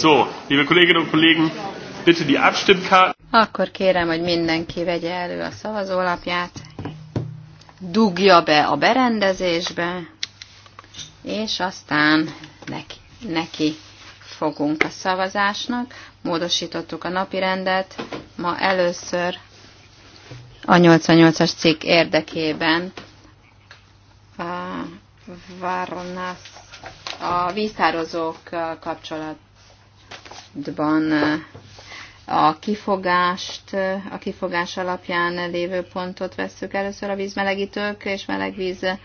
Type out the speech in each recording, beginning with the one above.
So, liebe Kolleginnen und Kollegen, bitte die Abstimmkarte. Akkor kérem, hogy mindenki vegye elő a szavazólapját, dugja be a berendezésbe, és aztán neki, neki fogunk a szavazásnak. Módosítottuk a napi rendet. Ma először a 88-as cikk érdekében uh, a, a víztározók kapcsolat pontban eh, a kifogást, eh, a kifogás alapján lévő pontot veszük először a vízmelegítők és melegvíz eh,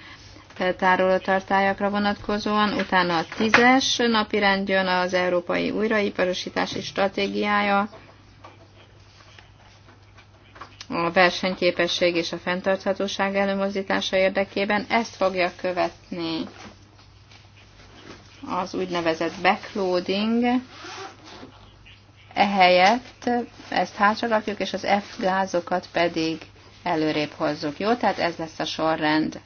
tároló tartályakra vonatkozóan, utána a tízes napirend jön az Európai Újraiparosítási Stratégiája, a versenyképesség és a fenntarthatóság előmozdítása érdekében. Ezt fogja követni az úgynevezett backloading, Ehelyett ezt hátralakjuk, és az F gázokat pedig előrébb hozzuk. Jó, tehát ez lesz a sorrend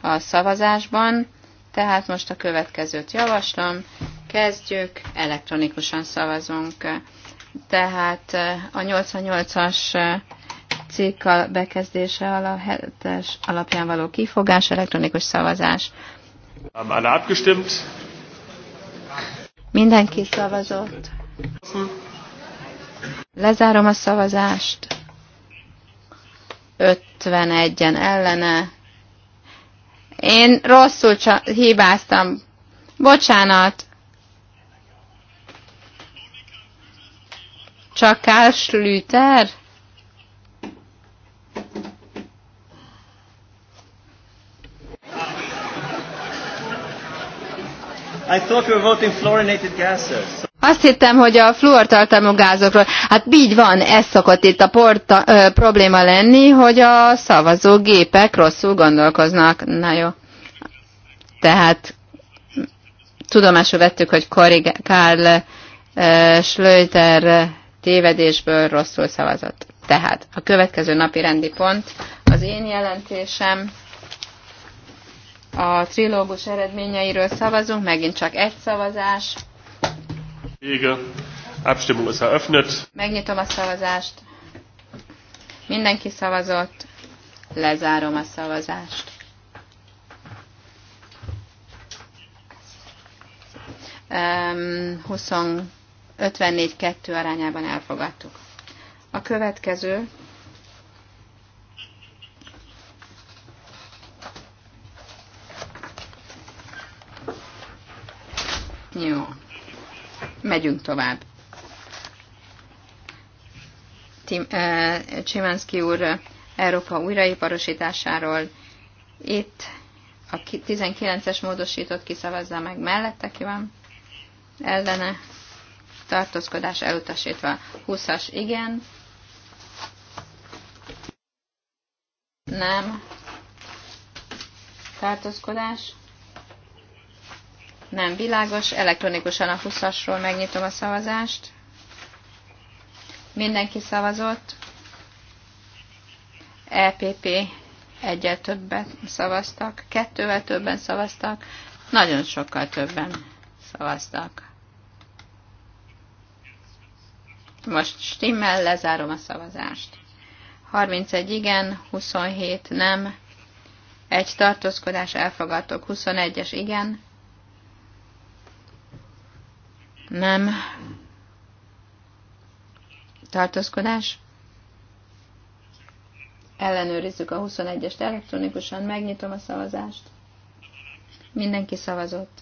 a szavazásban. Tehát most a következőt javaslom. Kezdjük, elektronikusan szavazunk. Tehát a 88-as cikk bekezdése alapján való kifogás, elektronikus szavazás. Mindenki szavazott. Lezárom a szavazást. 51-en ellene. Én rosszul csa- hibáztam. Bocsánat. Csak Karl I thought we were voting fluorinated gases. So- azt hittem, hogy a fluortartalmú gázokról, hát így van, ez szokott itt a porta, ö, probléma lenni, hogy a szavazógépek rosszul gondolkoznak. Na jó. Tehát tudomásul vettük, hogy Kori Karl Schlöter tévedésből rosszul szavazott. Tehát a következő napi rendi pont az én jelentésem. A trilógus eredményeiről szavazunk, megint csak egy szavazás. Abstimmung ist eröffnet. Megnyitom a szavazást. Mindenki szavazott. Lezárom a szavazást. Um, 54-2 arányában elfogadtuk. A következő Jó. Megyünk tovább. Csimánszki úr Európa újraiparosításáról itt a 19-es módosított kiszavazza meg mellette ki van, ellene tartózkodás elutasítva 20-as igen, nem, tartózkodás nem világos. Elektronikusan a 20-asról megnyitom a szavazást. Mindenki szavazott. EPP egyel többen szavaztak, kettővel többen szavaztak, nagyon sokkal többen szavaztak. Most stimmel, lezárom a szavazást. 31 igen, 27 nem, egy tartózkodás elfogadtok, 21-es igen, nem. Tartózkodás? Ellenőrizzük a 21-est elektronikusan, megnyitom a szavazást. Mindenki szavazott.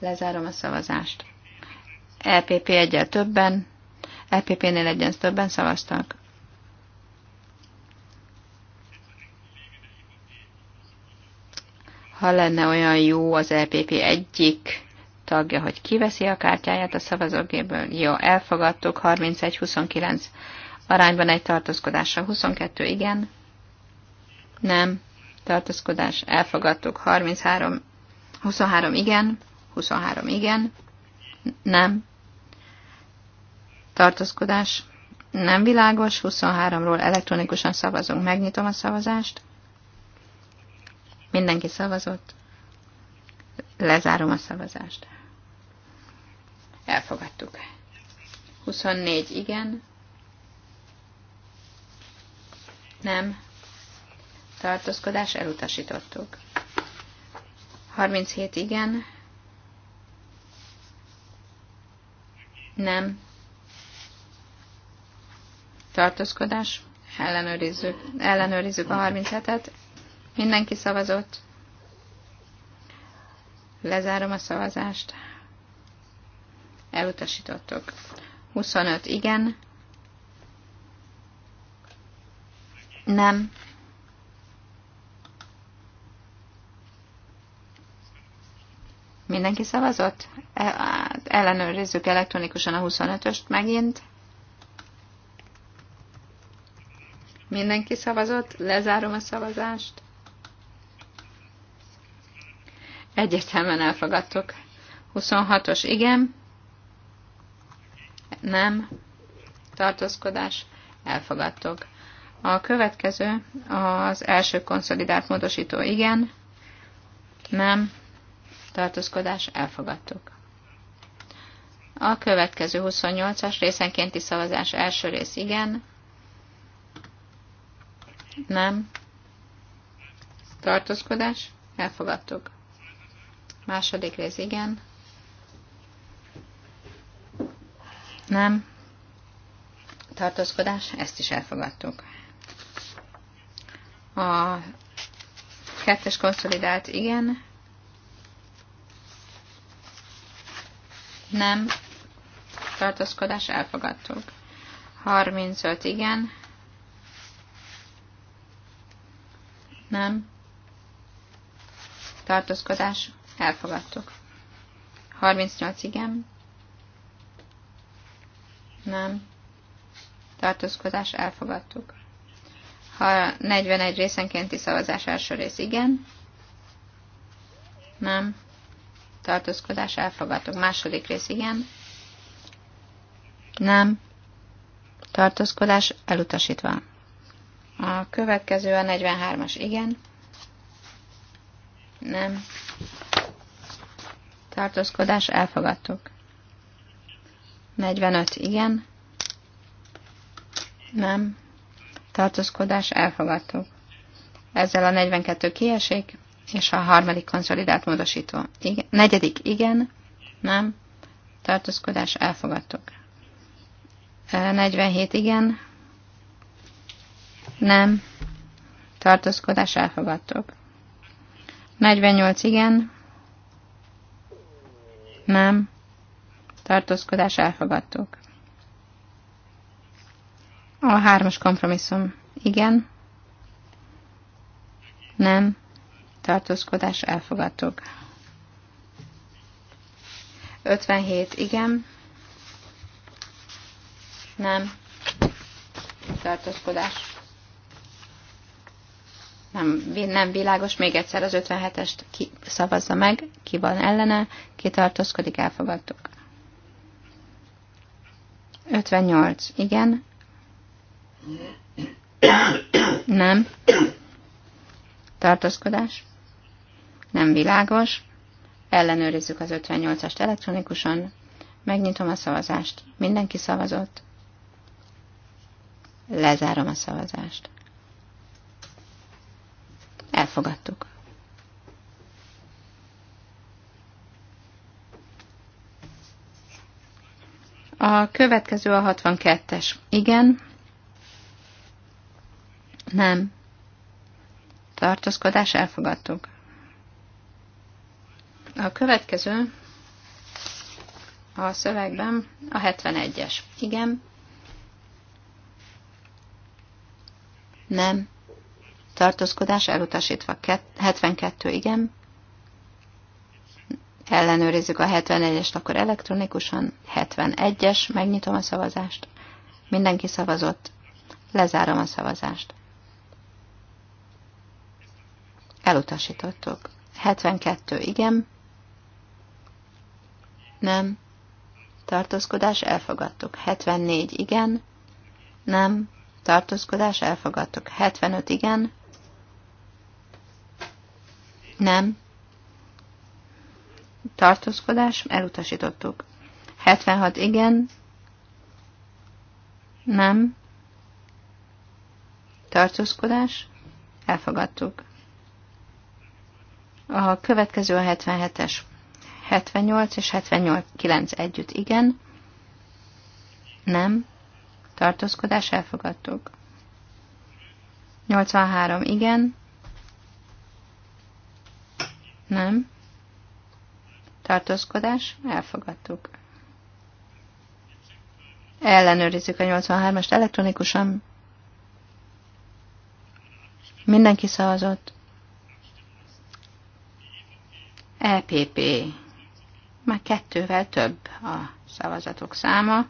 Lezárom a szavazást. LPP e egyel többen, LPP-nél e egyen többen szavaztak. Ha lenne olyan jó az LPP e egyik tagja, hogy kiveszi a kártyáját a szavazógéből. Jó, elfogadtuk, 31-29 arányban egy tartózkodása. 22 igen, nem, tartózkodás, elfogadtuk, 33, 23 igen, 23 igen, nem, tartózkodás, nem világos, 23-ról elektronikusan szavazunk, megnyitom a szavazást, mindenki szavazott, lezárom a szavazást. Elfogadtuk. 24 igen. Nem. Tartózkodás elutasítottuk. 37 igen. Nem. Tartózkodás. Ellenőrizzük, ellenőrizzük a 37-et. Mindenki szavazott. Lezárom a szavazást. Elutasítottuk. 25 igen. Nem. Mindenki szavazott? E, ellenőrizzük elektronikusan a 25-öst megint. Mindenki szavazott? Lezárom a szavazást. Egyértelműen elfogadtuk. 26-os igen nem, tartózkodás, elfogadtok. A következő az első konszolidált módosító igen, nem, tartózkodás, elfogadtok A következő 28-as részenkénti szavazás első rész igen, nem, tartózkodás, elfogadtok Második rész igen, Nem. Tartózkodás, ezt is elfogadtuk. A kettes konszolidált, igen. Nem. Tartózkodás, elfogadtuk. 35, igen. Nem. Tartózkodás, elfogadtuk. 38, igen. Nem. Tartózkodás elfogadtuk. Ha 41 részenkénti szavazás első rész igen. Nem. Tartózkodás elfogadtuk. Második rész igen. Nem. Tartózkodás elutasítva. A következő a 43-as igen. Nem. Tartózkodás elfogadtuk. 45, igen. Nem. Tartózkodás, elfogadtuk. Ezzel a 42 kiesik, és a harmadik konszolidált módosító. Igen. Negyedik, igen. Nem. Tartózkodás, elfogadtuk. 47, igen. Nem. Tartózkodás, elfogadtuk. 48, igen. Nem tartózkodás elfogadtuk. A hármas kompromisszum. Igen. Nem. Tartózkodás elfogadtuk. 57. Igen. Nem. Tartózkodás. Nem, nem világos. Még egyszer az 57-est szavazza meg. Ki van ellene, ki tartózkodik, elfogadtuk. 58. Igen. Nem. Tartózkodás. Nem világos. Ellenőrizzük az 58-ast elektronikusan. Megnyitom a szavazást. Mindenki szavazott. Lezárom a szavazást. Elfogadtuk. A következő a 62-es. Igen. Nem. Tartózkodás elfogadtuk. A következő a szövegben a 71-es. Igen. Nem. Tartózkodás elutasítva. 72. Igen ellenőrizzük a 71-est, akkor elektronikusan 71-es, megnyitom a szavazást. Mindenki szavazott, lezárom a szavazást. Elutasítottuk. 72 igen, nem, tartózkodás elfogadtuk. 74 igen, nem, tartózkodás elfogadtuk. 75 igen, nem, tartózkodás, elutasítottuk. 76 igen, nem, tartózkodás, elfogadtuk. A következő a 77-es. 78 és 79 együtt igen, nem, tartózkodás, elfogadtuk. 83 igen, nem, tartózkodás, elfogadtuk. Ellenőrizzük a 83 est elektronikusan. Mindenki szavazott. EPP. Már kettővel több a szavazatok száma.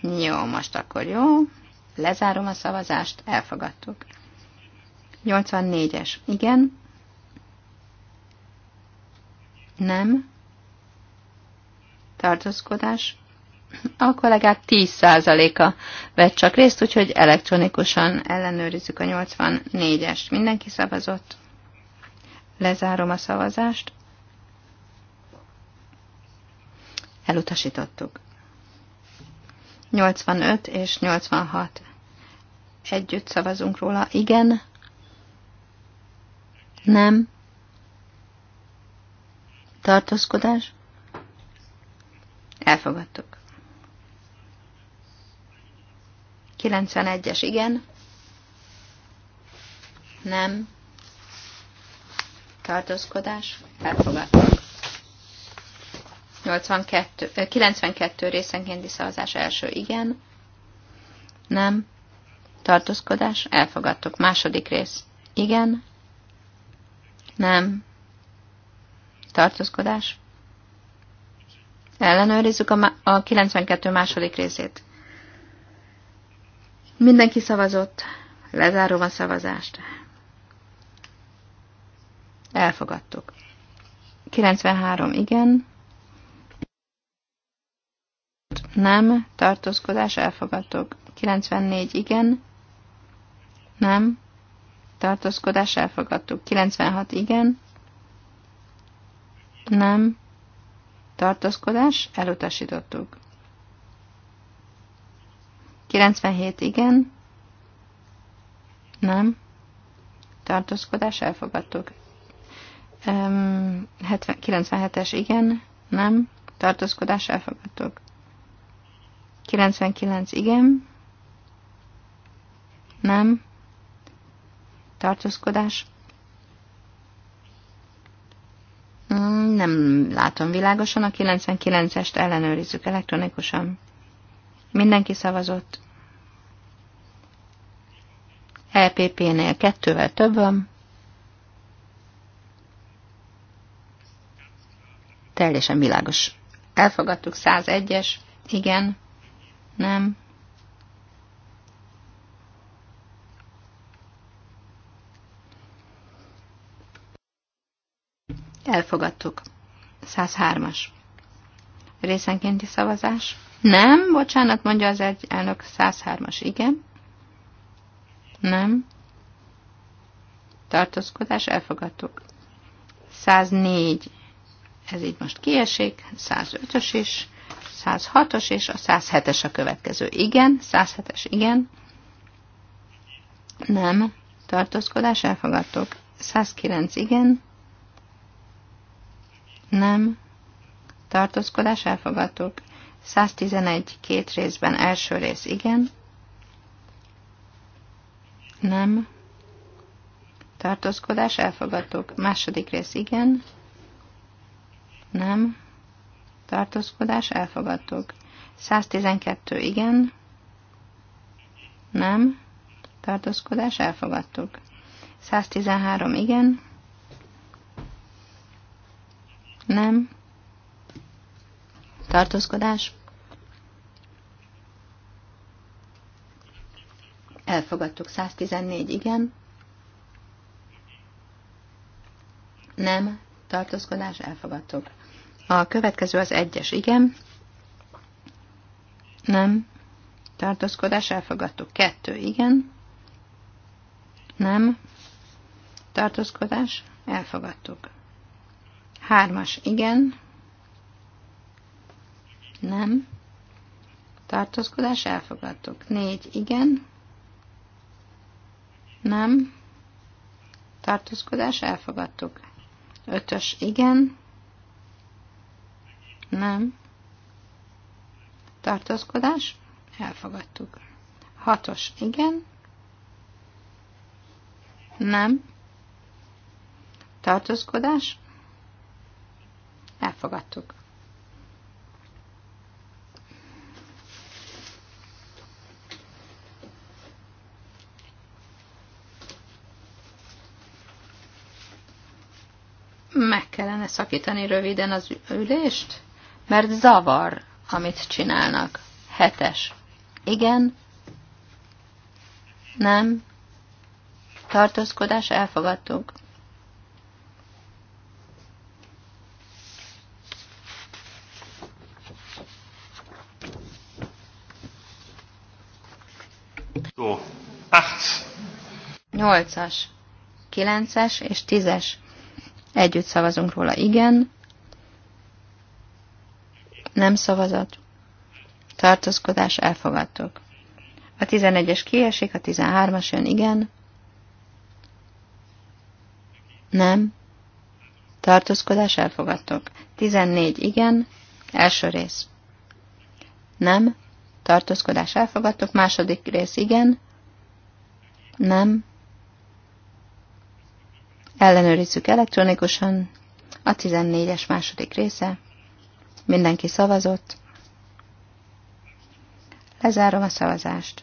Jó, most akkor jó. Lezárom a szavazást, elfogadtuk. 84-es. Igen. Nem. Tartózkodás. A kollégák 10%-a vett csak részt, úgyhogy elektronikusan ellenőrizzük a 84-est. Mindenki szavazott. Lezárom a szavazást. Elutasítottuk. 85 és 86. Együtt szavazunk róla. Igen. Nem tartózkodás, elfogadtuk. 91-es igen, nem, tartózkodás, elfogadtuk. 82, 92 részenkénti szavazás első igen, nem, tartózkodás, elfogadtuk. Második rész, igen, nem, tartózkodás. Ellenőrizzük a, a 92 második részét. Mindenki szavazott, lezárom a szavazást. Elfogadtuk. 93 igen. Nem, tartózkodás elfogadtuk. 94 igen. Nem, tartózkodás elfogadtuk. 96 igen. Nem. Tartózkodás, elutasítottuk. 97 igen. Nem. Tartózkodás, elfogadtuk. 97-es igen. Nem. Tartózkodás, elfogadtuk. 99 igen. Nem. Tartózkodás, Nem látom világosan, a 99-est ellenőrizzük elektronikusan. Mindenki szavazott. LPP-nél e kettővel több van. Teljesen világos. Elfogadtuk 101-es. Igen. Nem. Elfogadtuk. 103-as. Részenkénti szavazás? Nem, bocsánat, mondja az egy elnök 103-as. Igen. Nem. Tartózkodás, elfogadtuk. 104, ez így most kiesik, 105-ös is, 106-os és a 107-es a következő. Igen, 107-es, igen. Nem. Tartózkodás, elfogadtuk. 109, igen. Nem. Tartózkodás elfogadtuk. 111 két részben első rész igen. Nem. Tartózkodás elfogadtuk. Második rész igen. Nem. Tartózkodás elfogadtuk. 112 igen. Nem. Tartózkodás elfogadtuk. 113 igen. Nem. Tartózkodás. Elfogadtuk 114, igen. Nem. Tartózkodás, elfogadtuk. A következő az egyes, igen. Nem. Tartózkodás, elfogadtuk. Kettő, igen. Nem. Tartózkodás, elfogadtuk. Hármas, igen. Nem. Tartózkodás, elfogadtuk. Négy, igen. Nem. Tartózkodás, elfogadtuk. Ötös, igen. Nem. Tartózkodás, elfogadtuk. Hatos, igen. Nem. Tartózkodás, Elfogadtuk. Meg kellene szakítani röviden az ülést, mert zavar, amit csinálnak. Hetes. Igen. Nem. Tartózkodás elfogadtuk. 8-as, 9-es és 10-es. Együtt szavazunk róla. Igen. Nem szavazat. Tartózkodás elfogadtuk. A 11-es kiesik, a 13-as jön igen. Nem. Tartózkodás elfogadtok. 14 igen. Első rész. Nem. Tartózkodás elfogadtok. Második rész igen. Nem. Ellenőrizzük elektronikusan. A 14-es második része. Mindenki szavazott. Lezárom a szavazást.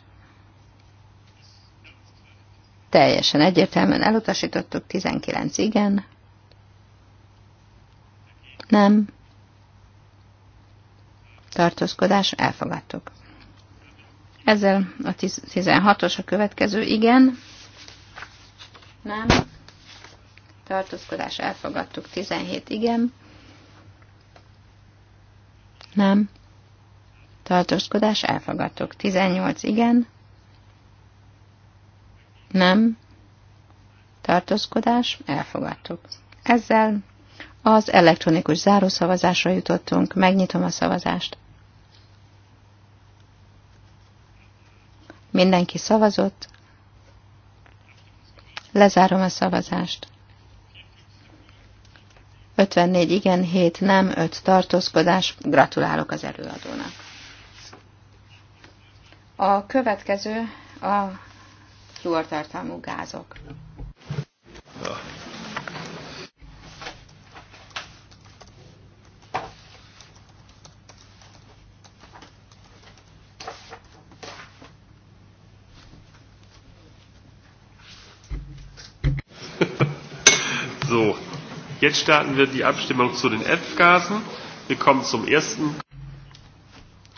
Teljesen egyértelműen elutasítottuk 19 igen. Nem. Tartózkodás elfogadtuk. Ezzel a 16-os a következő igen. Nem tartózkodás elfogadtuk 17, igen. Nem. Tartózkodás elfogadtuk 18, igen. Nem. Tartózkodás elfogadtuk. Ezzel az elektronikus zárószavazásra jutottunk. Megnyitom a szavazást. Mindenki szavazott. Lezárom a szavazást. 54 igen, 7 nem, 5 tartózkodás. Gratulálok az előadónak. A következő a fluortartalmú gázok. Jetzt starten wir die Abstimmung zu den F-Gasen. Wir kommen zum ersten.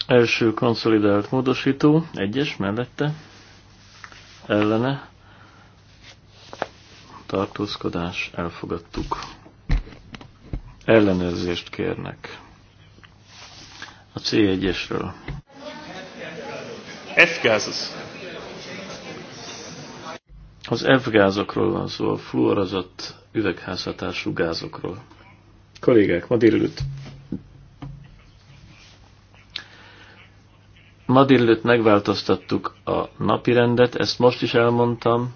Első konszolidált módosító, egyes mellette, ellene, tartózkodás, elfogadtuk. Ellenőrzést kérnek. A C1-esről. F-gázes. Az F-gázokról van szó, a fluorozott üvegházhatású gázokról. Kollégák, ma délelőtt. Ma délelőtt megváltoztattuk a rendet, ezt most is elmondtam,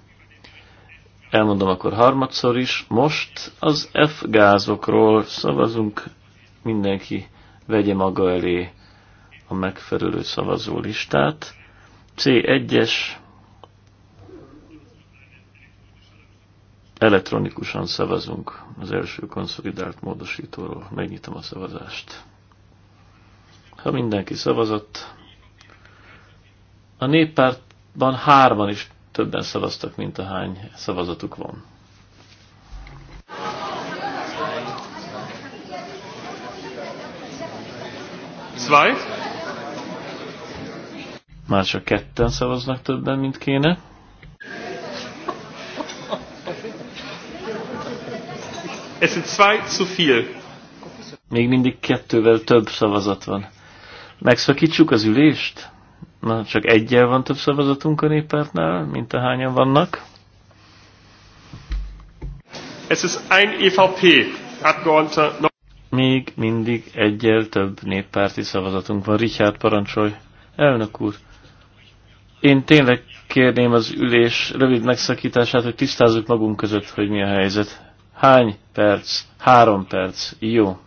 elmondom akkor harmadszor is. Most az F-gázokról szavazunk, mindenki vegye maga elé a megfelelő szavazólistát. C1-es, Elektronikusan szavazunk az első konszolidált módosítóról. Megnyitom a szavazást. Ha mindenki szavazott, a néppártban hárman is többen szavaztak, mint a hány szavazatuk van. Zwei? Már csak ketten szavaznak többen, mint kéne. Es sind zwei zu viel. Még mindig kettővel több szavazat van. Megszakítsuk az ülést? Na, csak egyel van több szavazatunk a néppártnál, mint a hányan vannak. Es ist ein EVP, Még mindig egyel több néppárti szavazatunk van. Richard, parancsolj. Elnök úr. Én tényleg kérném az ülés rövid megszakítását, hogy tisztázzuk magunk között, hogy mi a helyzet. Hány perc? Három perc. Jó.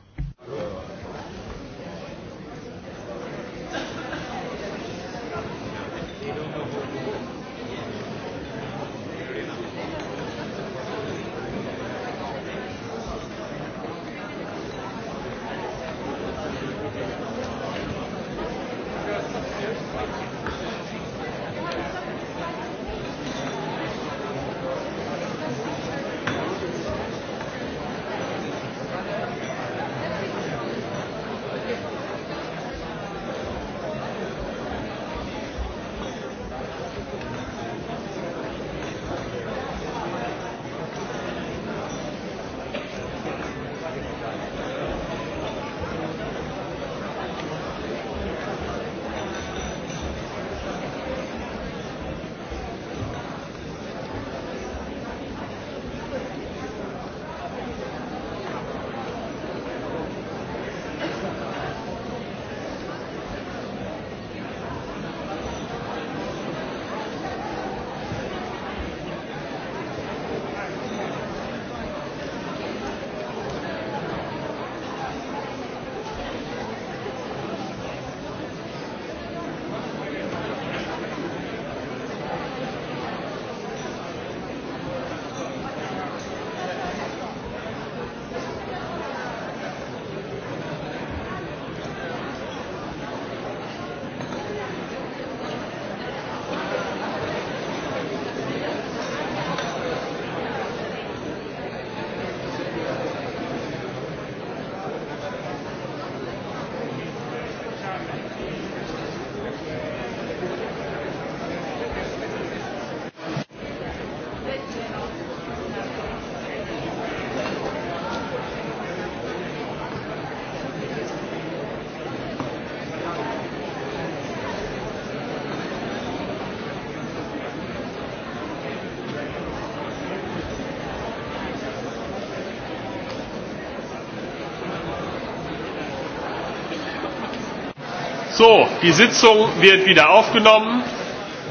Die Sitzung wird wieder aufgenommen,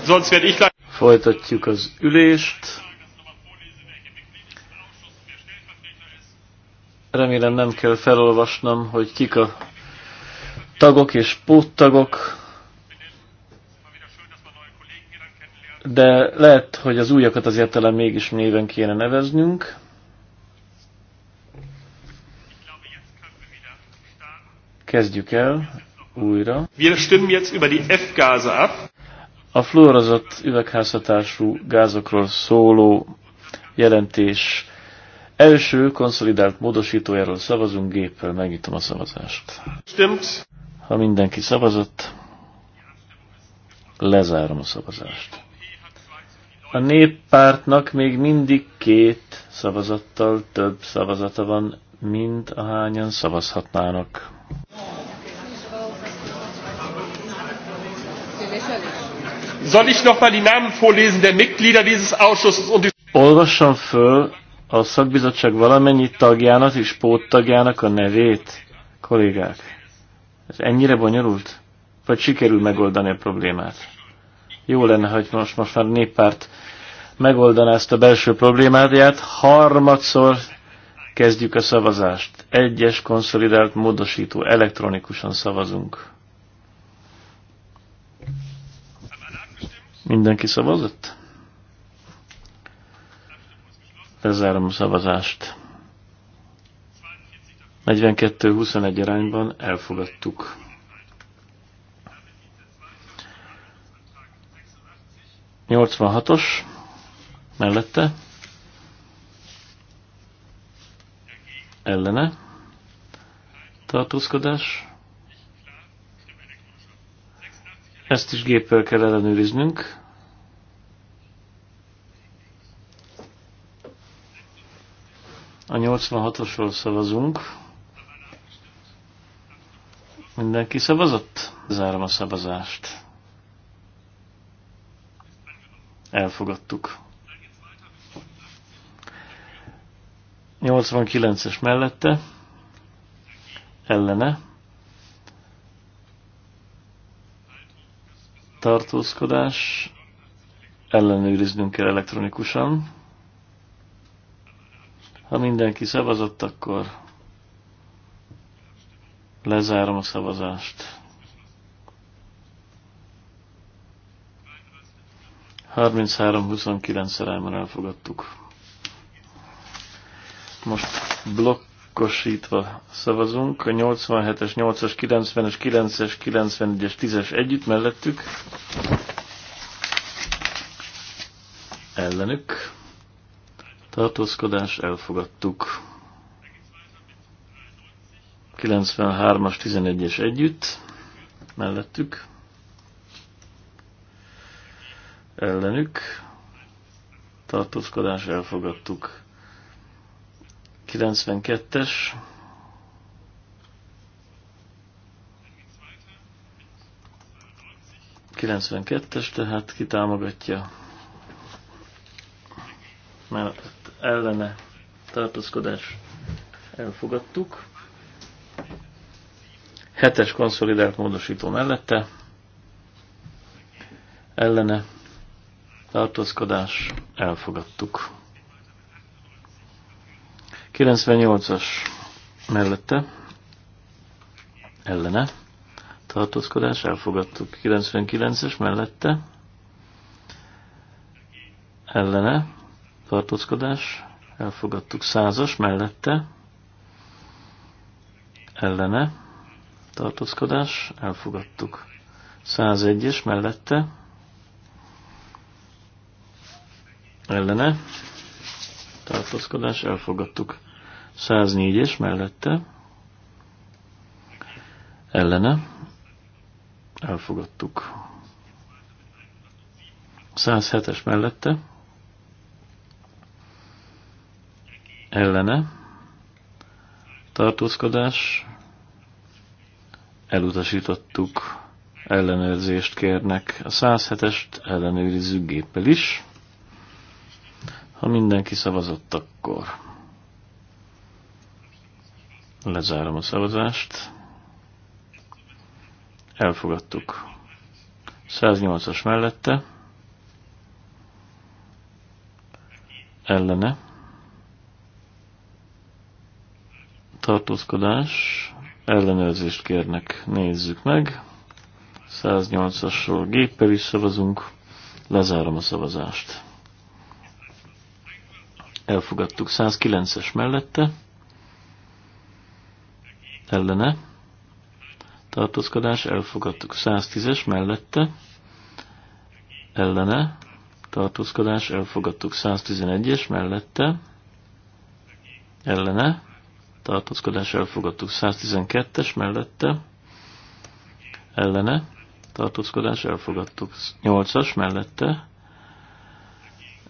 sonst werde ich gleich... Folytatjuk az ülést. Remélem nem kell felolvasnom, hogy kik a tagok és póttagok, de lehet, hogy az újakat azért talán mégis néven kéne neveznünk. Kezdjük el újra. Wir stimmen jetzt über die F-Gase ab. A fluorozott üvegházhatású gázokról szóló jelentés első konszolidált módosítójáról szavazunk géppel, megnyitom a szavazást. Stimmt. Ha mindenki szavazott, lezárom a szavazást. A néppártnak még mindig két szavazattal több szavazata van, mint ahányan szavazhatnának. Soll ich nochmal die Namen vorlesen der Mitglieder dieses Ausschusses und die... Olvassam föl a szakbizottság valamennyi tagjának és póttagjának a nevét, kollégák. Ez ennyire bonyolult? Vagy sikerül megoldani a problémát? Jó lenne, hogy most, most már néppárt megoldaná ezt a belső problémáját. Harmadszor kezdjük a szavazást. Egyes konszolidált módosító. Elektronikusan szavazunk. Mindenki szavazott? Lezárom a szavazást. 42-21 arányban elfogadtuk. Nyolcvanhatos mellette ellene tartózkodás. Ezt is géppel kell ellenőriznünk. A 86-osról szavazunk. Mindenki szavazott? Zárom a szavazást. Elfogadtuk. 89-es mellette, ellene, tartózkodás, ellenőriznünk kell elektronikusan. Ha mindenki szavazott, akkor lezárom a szavazást. 33-29 szerelmen elfogadtuk. Most blokkosítva szavazunk. A 87-es, 8-as, 90-es, 9-es, 91-es, 10-es együtt mellettük. Ellenük tartózkodás elfogadtuk. 93-as, 11-es együtt, mellettük, ellenük, tartózkodás elfogadtuk. 92-es, kilencvenkettes, tehát kitámogatja mellett ellene tartózkodás elfogadtuk. Hetes konszolidált módosító mellette ellene tartózkodás elfogadtuk. 98-as mellette ellene tartózkodás elfogadtuk. 99-es mellette ellene tartózkodás, elfogadtuk százas mellette, ellene, tartózkodás, elfogadtuk 101-es mellette, ellene, tartózkodás, elfogadtuk 104-es mellette, ellene, elfogadtuk 107-es mellette, ellene tartózkodás, elutasítottuk, ellenőrzést kérnek. A 107-est ellenőrizzük géppel is, ha mindenki szavazott, akkor lezárom a szavazást. Elfogadtuk. 108-as mellette, ellene, tartózkodás, ellenőrzést kérnek, nézzük meg. 108-asról géppel is szavazunk, lezárom a szavazást. Elfogadtuk 109-es mellette, ellene, tartózkodás, elfogadtuk 110-es mellette, ellene, tartózkodás, elfogadtuk 111-es mellette, ellene, tartózkodás elfogadtuk. 112-es mellette ellene tartózkodás elfogadtuk. 8-as mellette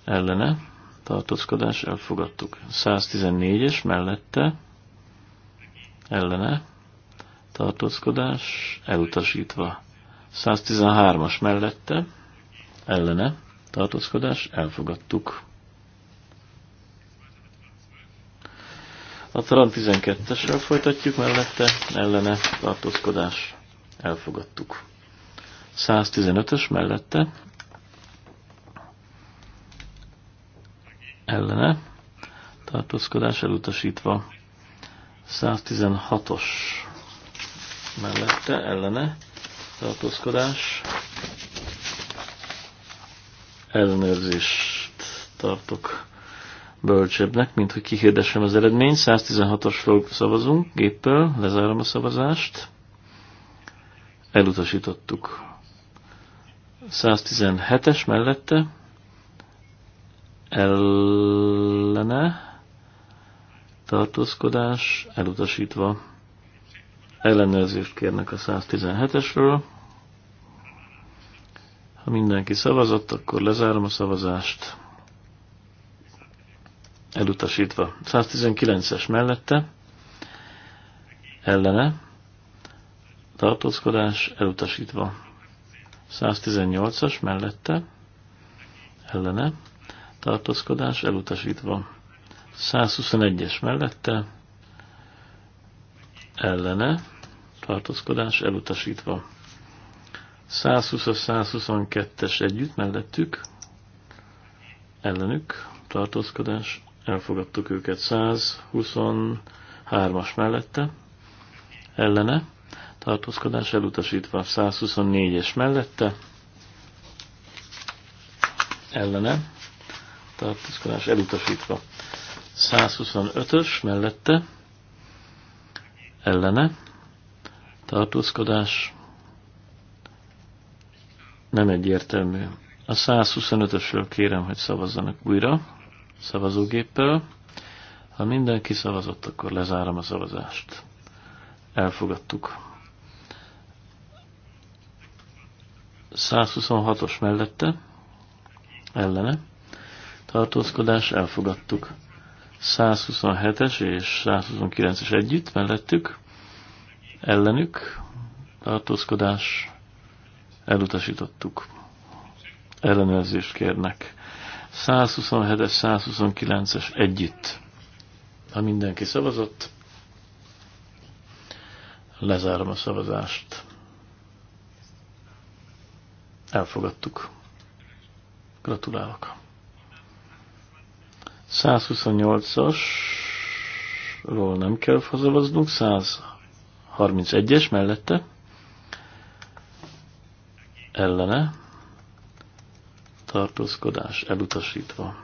ellene tartózkodás elfogadtuk. 114-es mellette ellene tartózkodás elutasítva. 113-as mellette ellene tartózkodás elfogadtuk. A Talan 12-esről folytatjuk mellette, ellene tartózkodás elfogadtuk. 115-ös mellette, ellene tartózkodás elutasítva. 116-os mellette, ellene tartózkodás ellenőrzést tartok bölcsebbnek, mint hogy kihirdessem az eredményt. 116-osról szavazunk, géppel, lezárom a szavazást. Elutasítottuk. 117-es mellette, ellene, tartózkodás, elutasítva. Ellenőrzést kérnek a 117-esről. Ha mindenki szavazott, akkor lezárom a szavazást elutasítva. 119-es mellette, ellene, tartózkodás elutasítva. 118-as mellette, ellene, tartózkodás elutasítva. 121-es mellette, ellene, tartózkodás elutasítva. 120-122-es együtt mellettük, ellenük, tartózkodás elfogadtuk őket 123-as mellette, ellene, tartózkodás elutasítva 124-es mellette, ellene, tartózkodás elutasítva 125-ös mellette, ellene, tartózkodás nem egyértelmű. A 125-ösről kérem, hogy szavazzanak újra szavazógéppel. Ha mindenki szavazott, akkor lezárom a szavazást. Elfogadtuk. 126-os mellette, ellene, tartózkodás, elfogadtuk. 127-es és 129-es együtt mellettük, ellenük, tartózkodás, elutasítottuk. Ellenőrzést kérnek. 127-es, 129-es együtt. Ha mindenki szavazott, lezárom a szavazást. Elfogadtuk. Gratulálok. 128 ról nem kell szavaznunk, 131-es mellette, ellene, tartózkodás elutasítva.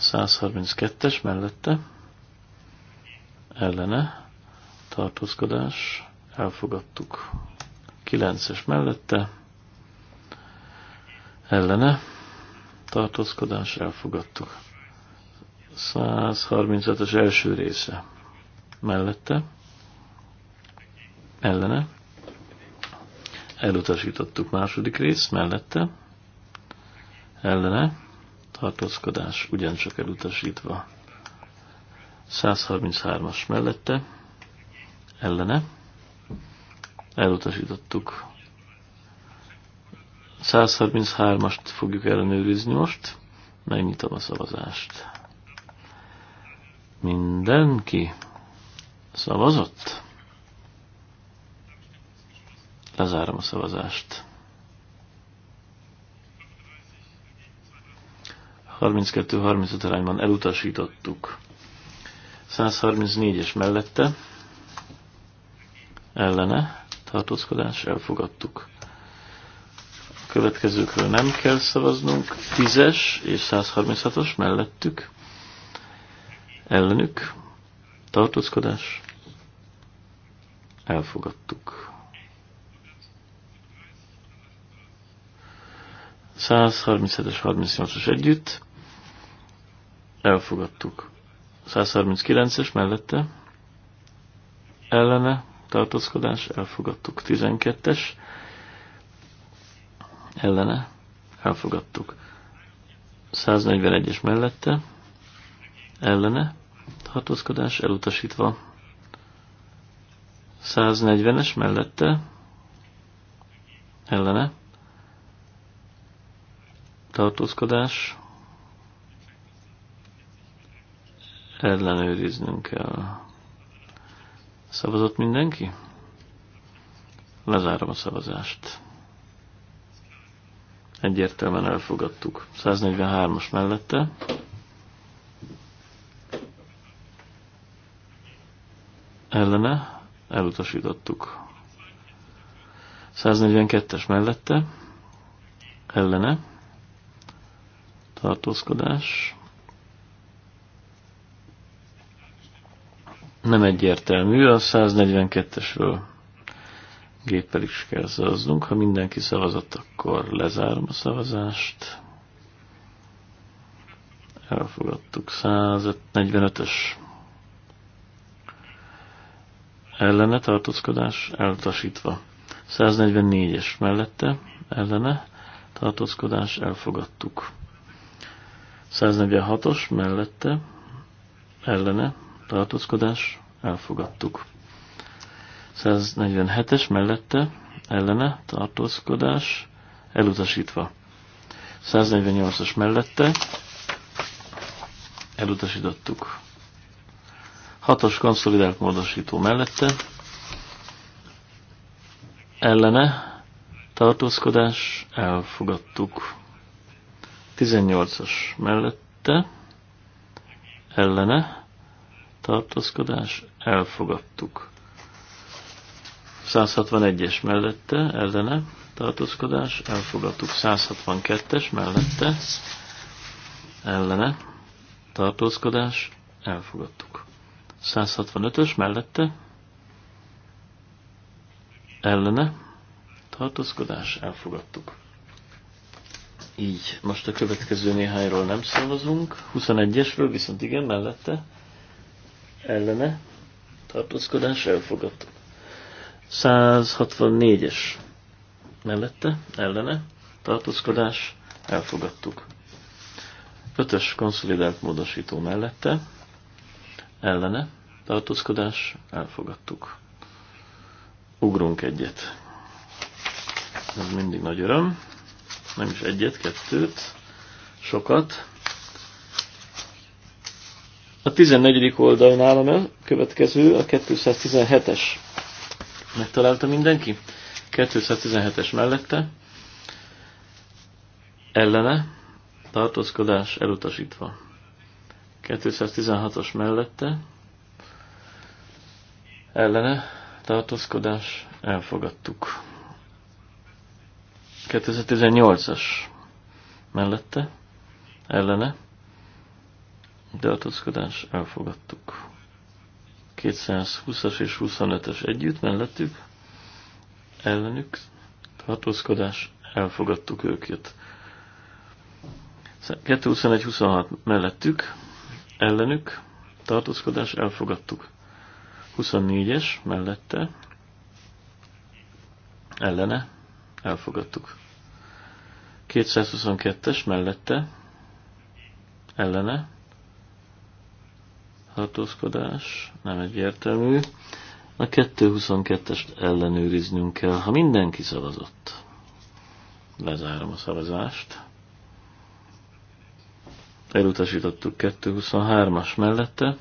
132-es mellette ellene tartózkodás elfogadtuk. 9-es mellette ellene tartózkodás elfogadtuk. 135-es első része mellette ellene elutasítottuk második rész mellette ellene, tartózkodás ugyancsak elutasítva. 133-as mellette, ellene, elutasítottuk. 133-ast fogjuk ellenőrizni most, megnyitom a szavazást. Mindenki szavazott? Lezárom a szavazást. 32-35 arányban elutasítottuk. 134-es mellette ellene tartózkodás elfogadtuk. A következőkről nem kell szavaznunk. 10-es és 136-os mellettük ellenük tartózkodás elfogadtuk. 137-es, 38-as együtt. Elfogadtuk. 139-es mellette. Ellene tartózkodás. Elfogadtuk. 12-es. Ellene. Elfogadtuk. 141-es mellette. Ellene tartózkodás. Elutasítva. 140-es mellette. Ellene tartózkodás. Ellenőriznünk kell. Szavazott mindenki? Lezárom a szavazást. Egyértelműen elfogadtuk. 143-as mellette. Ellene elutasítottuk. 142-es mellette. Ellene tartózkodás. Nem egyértelmű, a 142-esről géppel is kell szavaznunk. Ha mindenki szavazott, akkor lezárom a szavazást. Elfogadtuk 145-ös ellene tartózkodás elutasítva. 144-es mellette ellene tartózkodás elfogadtuk. 146-os mellette ellene tartózkodás elfogadtuk. 147-es mellette ellene tartózkodás elutasítva. 148-as mellette elutasítottuk. 6-os konszolidált módosító mellette ellene tartózkodás elfogadtuk. 18-as mellette ellene tartózkodás elfogadtuk. 161-es mellette ellene tartózkodás elfogadtuk. 162-es mellette ellene tartózkodás elfogadtuk. 165-ös mellette ellene tartózkodás elfogadtuk. Így, most a következő néhányról nem szavazunk. 21-esről viszont igen, mellette. Ellene. Tartózkodás elfogadt. 164-es. Mellette, ellene. Tartózkodás elfogadtuk. 5-ös konszolidált módosító mellette. Ellene. Tartózkodás elfogadtuk. Ugrunk egyet. Ez mindig nagy öröm nem is egyet, kettőt, sokat. A 14. oldalon állam el, következő, a 217-es. Megtalálta mindenki? 217-es mellette. Ellene, tartózkodás elutasítva. 216-os mellette. Ellene, tartózkodás elfogadtuk. 2018-as mellette, ellene, tartózkodás, elfogadtuk. 220-as és 25-es együtt mellettük, ellenük, tartózkodás, elfogadtuk őket. 221-26 mellettük, ellenük, tartózkodás, elfogadtuk. 24-es mellette, ellene, elfogadtuk. 222-es mellette, ellene, hatózkodás, nem egyértelmű. A 222-est ellenőriznünk kell, ha mindenki szavazott. Lezárom a szavazást. Elutasítottuk 223-as mellette,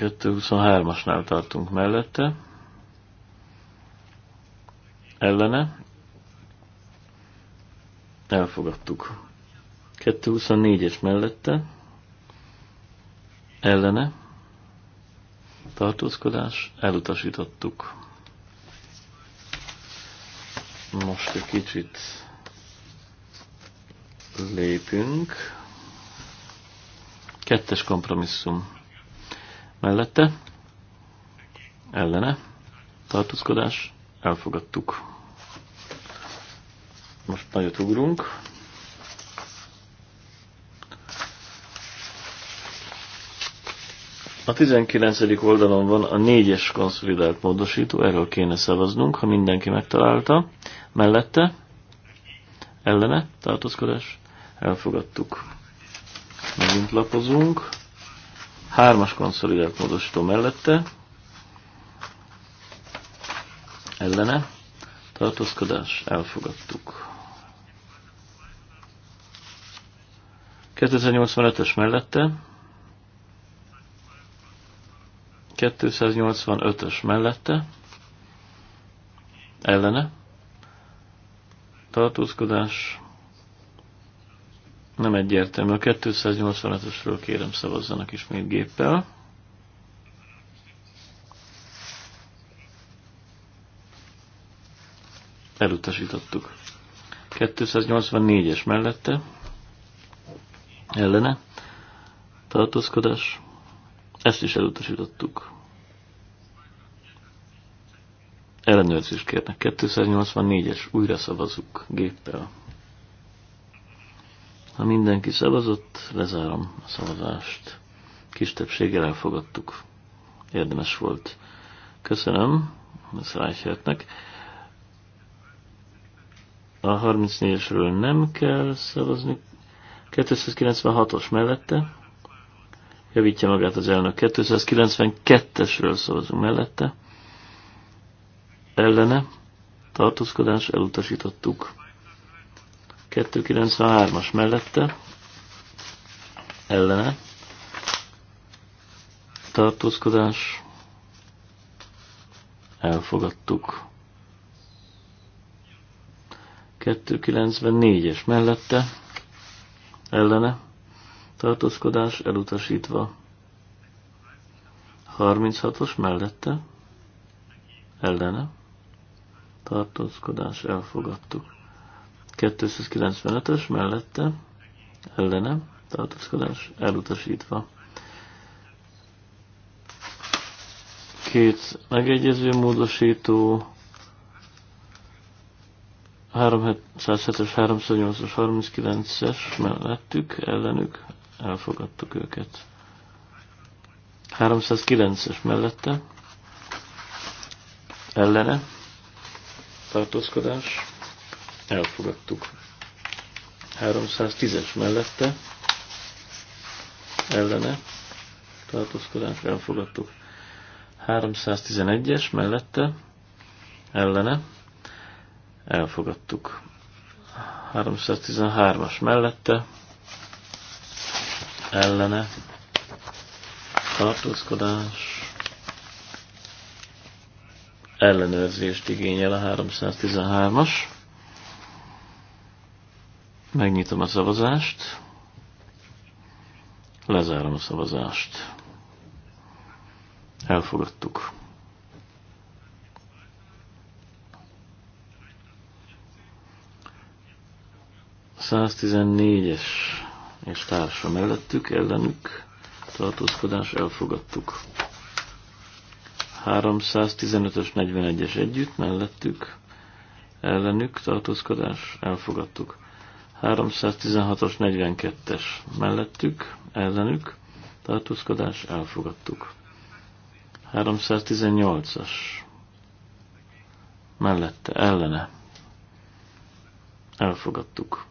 223-asnál tartunk mellette. Ellene. Elfogadtuk. 224-es mellette. Ellene. Tartózkodás. Elutasítottuk. Most egy kicsit lépünk. Kettes kompromisszum mellette, ellene, tartózkodás, elfogadtuk. Most nagyot ugrunk. A 19. oldalon van a 4-es konszolidált módosító, erről kéne szavaznunk, ha mindenki megtalálta. Mellette, ellene, tartózkodás, elfogadtuk. Megint lapozunk. Hármas konszolidált módosító mellette. Ellene. Tartózkodás. Elfogadtuk. 2085-ös mellette. 285-ös mellette. Ellene. Tartózkodás nem egyértelmű. A 285-ösről kérem szavazzanak ismét géppel. Elutasítottuk. 284-es mellette. Ellene. Tartózkodás. Ezt is elutasítottuk. Ellenőrzést kérnek. 284-es. Újra szavazunk géppel. Ha mindenki szavazott, lezárom a szavazást. Kis többséggel elfogadtuk. Érdemes volt. Köszönöm a Reichertnek. A 34-esről nem kell szavazni. 296-os mellette. Javítja magát az elnök. 292-esről szavazunk mellette. Ellene. Tartózkodás elutasítottuk. 293-as mellette ellene tartózkodás elfogadtuk. 294-es mellette ellene tartózkodás elutasítva. 36-os mellette ellene tartózkodás elfogadtuk. 295-ös mellette ellene tartózkodás elutasítva. Két megegyező módosító 307-es, 308-as, 39-es mellettük, ellenük elfogadtuk őket. 309-es mellette ellene tartózkodás elfogadtuk. 310-es mellette ellene tartózkodás elfogadtuk. 311-es mellette ellene elfogadtuk. 313-as mellette ellene tartózkodás ellenőrzést igényel a 313-as. Megnyitom a szavazást. Lezárom a szavazást. Elfogadtuk. A 114-es és társa mellettük, ellenük tartózkodás elfogadtuk. 315-ös, 41-es együtt, mellettük, ellenük tartózkodás elfogadtuk. 316-os 42-es mellettük, ellenük, tartózkodás, elfogadtuk. 318-as mellette, ellene, elfogadtuk.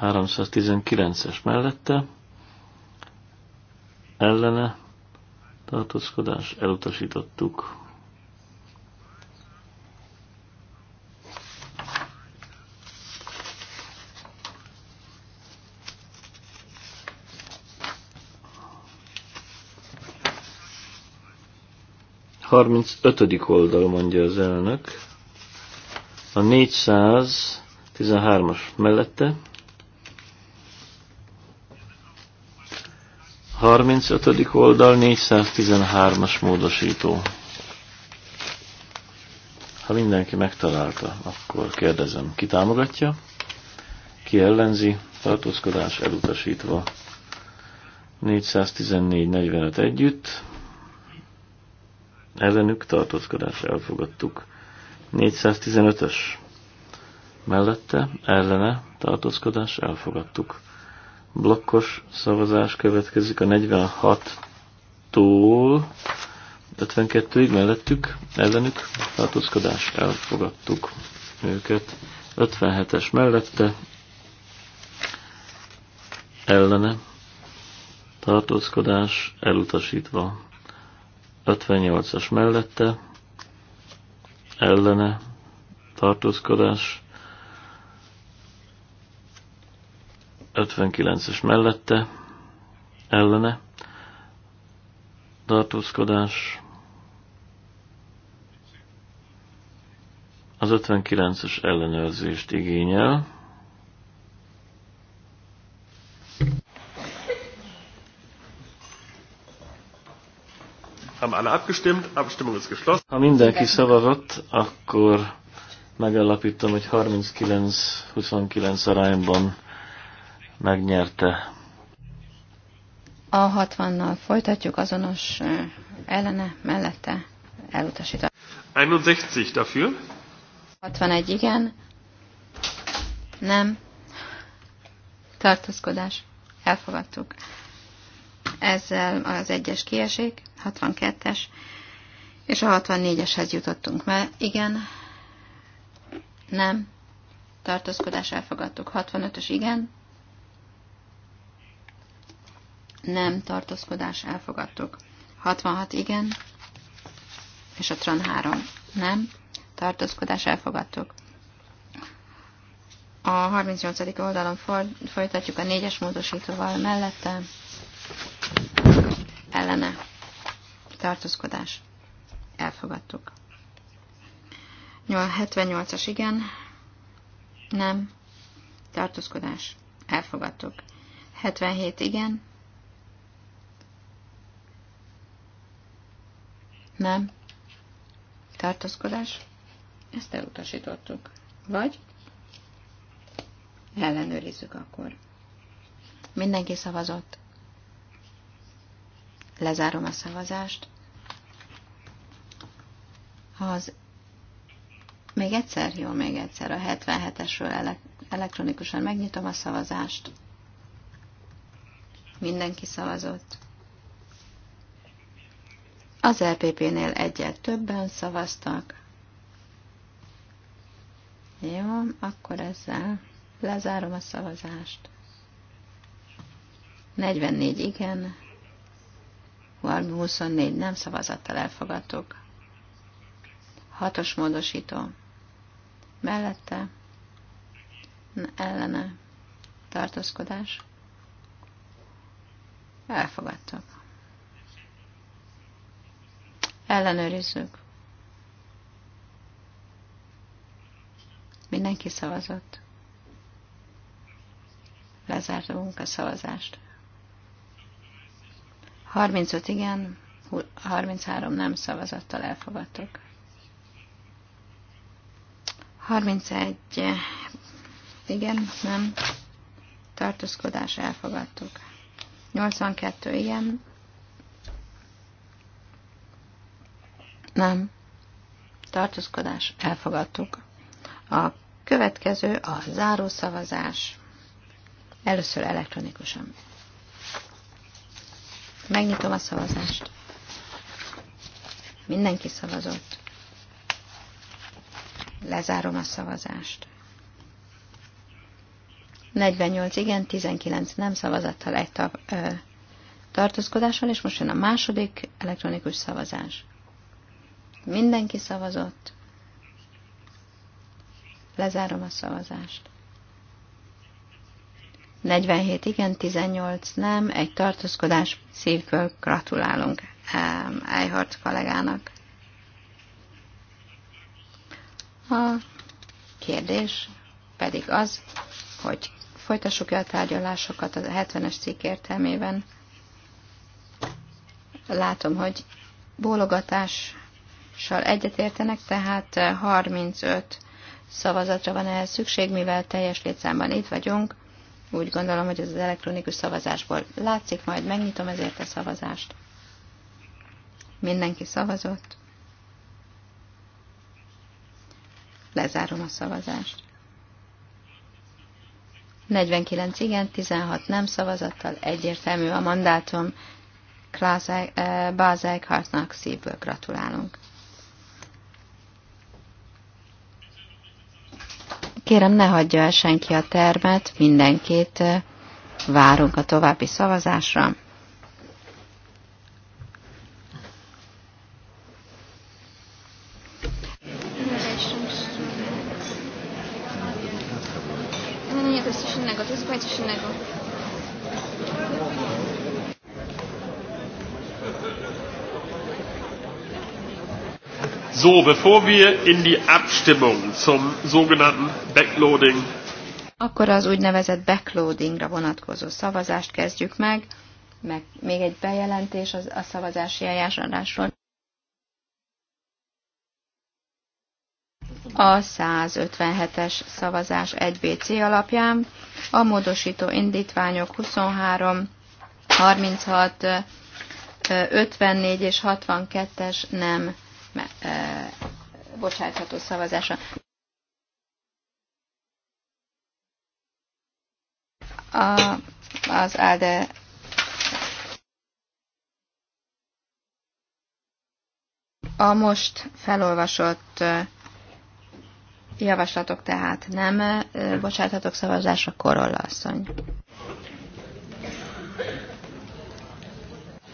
319-es mellette, ellene, tartózkodás, elutasítottuk. 35. oldal mondja az elnök. A 413-as mellette. 35. oldal 413-as módosító. Ha mindenki megtalálta, akkor kérdezem, ki támogatja, ki ellenzi, tartózkodás elutasítva. 414-45 együtt ellenük tartózkodás elfogadtuk. 415-ös mellette ellene tartózkodás elfogadtuk. Blokkos szavazás következik a 46-tól 52-ig mellettük, ellenük tartózkodás elfogadtuk őket. 57-es mellette ellene tartózkodás elutasítva. 58-as mellette, ellene, tartózkodás, 59-es mellette, ellene, tartózkodás, az 59-es ellenőrzést igényel, Haben alle abgestimmt? Abstimmung ist geschlossen. Ha mindenki szavazott, akkor megállapítom, hogy 39-29 arányban megnyerte. A 60-nal folytatjuk, azonos ellene, mellette elutasítva. 61 dafür. 61 igen. Nem. Tartózkodás. Elfogadtuk ezzel az egyes kiesik, 62-es, és a 64-eshez jutottunk, mert igen, nem, tartózkodás elfogadtuk, 65-ös igen, nem, tartózkodás elfogadtuk, 66 igen, és a tron 3 nem, tartózkodás elfogadtuk. A 38. oldalon folytatjuk a 4-es módosítóval mellette, ellene tartózkodás elfogadtuk. 78-as igen, nem, tartózkodás elfogadtuk. 77 igen, nem, tartózkodás, ezt elutasítottuk. Vagy ellenőrizzük akkor. Mindenki szavazott. Lezárom a szavazást. Az még egyszer, jó, még egyszer a 77-esről elektronikusan megnyitom a szavazást. Mindenki szavazott. Az LPP-nél egyet többen szavaztak. Jó, akkor ezzel lezárom a szavazást. 44 igen, 24 nem szavazattal elfogadtuk. Hatos módosító. Mellette ellene tartózkodás. Elfogadtuk. Ellenőrizzük. Mindenki szavazott. Lezártunk a szavazást. 35 igen, 33 nem szavazattal elfogadtuk. 31 igen, nem. Tartózkodás elfogadtuk. 82 igen. Nem. Tartózkodás elfogadtuk. A következő a zárószavazás. Először elektronikusan. Megnyitom a szavazást. Mindenki szavazott. Lezárom a szavazást. 48 igen, 19 nem szavazattal egy ta, ö, tartózkodással, és most jön a második elektronikus szavazás. Mindenki szavazott. Lezárom a szavazást. 47 igen, 18 nem, egy tartózkodás, szívből gratulálunk Eichhardt kollégának. A kérdés pedig az, hogy folytassuk-e a tárgyalásokat a 70-es cikk értelmében. Látom, hogy bólogatással egyetértenek, tehát 35 szavazatra van ehhez szükség, mivel teljes létszámban itt vagyunk, úgy gondolom, hogy ez az elektronikus szavazásból látszik, majd megnyitom ezért a szavazást. Mindenki szavazott. Lezárom a szavazást. 49 igen, 16 nem szavazattal egyértelmű a mandátum. Klaas e- e- Báz szívből gratulálunk. Kérem, ne hagyja el senki a termet, mindenkit várunk a további szavazásra. Nem, nem, jest zupełnie coś innego. So, bevor wir in die Abstimmung zum sogenannten Backloading. Akkor az úgynevezett backloadingra vonatkozó szavazást kezdjük meg, meg még egy bejelentés az, a szavazási eljárásról. A 157-es szavazás 1BC alapján a módosító indítványok 23, 36, 54 és 62-es nem E, bocsátható szavazása. A, az ALDE a most felolvasott e, javaslatok tehát nem e, bocsáthatok szavazásra Korolla asszony.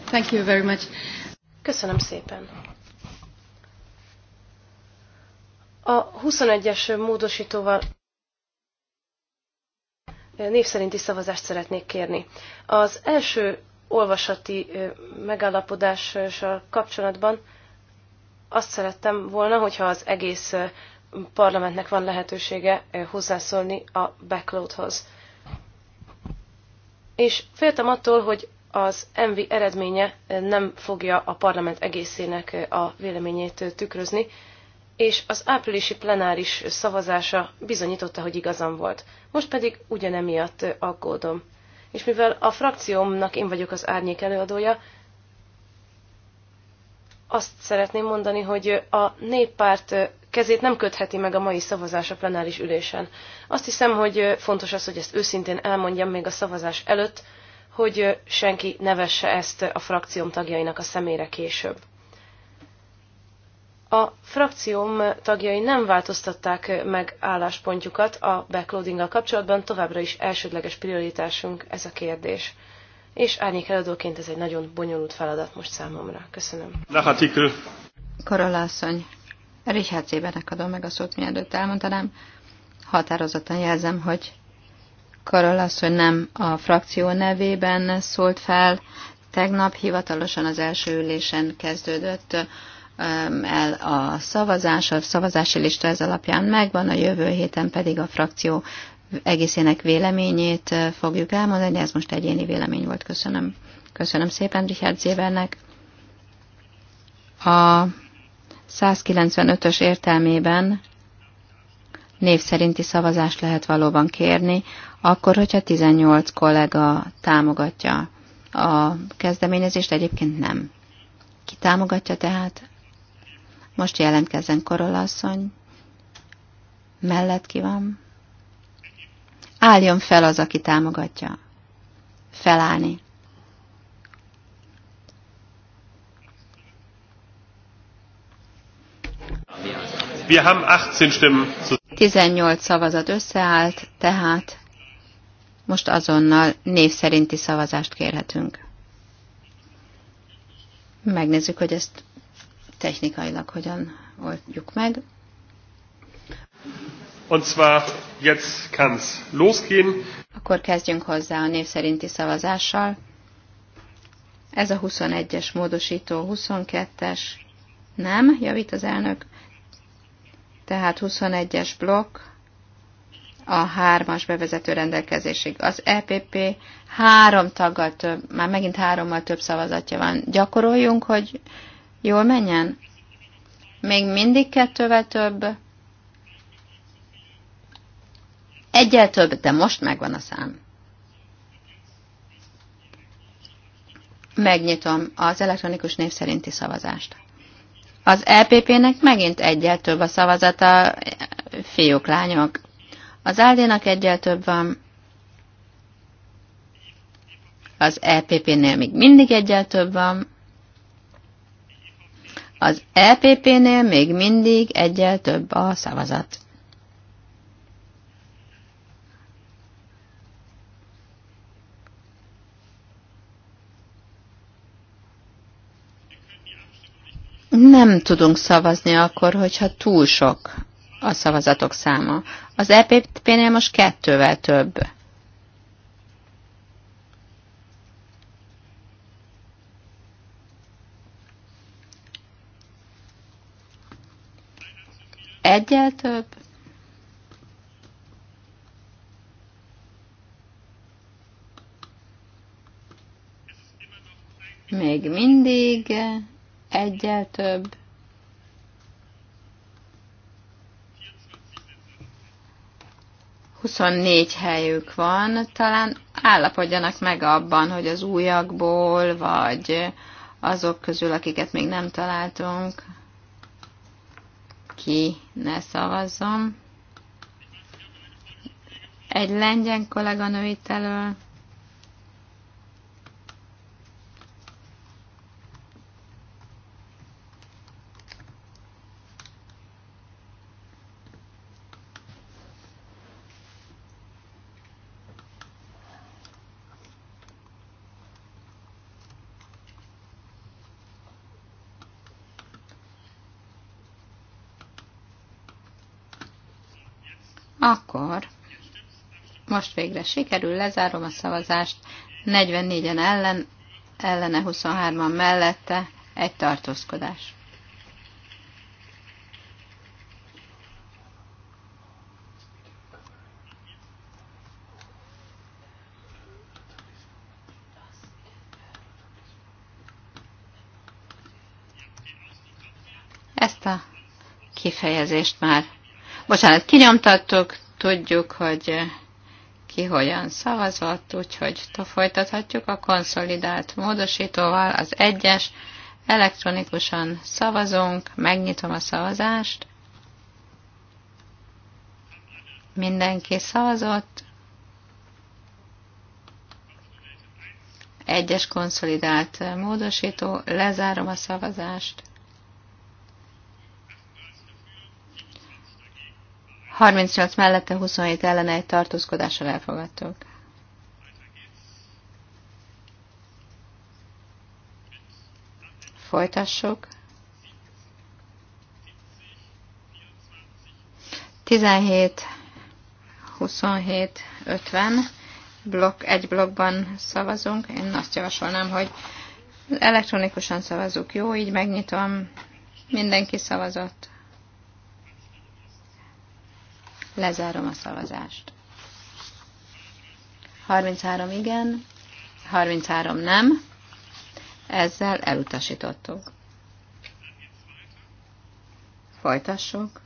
Thank you very much. Köszönöm szépen. A 21-es módosítóval név szerinti szavazást szeretnék kérni. Az első olvasati megállapodással kapcsolatban azt szerettem volna, hogyha az egész parlamentnek van lehetősége hozzászólni a backloadhoz. És féltem attól, hogy az MV eredménye nem fogja a parlament egészének a véleményét tükrözni, és az áprilisi plenáris szavazása bizonyította, hogy igazam volt. Most pedig ugyanemiatt aggódom. És mivel a frakciómnak én vagyok az árnyék előadója, azt szeretném mondani, hogy a néppárt kezét nem kötheti meg a mai szavazás a plenáris ülésen. Azt hiszem, hogy fontos az, hogy ezt őszintén elmondjam még a szavazás előtt, hogy senki ne vesse ezt a frakcióm tagjainak a szemére később. A frakcióm tagjai nem változtatták meg álláspontjukat a backloadinggal kapcsolatban, továbbra is elsődleges prioritásunk ez a kérdés. És eladóként ez egy nagyon bonyolult feladat most számomra. Köszönöm. Lehatikül. Korolászony, Richard Zébernek adom meg a szót, mielőtt elmondanám. Határozottan jelzem, hogy Karolászony nem a frakció nevében szólt fel, tegnap hivatalosan az első ülésen kezdődött Um, el a szavazás, a szavazási lista ez alapján megvan, a jövő héten pedig a frakció egészének véleményét uh, fogjuk elmondani, ez most egyéni vélemény volt, köszönöm. Köszönöm szépen Richard Zébernek. A 195-ös értelmében név szerinti szavazást lehet valóban kérni, akkor, hogyha 18 kollega támogatja a kezdeményezést, egyébként nem. Ki támogatja tehát? Most jelentkezzen Korolasszony. Mellett ki van? Álljon fel az, aki támogatja. Felállni. Wir haben 18 Stimmen. 18 szavazat összeállt, tehát most azonnal név szerinti szavazást kérhetünk. Megnézzük, hogy ezt technikailag hogyan oldjuk meg. Und zwar jetzt kann's losgehen. Akkor kezdjünk hozzá a név szerinti szavazással. Ez a 21-es módosító, 22-es, nem, javít az elnök. Tehát 21-es blokk, a hármas bevezető rendelkezésig. Az EPP három taggal több, már megint hárommal több szavazatja van. Gyakoroljunk, hogy jól menjen? Még mindig kettővel több? Egyel több, de most megvan a szám. Megnyitom az elektronikus név szerinti szavazást. Az LPP-nek e megint egyel több a szavazata, fiúk, lányok. Az áldénak egyel több van. Az LPP-nél e még mindig egyel több van. Az EPP-nél még mindig egyel több a szavazat. Nem tudunk szavazni akkor, hogyha túl sok a szavazatok száma. Az EPP-nél most kettővel több. Egyel több? Még mindig egyel több. Huszonnégy helyük van, talán állapodjanak meg abban, hogy az újakból, vagy azok közül, akiket még nem találtunk, ki ne szavazzon. Egy lengyen kolléganő itt elől. Akkor most végre sikerül, lezárom a szavazást. 44-en ellen, ellene 23-an mellette egy tartózkodás. Ezt a kifejezést már Bocsánat, kinyomtattuk, tudjuk, hogy ki hogyan szavazott, úgyhogy folytathatjuk a konszolidált módosítóval, az egyes, elektronikusan szavazunk, megnyitom a szavazást, mindenki szavazott, egyes konszolidált módosító, lezárom a szavazást, 38 mellette, 27 ellene egy tartózkodással elfogadtuk. Folytassuk. 17, 27, 50 blokk, egy blokkban szavazunk. Én azt javasolnám, hogy elektronikusan szavazunk. Jó, így megnyitom. Mindenki szavazott. Lezárom a szavazást. 33 igen, 33 nem. Ezzel elutasítottuk. Folytassuk.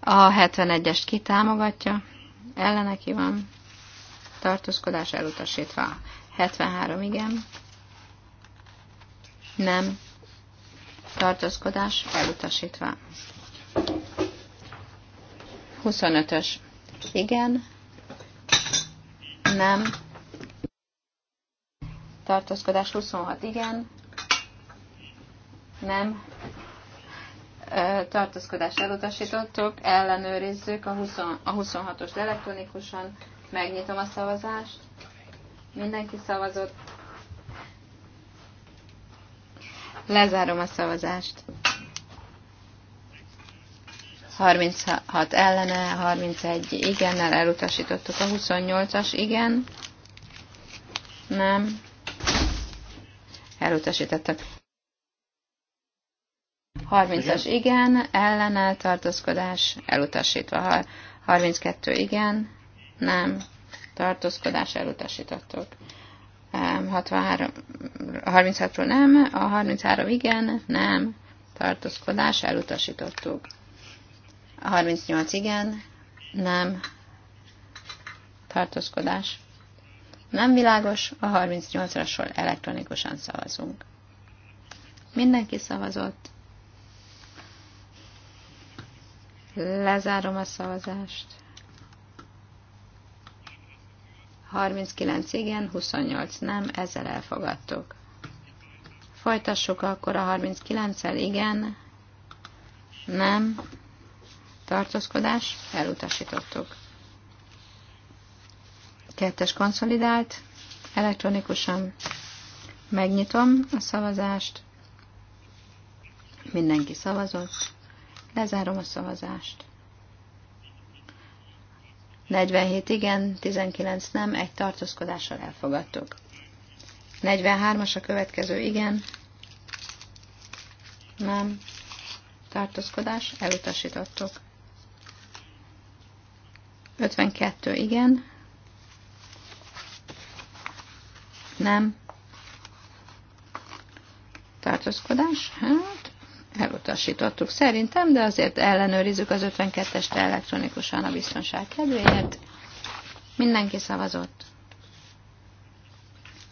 A 71-est ki támogatja, ellene ki van, tartózkodás elutasítva. 73 igen, nem, tartózkodás elutasítva. 25-ös. Igen. Nem. Tartózkodás 26. Igen. Nem. tartózkodás elutasítottuk. Ellenőrizzük a, 20, a 26-os elektronikusan. Megnyitom a szavazást. Mindenki szavazott. Lezárom a szavazást. 36 ellene, 31 igennel elutasítottuk a 28-as igen. Nem. Elutasítottak. 30-as igen, ellene, tartózkodás, elutasítva. 32 igen, nem, tartózkodás, elutasítottuk. 63, 36-ról nem, a 33 igen, nem, tartózkodás, elutasítottuk. A 38 igen, nem, tartózkodás. Nem világos, a 38-asról elektronikusan szavazunk. Mindenki szavazott. Lezárom a szavazást. 39 igen, 28 nem, ezzel elfogadtuk. Folytassuk akkor a 39-el, igen, nem, tartózkodás, elutasítottuk. Kettes konszolidált, elektronikusan megnyitom a szavazást, mindenki szavazott, lezárom a szavazást. 47 igen, 19 nem, egy tartózkodással elfogadtuk. 43-as a következő igen, nem, tartózkodás, elutasítottuk. 52 igen, nem, tartózkodás, hát elutasítottuk szerintem, de azért ellenőrizzük az 52-est elektronikusan a biztonság kedvéért. Mindenki szavazott.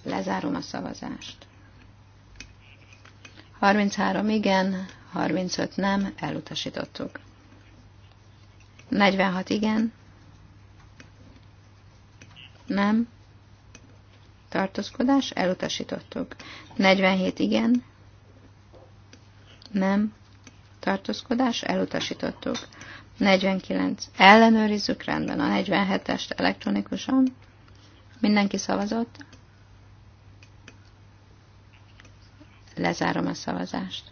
Lezárom a szavazást. 33 igen, 35 nem, elutasítottuk. 46 igen, nem, tartózkodás, elutasítottuk. 47 igen, nem, tartózkodás, elutasítottuk. 49. Ellenőrizzük rendben a 47-est elektronikusan. Mindenki szavazott. Lezárom a szavazást.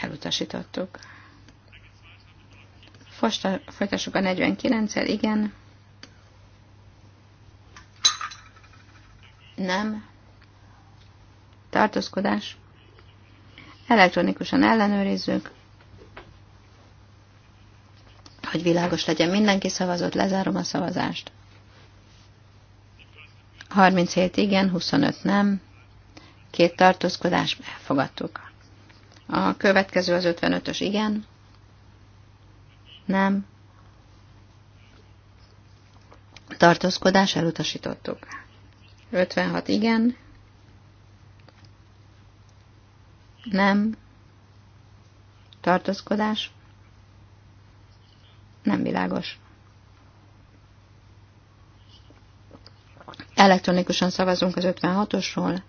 Elutasítottuk. Fosta, folytassuk a 49-el, igen. Nem. Tartózkodás. Elektronikusan ellenőrizzük, hogy világos legyen mindenki szavazott, lezárom a szavazást. 37 igen, 25 nem, két tartózkodás, elfogadtuk. A következő az 55-ös igen, nem, tartózkodás elutasítottuk. 56 igen, Nem. Tartózkodás. Nem világos. Elektronikusan szavazunk az 56-osról.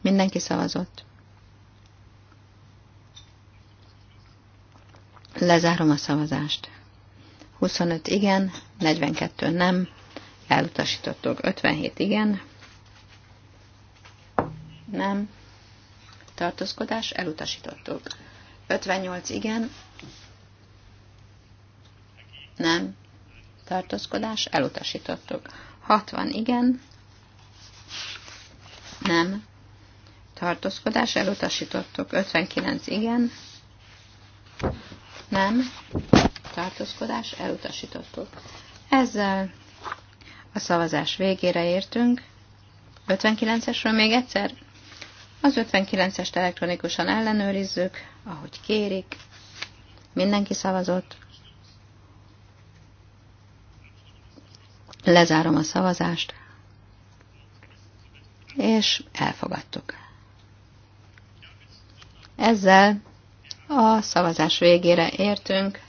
Mindenki szavazott. Lezárom a szavazást. 25 igen, 42 nem, elutasítottok 57 igen, nem, tartózkodás, elutasítottuk. 58 igen, nem, tartózkodás, elutasítottuk. 60 igen, nem, tartózkodás, elutasítottuk. 59 igen, nem, tartózkodás, elutasítottuk. Ezzel a szavazás végére értünk. 59-esről még egyszer? Az 59-est elektronikusan ellenőrizzük, ahogy kérik. Mindenki szavazott. Lezárom a szavazást, és elfogadtuk. Ezzel a szavazás végére értünk.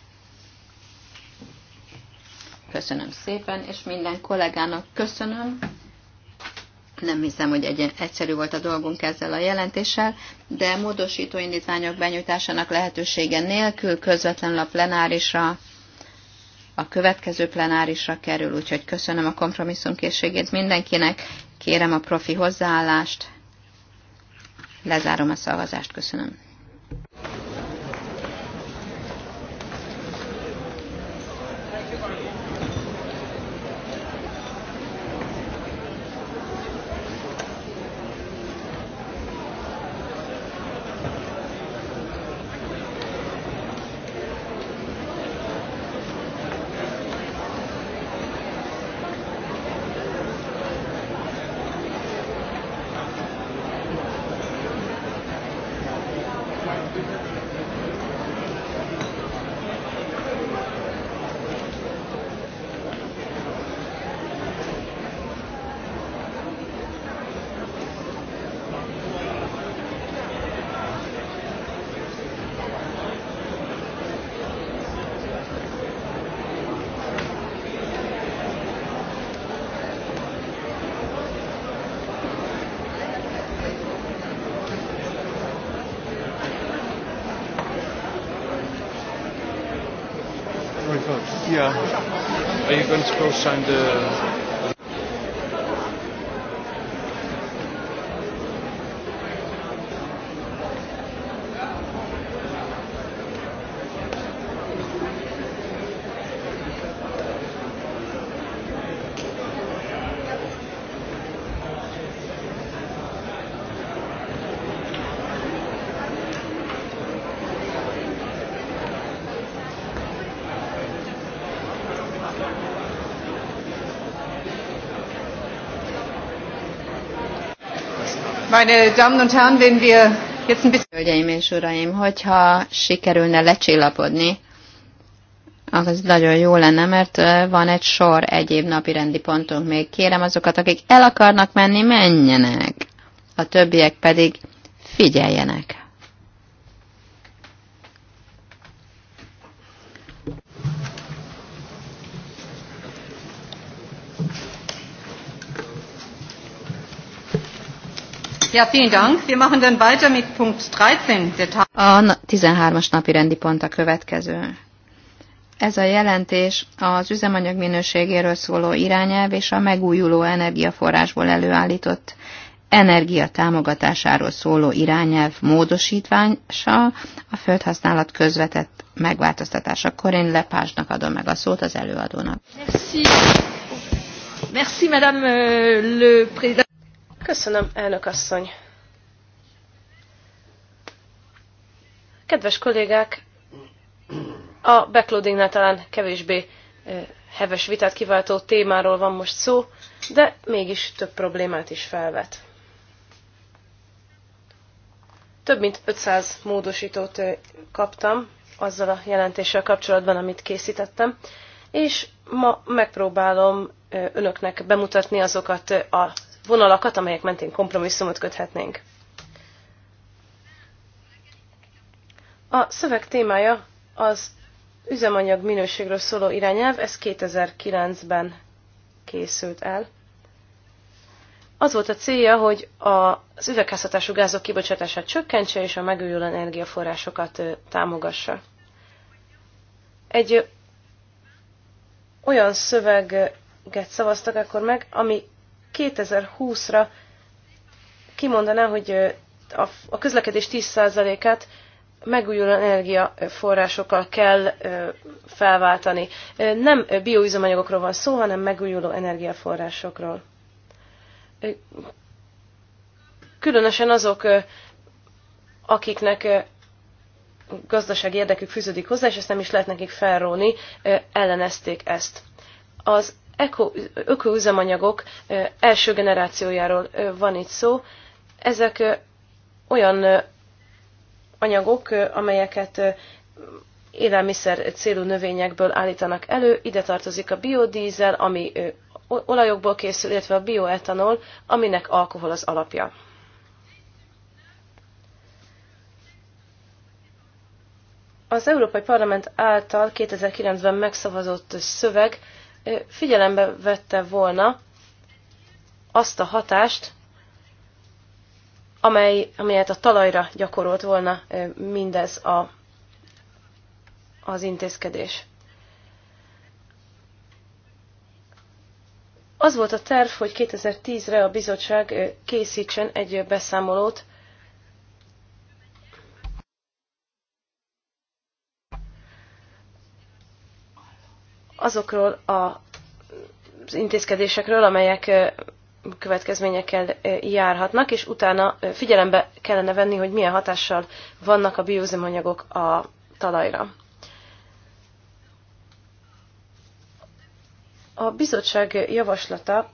Köszönöm szépen, és minden kollégának köszönöm. Nem hiszem, hogy egy egyszerű volt a dolgunk ezzel a jelentéssel, de módosító indítványok benyújtásának lehetősége nélkül közvetlenül a plenárisra, a következő plenárisra kerül, úgyhogy köszönöm a kompromisszumkészségét mindenkinek, kérem a profi hozzáállást, lezárom a szavazást, köszönöm. co signed Meine Damen und Herren, wenn wir jetzt ein bisschen... Hölgyeim és uraim, hogyha sikerülne lecsillapodni, az nagyon jó lenne, mert van egy sor egyéb napi rendi pontunk még. Kérem azokat, akik el akarnak menni, menjenek. A többiek pedig figyeljenek. Ja, vielen Dank. Wir machen dann weiter mit Punkt 13. A 13-as napi rendi pont a következő. Ez a jelentés az üzemanyag minőségéről szóló irányelv és a megújuló energiaforrásból előállított energia támogatásáról szóló irányelv módosítványsa a földhasználat közvetett megváltoztatásakor. Én Lepásnak adom meg a szót az előadónak. Merci. Merci, Madame euh, le Président. Köszönöm, elnök asszony. Kedves kollégák, a backloadingnál talán kevésbé heves vitát kiváltó témáról van most szó, de mégis több problémát is felvet. Több mint 500 módosítót kaptam azzal a jelentéssel kapcsolatban, amit készítettem, és ma megpróbálom önöknek bemutatni azokat a vonalakat, amelyek mentén kompromisszumot köthetnénk. A szöveg témája az üzemanyag minőségről szóló irányelv, ez 2009-ben készült el. Az volt a célja, hogy az üvegházhatású gázok kibocsátását csökkentse és a megújuló energiaforrásokat támogassa. Egy olyan szöveget szavaztak akkor meg, ami 2020-ra kimondaná, hogy a közlekedés 10%-át megújuló energiaforrásokkal kell felváltani. Nem bioüzemanyagokról van szó, hanem megújuló energiaforrásokról. Különösen azok, akiknek gazdasági érdekük fűződik hozzá, és ezt nem is lehet nekik felróni, ellenezték ezt. Az ökoüzemanyagok első generációjáról van itt szó. Ezek olyan anyagok, amelyeket élelmiszer célú növényekből állítanak elő. Ide tartozik a biodízel, ami olajokból készül, illetve a bioetanol, aminek alkohol az alapja. Az Európai Parlament által 2009-ben megszavazott szöveg figyelembe vette volna azt a hatást, amely, amelyet a talajra gyakorolt volna mindez a, az intézkedés. Az volt a terv, hogy 2010-re a bizottság készítsen egy beszámolót azokról a, az intézkedésekről, amelyek következményekkel járhatnak, és utána figyelembe kellene venni, hogy milyen hatással vannak a bióüzemanyagok a talajra. A bizottság javaslata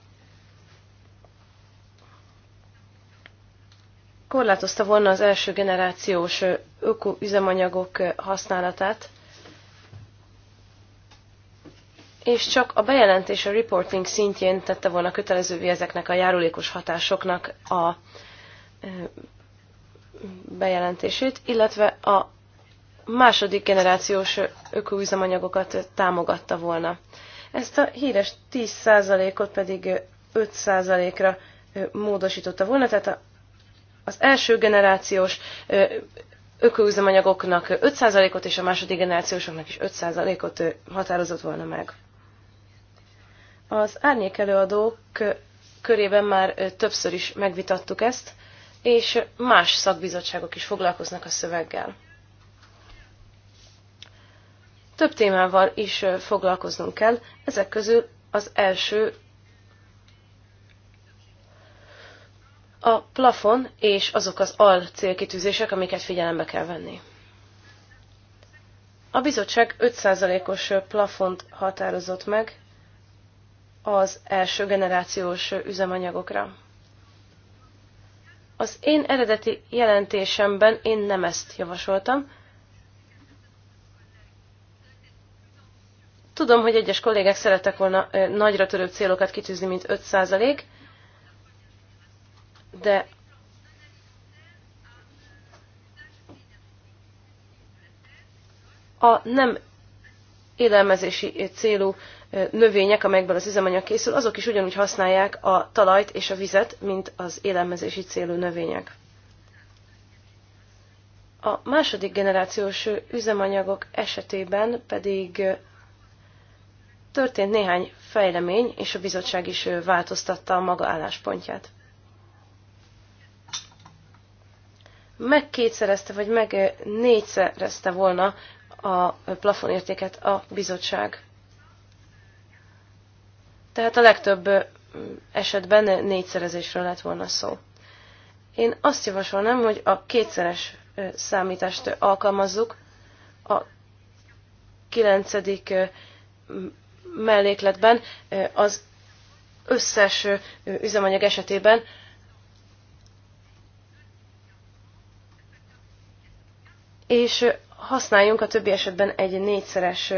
korlátozta volna az első generációs ökoüzemanyagok használatát, és csak a bejelentés a reporting szintjén tette volna kötelezővé ezeknek a járulékos hatásoknak a bejelentését, illetve a második generációs ökoüzemanyagokat támogatta volna. Ezt a híres 10%-ot pedig 5%-ra módosította volna, tehát az első generációs ökoüzemanyagoknak 5%-ot és a második generációsoknak is 5%-ot határozott volna meg. Az árnyékelőadók körében már többször is megvitattuk ezt, és más szakbizottságok is foglalkoznak a szöveggel. Több témával is foglalkoznunk kell, ezek közül az első a plafon és azok az al célkitűzések, amiket figyelembe kell venni. A bizottság 5%-os plafont határozott meg, az első generációs üzemanyagokra. Az én eredeti jelentésemben én nem ezt javasoltam. Tudom, hogy egyes kollégek szerettek volna nagyra törőbb célokat kitűzni, mint 5%, de a nem élelmezési célú növények, amelyekből az üzemanyag készül, azok is ugyanúgy használják a talajt és a vizet, mint az élelmezési célú növények. A második generációs üzemanyagok esetében pedig történt néhány fejlemény, és a bizottság is változtatta a maga álláspontját. Megkétszerezte, vagy meg négyszerezte volna a plafonértéket a bizottság. Tehát a legtöbb esetben négyszerezésről lett volna szó. Én azt javasolnám, hogy a kétszeres számítást alkalmazzuk. A kilencedik mellékletben az összes üzemanyag esetében és használjunk a többi esetben egy négyszeres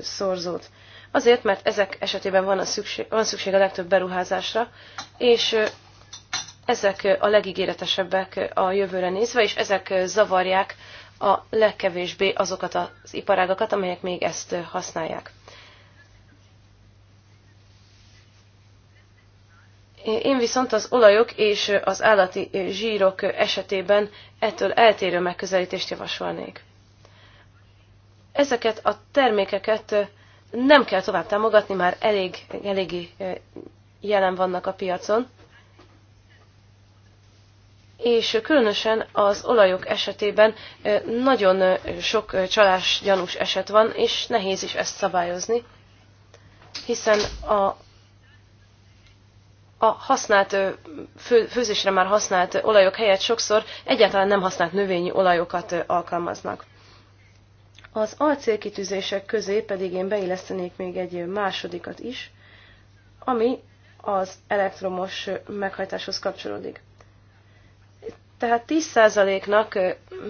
szorzót. Azért, mert ezek esetében van, a szükség, van szükség a legtöbb beruházásra, és ezek a legígéretesebbek a jövőre nézve, és ezek zavarják a legkevésbé azokat az iparágakat, amelyek még ezt használják. Én viszont az olajok és az állati zsírok esetében ettől eltérő megközelítést javasolnék. Ezeket a termékeket nem kell tovább támogatni, már elég, eléggé e, jelen vannak a piacon. És különösen az olajok esetében e, nagyon e, sok csalás gyanús eset van, és nehéz is ezt szabályozni, hiszen a, a használt, fő, főzésre már használt olajok helyett sokszor egyáltalán nem használt növényi olajokat alkalmaznak. Az alcélkitűzések közé pedig én beillesztenék még egy másodikat is, ami az elektromos meghajtáshoz kapcsolódik. Tehát 10%-nak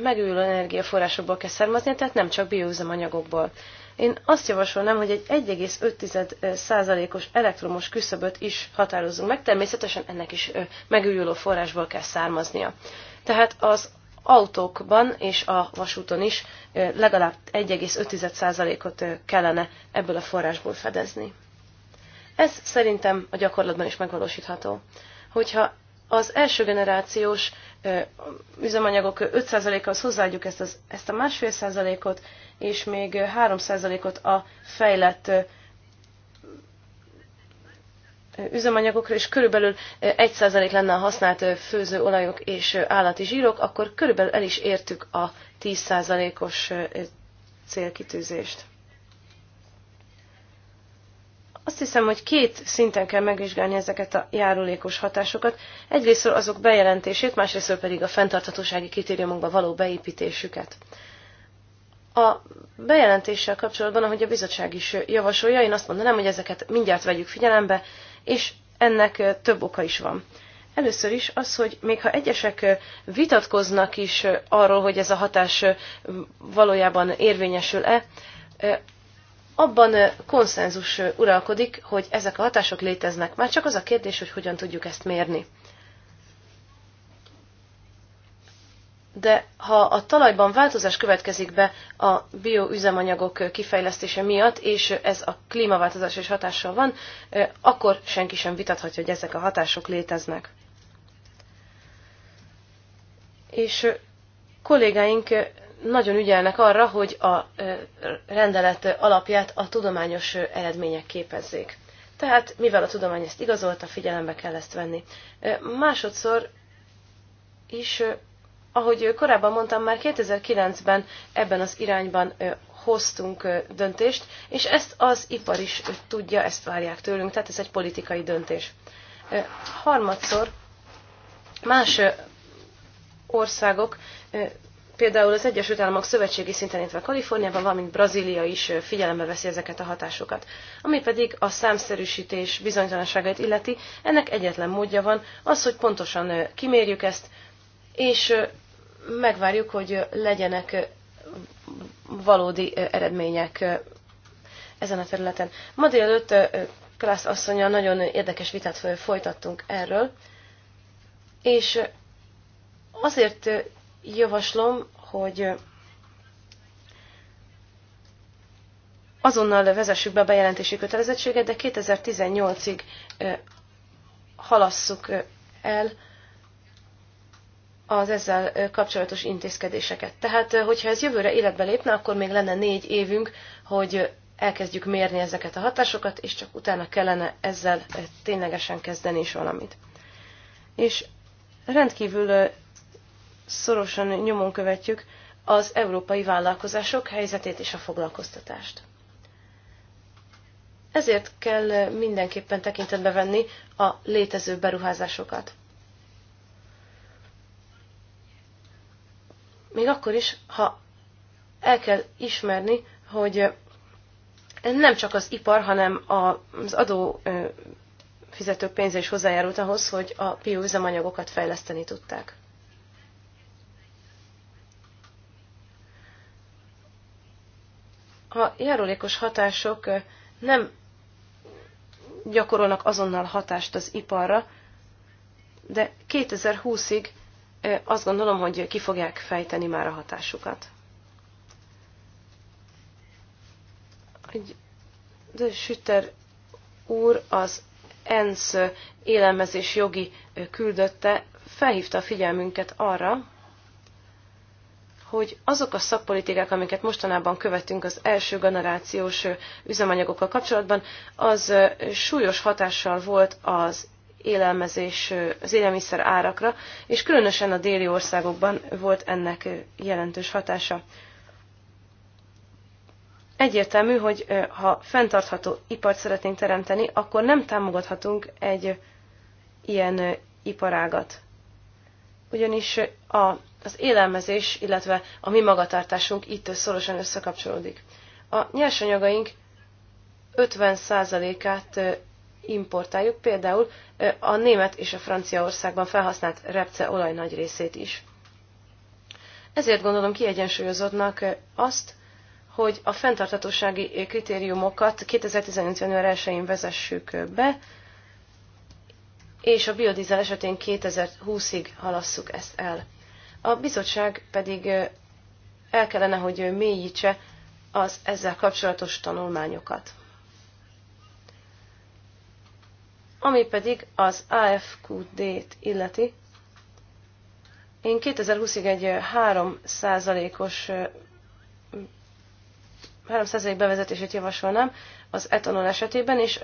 megújuló energiaforrásokból kell származni, tehát nem csak bióüzemanyagokból. Én azt javasolnám, hogy egy 1,5%-os elektromos küszöböt is határozzunk meg, természetesen ennek is megújuló forrásból kell származnia. Tehát az autókban és a vasúton is legalább 1,5%-ot kellene ebből a forrásból fedezni. Ez szerintem a gyakorlatban is megvalósítható. Hogyha az első generációs üzemanyagok 5%-hoz hozzáadjuk ezt, az, ezt a másfél százalékot, és még 3%-ot a fejlett üzemanyagokra, és körülbelül 1% lenne a használt főzőolajok és állati zsírok, akkor körülbelül el is értük a 10%-os célkitűzést. Azt hiszem, hogy két szinten kell megvizsgálni ezeket a járulékos hatásokat. Egyrészt azok bejelentését, másrészt pedig a fenntarthatósági kritériumokba való beépítésüket. A bejelentéssel kapcsolatban, ahogy a bizottság is javasolja, én azt mondanám, hogy ezeket mindjárt vegyük figyelembe, és ennek több oka is van. Először is az, hogy még ha egyesek vitatkoznak is arról, hogy ez a hatás valójában érvényesül-e, abban konszenzus uralkodik, hogy ezek a hatások léteznek. Már csak az a kérdés, hogy hogyan tudjuk ezt mérni. de ha a talajban változás következik be a bioüzemanyagok kifejlesztése miatt, és ez a klímaváltozás is hatással van, akkor senki sem vitathatja, hogy ezek a hatások léteznek. És kollégáink nagyon ügyelnek arra, hogy a rendelet alapját a tudományos eredmények képezzék. Tehát, mivel a tudomány ezt igazolta, figyelembe kell ezt venni. Másodszor is ahogy korábban mondtam, már 2009-ben ebben az irányban hoztunk döntést, és ezt az ipar is tudja, ezt várják tőlünk, tehát ez egy politikai döntés. Harmadszor más országok, például az Egyesült Államok szövetségi szinten, illetve Kaliforniában, valamint Brazília is figyelembe veszi ezeket a hatásokat. Ami pedig a számszerűsítés bizonytalanságait illeti, ennek egyetlen módja van, az, hogy pontosan kimérjük ezt, és megvárjuk, hogy legyenek valódi eredmények ezen a területen. Ma délelőtt Klász asszonya nagyon érdekes vitát folytattunk erről, és azért javaslom, hogy azonnal vezessük be a bejelentési kötelezettséget, de 2018-ig halasszuk el az ezzel kapcsolatos intézkedéseket. Tehát, hogyha ez jövőre életbe lépne, akkor még lenne négy évünk, hogy elkezdjük mérni ezeket a hatásokat, és csak utána kellene ezzel ténylegesen kezdeni is valamit. És rendkívül szorosan nyomon követjük az európai vállalkozások helyzetét és a foglalkoztatást. Ezért kell mindenképpen tekintetbe venni a létező beruházásokat. még akkor is, ha el kell ismerni, hogy nem csak az ipar, hanem az adó fizetők pénze is hozzájárult ahhoz, hogy a bioüzemanyagokat fejleszteni tudták. A járulékos hatások nem gyakorolnak azonnal hatást az iparra, de 2020-ig azt gondolom, hogy ki fogják fejteni már a hatásukat. De Sütter úr az ENSZ élelmezés jogi küldötte felhívta a figyelmünket arra, hogy azok a szakpolitikák, amiket mostanában követünk az első generációs üzemanyagokkal kapcsolatban, az súlyos hatással volt az élelmezés, az élelmiszer árakra, és különösen a déli országokban volt ennek jelentős hatása. Egyértelmű, hogy ha fenntartható ipart szeretnénk teremteni, akkor nem támogathatunk egy ilyen iparágat. Ugyanis a, az élelmezés, illetve a mi magatartásunk itt szorosan összekapcsolódik. A nyersanyagaink 50%-át importáljuk például a német és a Franciaországban felhasznált repceolaj nagy részét is. Ezért gondolom kiegyensúlyozottnak azt, hogy a fenntartatósági kritériumokat 2015. január 1-én vezessük be, és a biodízel esetén 2020-ig halasszuk ezt el. A bizottság pedig el kellene, hogy mélyítse az ezzel kapcsolatos tanulmányokat. Ami pedig az AFQD-t illeti, én 2020-ig egy 3%-os 3% bevezetését javasolnám az etanol esetében, és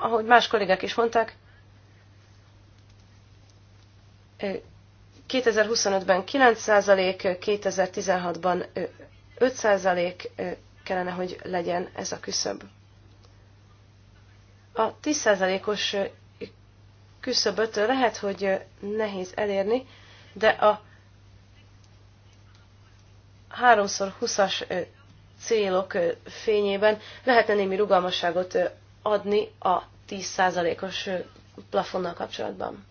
ahogy más kollégák is mondták, 2025-ben 9%, 2016-ban 5% kellene, hogy legyen ez a küszöb. A 10%-os küszöböt lehet, hogy nehéz elérni, de a 3x20-as célok fényében lehetne némi rugalmasságot adni a 10%-os plafonnal kapcsolatban.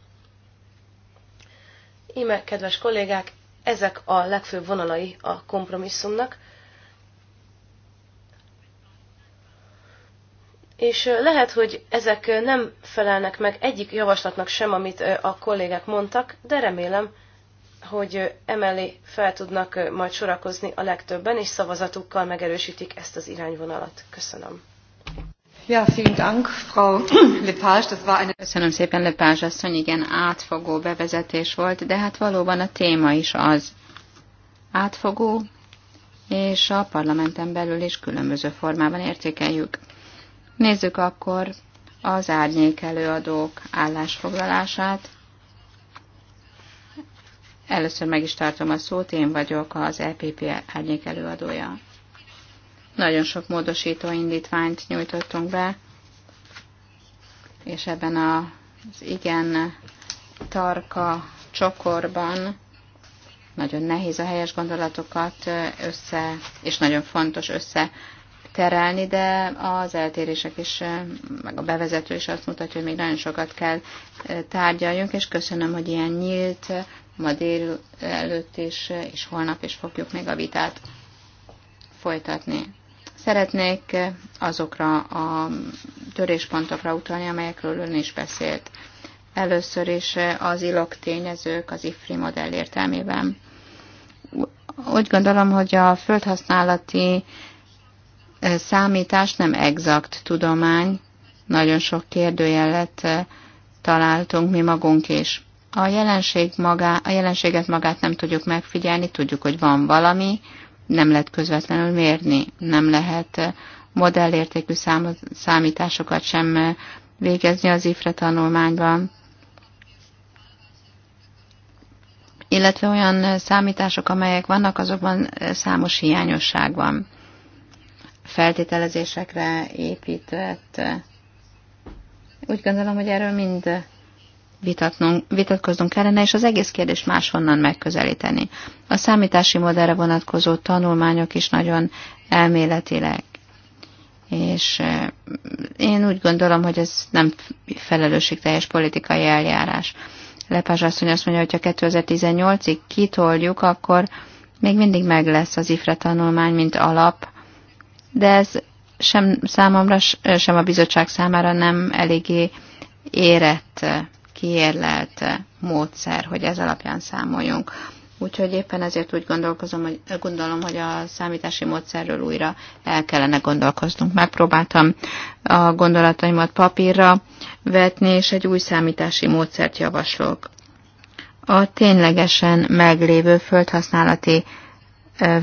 Íme, kedves kollégák, ezek a legfőbb vonalai a kompromisszumnak, És lehet, hogy ezek nem felelnek meg egyik javaslatnak sem, amit a kollégák mondtak, de remélem, hogy emellé fel tudnak majd sorakozni a legtöbben, és szavazatukkal megerősítik ezt az irányvonalat. Köszönöm. Ja, vielen Dank, Frau Lepage. Das war eine... Köszönöm szépen, Lepage asszony, igen, átfogó bevezetés volt, de hát valóban a téma is az. Átfogó, és a parlamenten belül is különböző formában értékeljük. Nézzük akkor az árnyék előadók állásfoglalását. Először meg is tartom a szót, én vagyok az EPP árnyék előadója. Nagyon sok módosító indítványt nyújtottunk be, és ebben az igen tarka csokorban nagyon nehéz a helyes gondolatokat össze, és nagyon fontos össze terelni, de az eltérések is, meg a bevezető is azt mutatja, hogy még nagyon sokat kell tárgyaljunk, és köszönöm, hogy ilyen nyílt ma délelőtt is, és holnap is fogjuk még a vitát folytatni. Szeretnék azokra a töréspontokra utalni, amelyekről ön is beszélt. Először is az ilok tényezők az IFRI modell értelmében. Úgy gondolom, hogy a földhasználati számítás nem exakt tudomány, nagyon sok kérdőjelet találtunk mi magunk is. A, jelenség magá, a jelenséget magát nem tudjuk megfigyelni, tudjuk, hogy van valami, nem lehet közvetlenül mérni, nem lehet modellértékű szám, számításokat sem végezni az IFRE tanulmányban. Illetve olyan számítások, amelyek vannak, azokban számos hiányosság van feltételezésekre épített. Úgy gondolom, hogy erről mind vitatnunk, vitatkoznunk kellene, és az egész kérdést máshonnan megközelíteni. A számítási modellre vonatkozó tanulmányok is nagyon elméletileg. És én úgy gondolom, hogy ez nem teljes politikai eljárás. Lepás asszony azt mondja, hogy ha 2018-ig kitoljuk, akkor még mindig meg lesz az IFRE tanulmány, mint alap, de ez sem számomra, sem a bizottság számára nem eléggé érett, kiérlelt módszer, hogy ez alapján számoljunk. Úgyhogy éppen ezért úgy gondolkozom, hogy, gondolom, hogy a számítási módszerről újra el kellene gondolkoznunk. Megpróbáltam a gondolataimat papírra vetni, és egy új számítási módszert javaslok. A ténylegesen meglévő földhasználati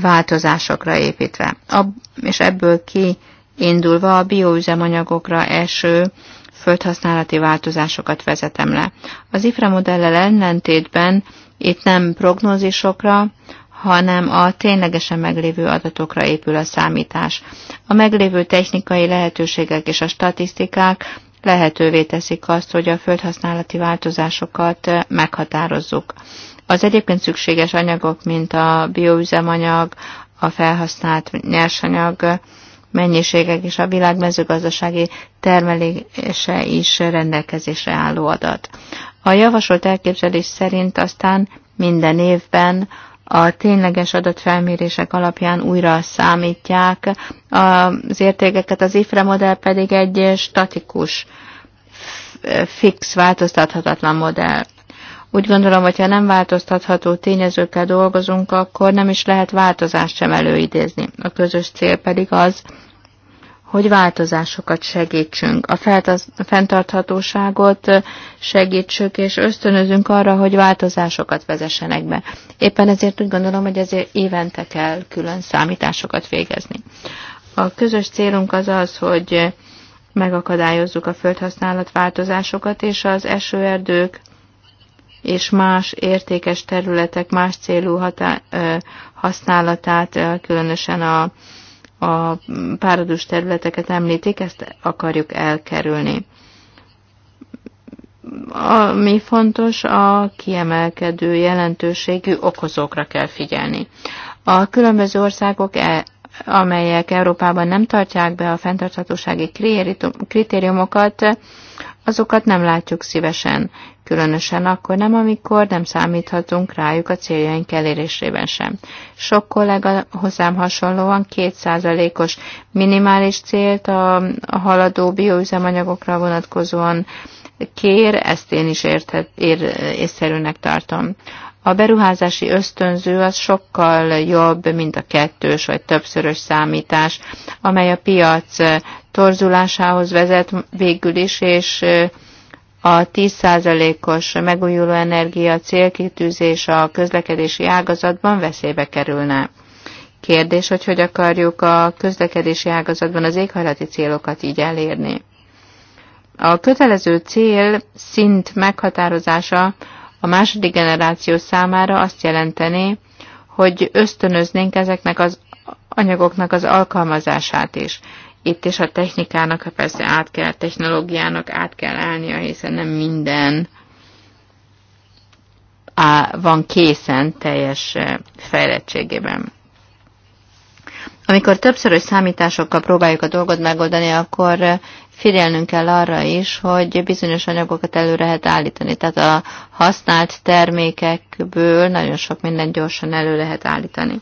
változásokra építve. A, és ebből ki indulva a bioüzemanyagokra eső földhasználati változásokat vezetem le. Az IFRA modellel ellentétben itt nem prognózisokra, hanem a ténylegesen meglévő adatokra épül a számítás. A meglévő technikai lehetőségek és a statisztikák lehetővé teszik azt, hogy a földhasználati változásokat meghatározzuk. Az egyébként szükséges anyagok, mint a bioüzemanyag, a felhasznált nyersanyag mennyiségek és a világ mezőgazdasági termelése is rendelkezésre álló adat. A javasolt elképzelés szerint aztán minden évben a tényleges adatfelmérések alapján újra számítják az értékeket, az IFRE modell pedig egy statikus, fix, változtathatatlan modell. Úgy gondolom, hogy ha nem változtatható tényezőkkel dolgozunk, akkor nem is lehet változást sem előidézni. A közös cél pedig az, hogy változásokat segítsünk, a fenntarthatóságot segítsük, és ösztönözünk arra, hogy változásokat vezessenek be. Éppen ezért úgy gondolom, hogy ezért évente kell külön számításokat végezni. A közös célunk az az, hogy megakadályozzuk a földhasználat változásokat, és az esőerdők és más értékes területek más célú hatá, használatát, különösen a, a páradús területeket említik, ezt akarjuk elkerülni. Ami fontos, a kiemelkedő jelentőségű okozókra kell figyelni. A különböző országok e amelyek Európában nem tartják be a fenntarthatósági kritériumokat, azokat nem látjuk szívesen, különösen akkor nem, amikor nem számíthatunk rájuk a céljaink elérésében sem. Sok kollega hozzám hasonlóan kétszázalékos minimális célt a, a haladó bioüzemanyagokra vonatkozóan kér, ezt én is érthet, ér, észszerűnek tartom. A beruházási ösztönző az sokkal jobb, mint a kettős vagy többszörös számítás, amely a piac torzulásához vezet végül is, és a 10%-os megújuló energia célkitűzés a közlekedési ágazatban veszélybe kerülne. Kérdés, hogy hogy akarjuk a közlekedési ágazatban az éghajlati célokat így elérni. A kötelező cél szint meghatározása a második generáció számára azt jelenteni, hogy ösztönöznénk ezeknek az anyagoknak az alkalmazását is. Itt is a technikának hát persze át kell, technológiának át kell állnia, hiszen nem minden á, van készen teljes fejlettségében. Amikor többszörös számításokkal próbáljuk a dolgot megoldani, akkor figyelnünk kell arra is, hogy bizonyos anyagokat elő lehet állítani. Tehát a használt termékekből nagyon sok mindent gyorsan elő lehet állítani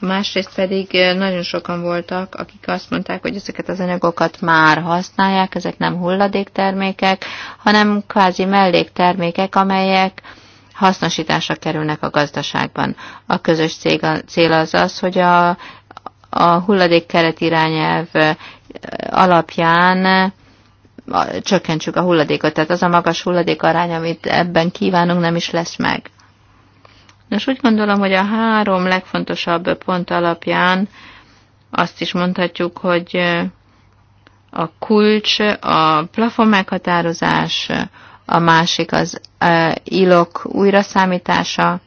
másrészt pedig nagyon sokan voltak, akik azt mondták, hogy ezeket az anyagokat már használják, ezek nem hulladéktermékek, hanem kvázi melléktermékek, amelyek hasznosításra kerülnek a gazdaságban. A közös cél az az, hogy a, a hulladékkeret irányelv alapján csökkentsük a hulladékot. Tehát az a magas hulladék arány, amit ebben kívánunk, nem is lesz meg. Nos, úgy gondolom, hogy a három legfontosabb pont alapján azt is mondhatjuk, hogy a kulcs, a plafon meghatározás, a másik az ilok újraszámítása,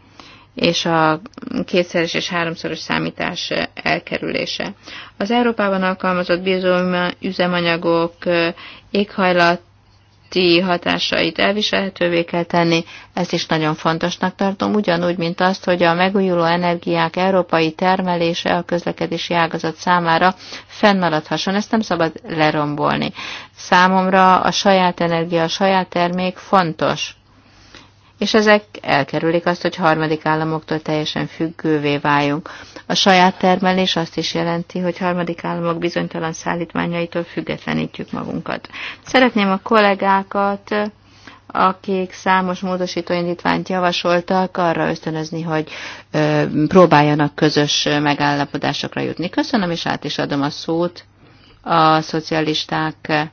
és a kétszeres és háromszoros számítás elkerülése. Az Európában alkalmazott bizony üzemanyagok éghajlat ti hatásait elviselhetővé kell tenni, ezt is nagyon fontosnak tartom, ugyanúgy, mint azt, hogy a megújuló energiák európai termelése a közlekedési ágazat számára fennmaradhasson, ezt nem szabad lerombolni. Számomra a saját energia, a saját termék fontos és ezek elkerülik azt, hogy harmadik államoktól teljesen függővé váljunk. A saját termelés azt is jelenti, hogy harmadik államok bizonytalan szállítmányaitól függetlenítjük magunkat. Szeretném a kollégákat, akik számos módosítóindítványt javasoltak, arra ösztönözni, hogy ö, próbáljanak közös megállapodásokra jutni. Köszönöm, és át is adom a szót a szocialisták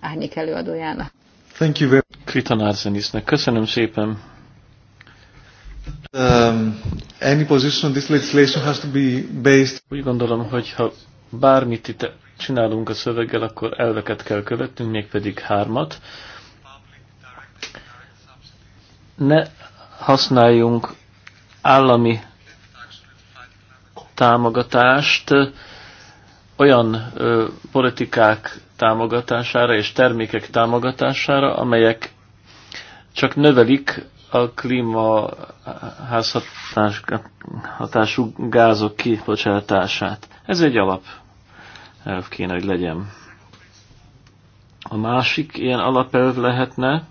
árnyék előadójának. Thank you very Kriton Arsenisnek. Köszönöm szépen. Um, any position on this legislation has to be based. Úgy gondolom, hogy ha bármit itt csinálunk a szöveggel, akkor elveket kell követnünk, mégpedig hármat. Ne használjunk állami támogatást olyan ö, politikák támogatására és termékek támogatására, amelyek csak növelik a klímaházhatású gázok kibocsátását. Ez egy alap elv kéne, hogy legyen. A másik ilyen alapelv lehetne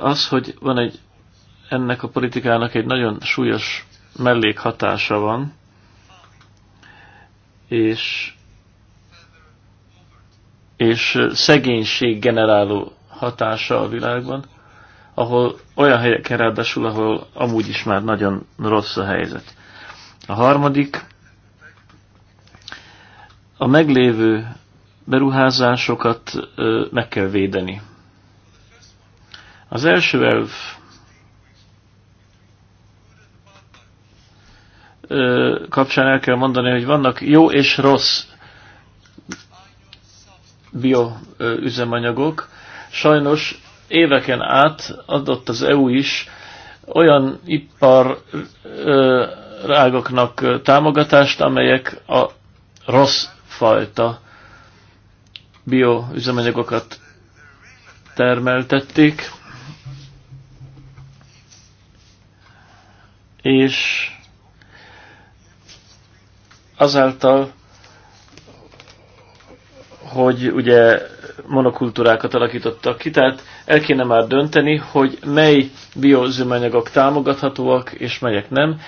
az, hogy van egy ennek a politikának egy nagyon súlyos mellékhatása van, és és szegénység generáló hatása a világban, ahol olyan helyeken ráadásul, ahol amúgy is már nagyon rossz a helyzet. A harmadik, a meglévő beruházásokat meg kell védeni. Az első elv kapcsán el kell mondani, hogy vannak jó és rossz bioüzemanyagok. Sajnos éveken át adott az EU is olyan ipar rágoknak támogatást, amelyek a rossz fajta bioüzemanyagokat termeltették, és azáltal hogy ugye monokultúrákat alakítottak ki, tehát el kéne már dönteni, hogy mely biozümanyagok támogathatóak, és melyek nem.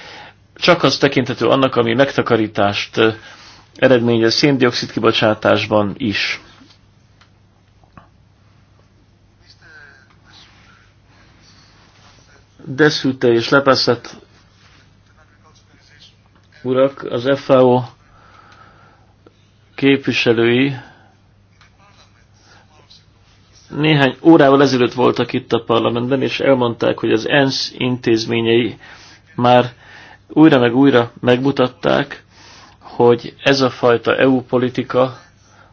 Csak az tekinthető annak, ami megtakarítást eredményez széndiokszid kibocsátásban is. Deszülte és Lepeszett urak, az FAO képviselői néhány órával ezelőtt voltak itt a parlamentben, és elmondták, hogy az ENSZ intézményei már újra meg újra megmutatták, hogy ez a fajta EU politika,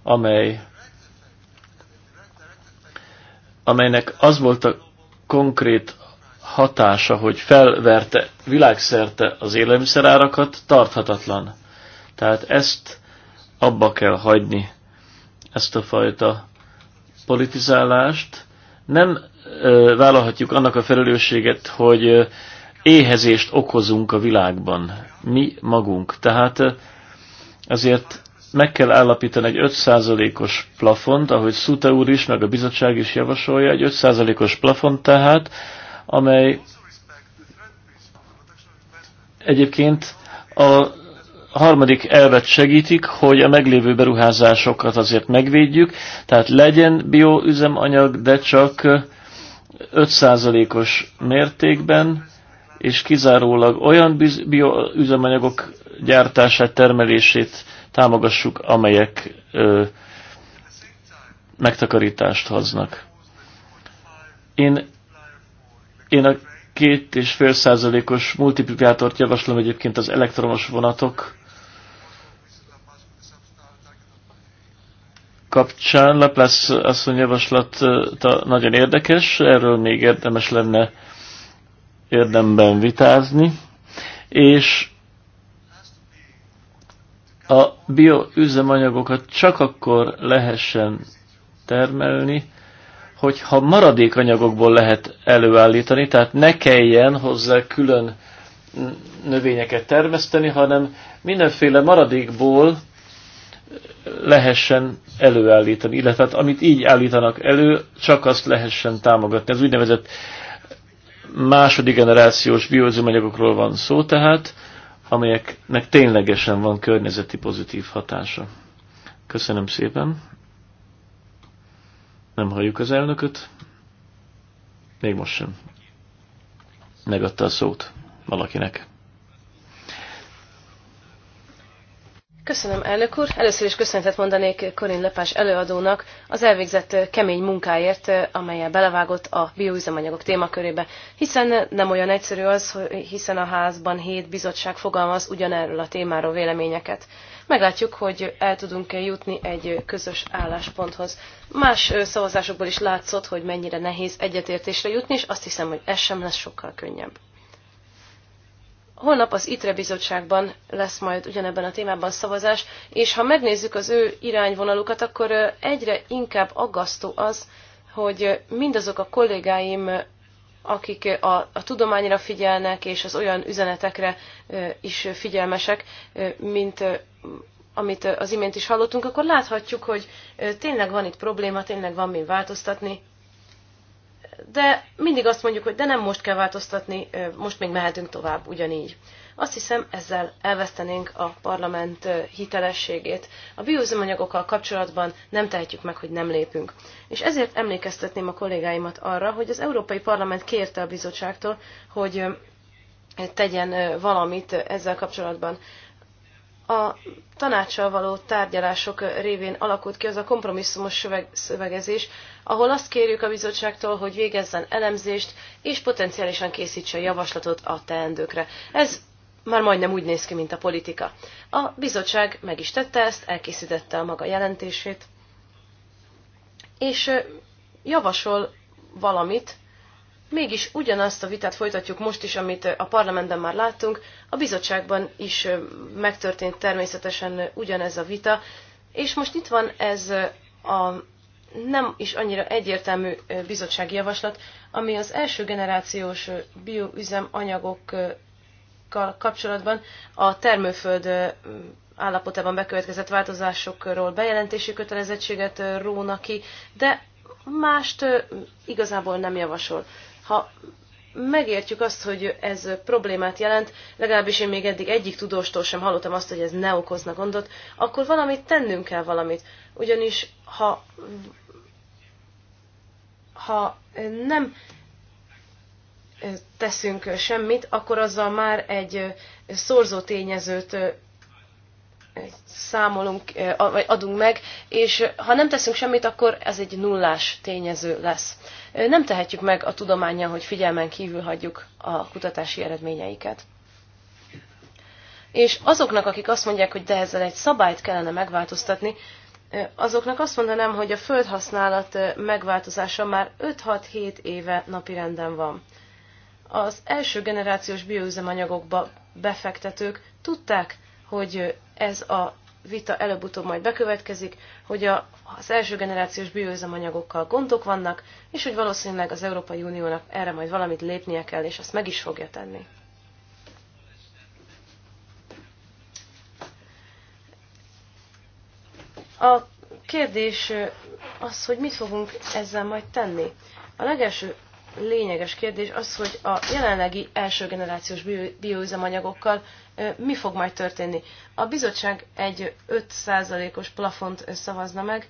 amely, amelynek az volt a konkrét hatása, hogy felverte világszerte az élelmiszerárakat, tarthatatlan. Tehát ezt abba kell hagyni, ezt a fajta politizálást, nem ö, vállalhatjuk annak a felelősséget, hogy ö, éhezést okozunk a világban, mi magunk. Tehát ö, azért meg kell állapítani egy 5%-os plafont, ahogy Szuta úr is, meg a bizottság is javasolja, egy 5%-os plafont tehát, amely egyébként a harmadik elvet segítik, hogy a meglévő beruházásokat azért megvédjük, tehát legyen bioüzemanyag, de csak 5%-os mértékben, és kizárólag olyan bioüzemanyagok gyártását, termelését támogassuk, amelyek ö, megtakarítást hoznak. Én, én a két és fél százalékos multiplikátort javaslom egyébként az elektromos vonatok kapcsán Laplace asszony javaslata nagyon érdekes, erről még érdemes lenne érdemben vitázni, és a bioüzemanyagokat csak akkor lehessen termelni, hogyha maradékanyagokból lehet előállítani, tehát ne kelljen hozzá külön növényeket termeszteni, hanem mindenféle maradékból lehessen előállítani, illetve hát, amit így állítanak elő, csak azt lehessen támogatni. Az úgynevezett második generációs bioüzemanyagokról van szó tehát, amelyeknek ténylegesen van környezeti pozitív hatása. Köszönöm szépen. Nem halljuk az elnököt. Még most sem. Megadta a szót valakinek. Köszönöm, elnök úr. Először is köszönetet mondanék Korin Lepás előadónak az elvégzett kemény munkáért, amelyel belevágott a bioüzemanyagok témakörébe, hiszen nem olyan egyszerű az, hiszen a házban hét bizottság fogalmaz ugyanerről a témáról véleményeket. Meglátjuk, hogy el tudunk-e jutni egy közös állásponthoz. Más szavazásokból is látszott, hogy mennyire nehéz egyetértésre jutni, és azt hiszem, hogy ez sem lesz sokkal könnyebb. Holnap az ITRE bizottságban lesz majd ugyanebben a témában szavazás, és ha megnézzük az ő irányvonalukat, akkor egyre inkább aggasztó az, hogy mindazok a kollégáim, akik a, a tudományra figyelnek, és az olyan üzenetekre is figyelmesek, mint amit az imént is hallottunk, akkor láthatjuk, hogy tényleg van itt probléma, tényleg van mi változtatni, de mindig azt mondjuk, hogy de nem most kell változtatni, most még mehetünk tovább ugyanígy. Azt hiszem, ezzel elvesztenénk a parlament hitelességét. A bioüzemanyagokkal kapcsolatban nem tehetjük meg, hogy nem lépünk. És ezért emlékeztetném a kollégáimat arra, hogy az Európai Parlament kérte a bizottságtól, hogy tegyen valamit ezzel kapcsolatban a tanácssal való tárgyalások révén alakult ki az a kompromisszumos szövegezés, ahol azt kérjük a bizottságtól, hogy végezzen elemzést, és potenciálisan készítse javaslatot a teendőkre. Ez már majdnem úgy néz ki, mint a politika. A bizottság meg is tette ezt, elkészítette a maga jelentését, és javasol valamit, mégis ugyanazt a vitát folytatjuk most is, amit a parlamentben már láttunk, a bizottságban is megtörtént természetesen ugyanez a vita, és most itt van ez a nem is annyira egyértelmű bizottsági javaslat, ami az első generációs bioüzemanyagokkal kapcsolatban a termőföld állapotában bekövetkezett változásokról bejelentési kötelezettséget róna ki, de mást igazából nem javasol. Ha megértjük azt, hogy ez problémát jelent, legalábbis én még eddig egyik tudóstól sem hallottam azt, hogy ez ne okozna gondot, akkor valamit tennünk kell valamit. Ugyanis ha, ha nem teszünk semmit, akkor azzal már egy szorzó tényezőt számolunk, vagy adunk meg, és ha nem teszünk semmit, akkor ez egy nullás tényező lesz. Nem tehetjük meg a tudományon, hogy figyelmen kívül hagyjuk a kutatási eredményeiket. És azoknak, akik azt mondják, hogy de ezzel egy szabályt kellene megváltoztatni, azoknak azt mondanám, hogy a földhasználat megváltozása már 5-6-7 éve napirenden van. Az első generációs bioüzemanyagokba befektetők tudták, hogy ez a vita előbb-utóbb majd bekövetkezik, hogy a, az első generációs bioüzemanyagokkal gondok vannak, és hogy valószínűleg az Európai Uniónak erre majd valamit lépnie kell, és azt meg is fogja tenni. A kérdés az, hogy mit fogunk ezzel majd tenni. A legelső lényeges kérdés az, hogy a jelenlegi első generációs bioüzemanyagokkal mi fog majd történni. A bizottság egy 5%-os plafont szavazna meg.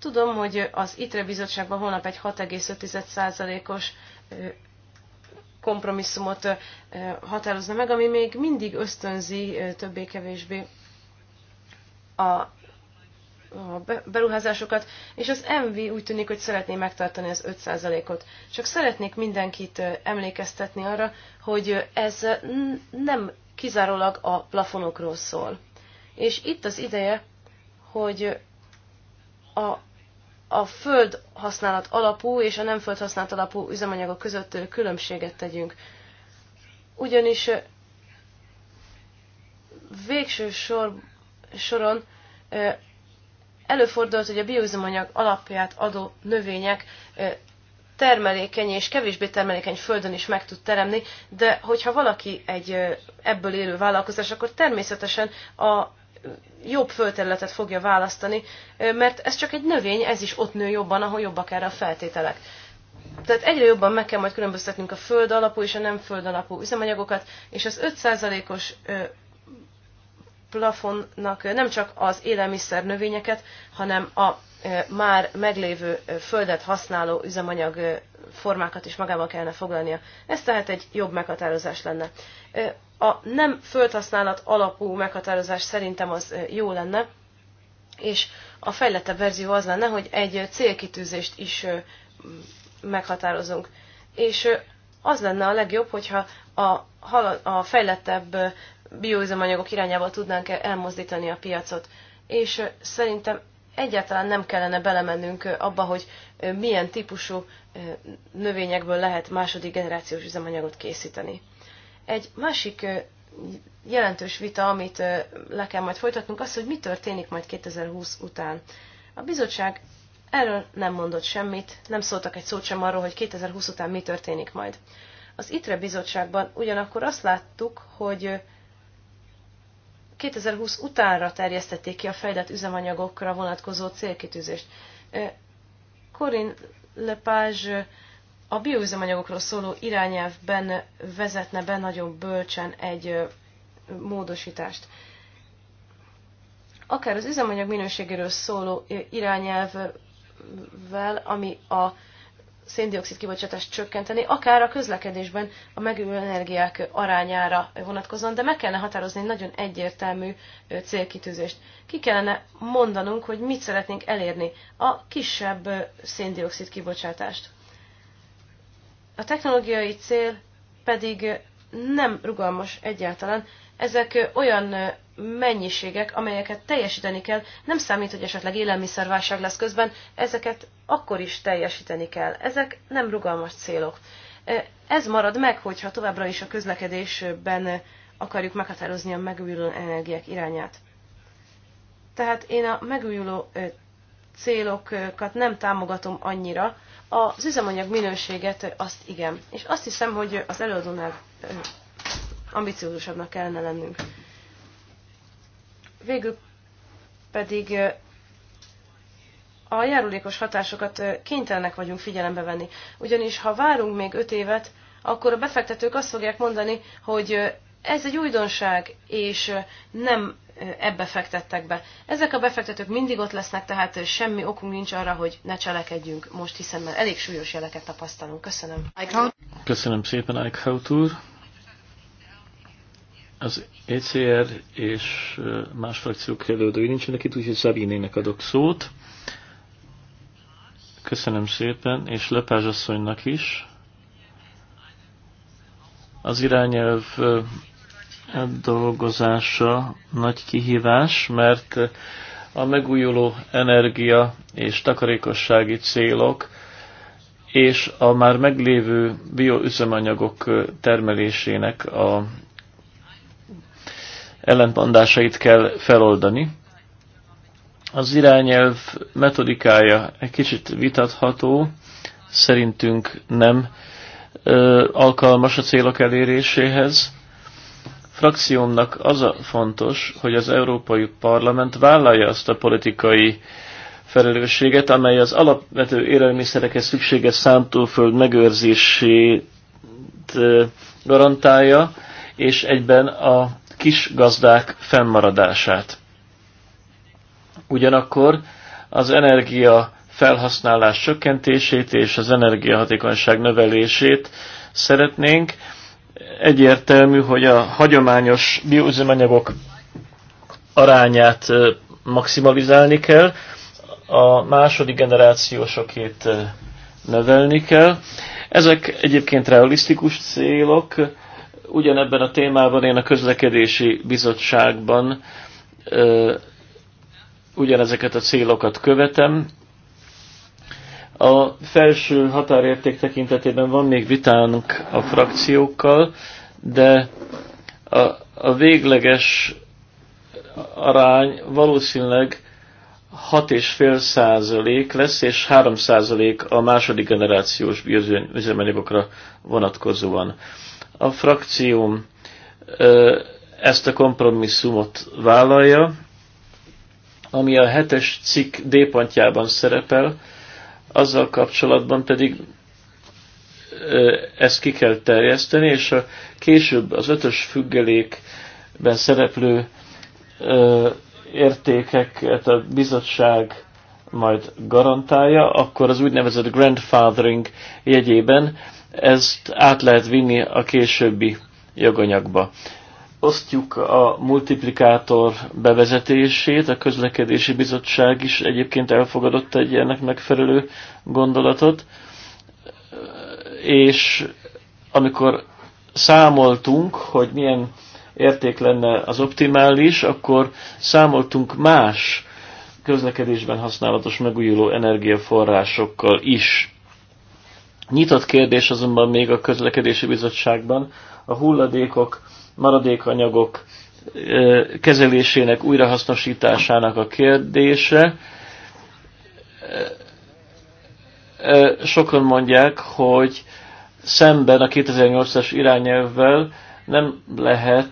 Tudom, hogy az ITRE bizottságban holnap egy 6,5%-os kompromisszumot határozna meg, ami még mindig ösztönzi többé-kevésbé a a beruházásokat, és az MV úgy tűnik, hogy szeretné megtartani az 5%-ot. Csak szeretnék mindenkit emlékeztetni arra, hogy ez nem kizárólag a plafonokról szól. És itt az ideje, hogy a, a földhasználat alapú és a nem földhasználat alapú üzemanyagok között különbséget tegyünk. Ugyanis végső sor, soron Előfordult, hogy a bioüzemanyag alapját adó növények termelékeny és kevésbé termelékeny földön is meg tud teremni, de hogyha valaki egy ebből élő vállalkozás, akkor természetesen a jobb földterületet fogja választani, mert ez csak egy növény, ez is ott nő jobban, ahol jobbak erre a feltételek. Tehát egyre jobban meg kell majd különböztetnünk a föld alapú és a nem föld alapú üzemanyagokat, és az 5%-os plafonnak nem csak az élelmiszer növényeket, hanem a már meglévő földet használó üzemanyag formákat is magával kellene foglalnia. Ez tehát egy jobb meghatározás lenne. A nem földhasználat alapú meghatározás szerintem az jó lenne, és a fejlettebb verzió az lenne, hogy egy célkitűzést is meghatározunk. És az lenne a legjobb, hogyha a, a fejlettebb bioüzemanyagok irányába tudnánk elmozdítani a piacot. És szerintem egyáltalán nem kellene belemennünk abba, hogy milyen típusú növényekből lehet második generációs üzemanyagot készíteni. Egy másik jelentős vita, amit le kell majd folytatnunk, az, hogy mi történik majd 2020 után. A bizottság erről nem mondott semmit, nem szóltak egy szót sem arról, hogy 2020 után mi történik majd. Az ITRE bizottságban ugyanakkor azt láttuk, hogy 2020 utánra terjesztették ki a fejlett üzemanyagokra vonatkozó célkitűzést. Corinne Lepage a bioüzemanyagokról szóló irányelvben vezetne be nagyon bölcsen egy módosítást. Akár az üzemanyag minőségéről szóló irányelvvel, ami a széndiokszid kibocsátást csökkenteni, akár a közlekedésben a megújuló energiák arányára vonatkozóan, de meg kellene határozni egy nagyon egyértelmű célkitűzést. Ki kellene mondanunk, hogy mit szeretnénk elérni, a kisebb széndiokszid kibocsátást. A technológiai cél pedig nem rugalmas egyáltalán, ezek olyan mennyiségek, amelyeket teljesíteni kell, nem számít, hogy esetleg élelmiszerválság lesz közben, ezeket akkor is teljesíteni kell. Ezek nem rugalmas célok. Ez marad meg, hogyha továbbra is a közlekedésben akarjuk meghatározni a megújuló energiák irányát. Tehát én a megújuló célokat nem támogatom annyira, az üzemanyag minőséget azt igen. És azt hiszem, hogy az előadónál ambiciózusabbnak kellene lennünk. Végül pedig a járulékos hatásokat kénytelenek vagyunk figyelembe venni. Ugyanis ha várunk még öt évet, akkor a befektetők azt fogják mondani, hogy ez egy újdonság, és nem ebbe fektettek be. Ezek a befektetők mindig ott lesznek, tehát semmi okunk nincs arra, hogy ne cselekedjünk most, hiszen már elég súlyos jeleket tapasztalunk. Köszönöm. Köszönöm szépen, Eichhout úr. Az ECR és más frakciók előadói nincsenek itt, úgyhogy Szabinének adok szót. Köszönöm szépen, és Lepázs asszonynak is. Az irányelv dolgozása nagy kihívás, mert a megújuló energia és takarékossági célok és a már meglévő bioüzemanyagok termelésének a ellentmondásait kell feloldani. Az irányelv metodikája egy kicsit vitatható, szerintünk nem ö, alkalmas a célok eléréséhez. Frakciómnak az a fontos, hogy az Európai Parlament vállalja azt a politikai felelősséget, amely az alapvető élelmiszerekhez szükséges szántóföld megőrzését garantálja, és egyben a kis gazdák fennmaradását. Ugyanakkor az energia felhasználás csökkentését és az energiahatékonyság növelését szeretnénk. Egyértelmű, hogy a hagyományos bioüzemanyagok arányát maximalizálni kell, a második generációsokét növelni kell. Ezek egyébként realisztikus célok, ugyanebben a témában én a közlekedési bizottságban ugyanezeket a célokat követem. A felső határérték tekintetében van még vitánk a frakciókkal, de a, a végleges arány valószínűleg 6,5 százalék lesz, és 3 százalék a második generációs üzemanyagokra vonatkozóan. A frakcióm ezt a kompromisszumot vállalja, ami a hetes cikk D pontjában szerepel, azzal kapcsolatban pedig ezt ki kell terjeszteni, és a később az ötös függelékben szereplő értékeket a bizottság majd garantálja, akkor az úgynevezett grandfathering jegyében ezt át lehet vinni a későbbi joganyagba. Osztjuk a multiplikátor bevezetését, a közlekedési bizottság is egyébként elfogadott egy ennek megfelelő gondolatot, és amikor számoltunk, hogy milyen érték lenne az optimális, akkor számoltunk más közlekedésben használatos megújuló energiaforrásokkal is. Nyitott kérdés azonban még a közlekedési bizottságban a hulladékok, maradékanyagok kezelésének, újrahasznosításának a kérdése. Sokan mondják, hogy szemben a 2008-as irányelvvel nem lehet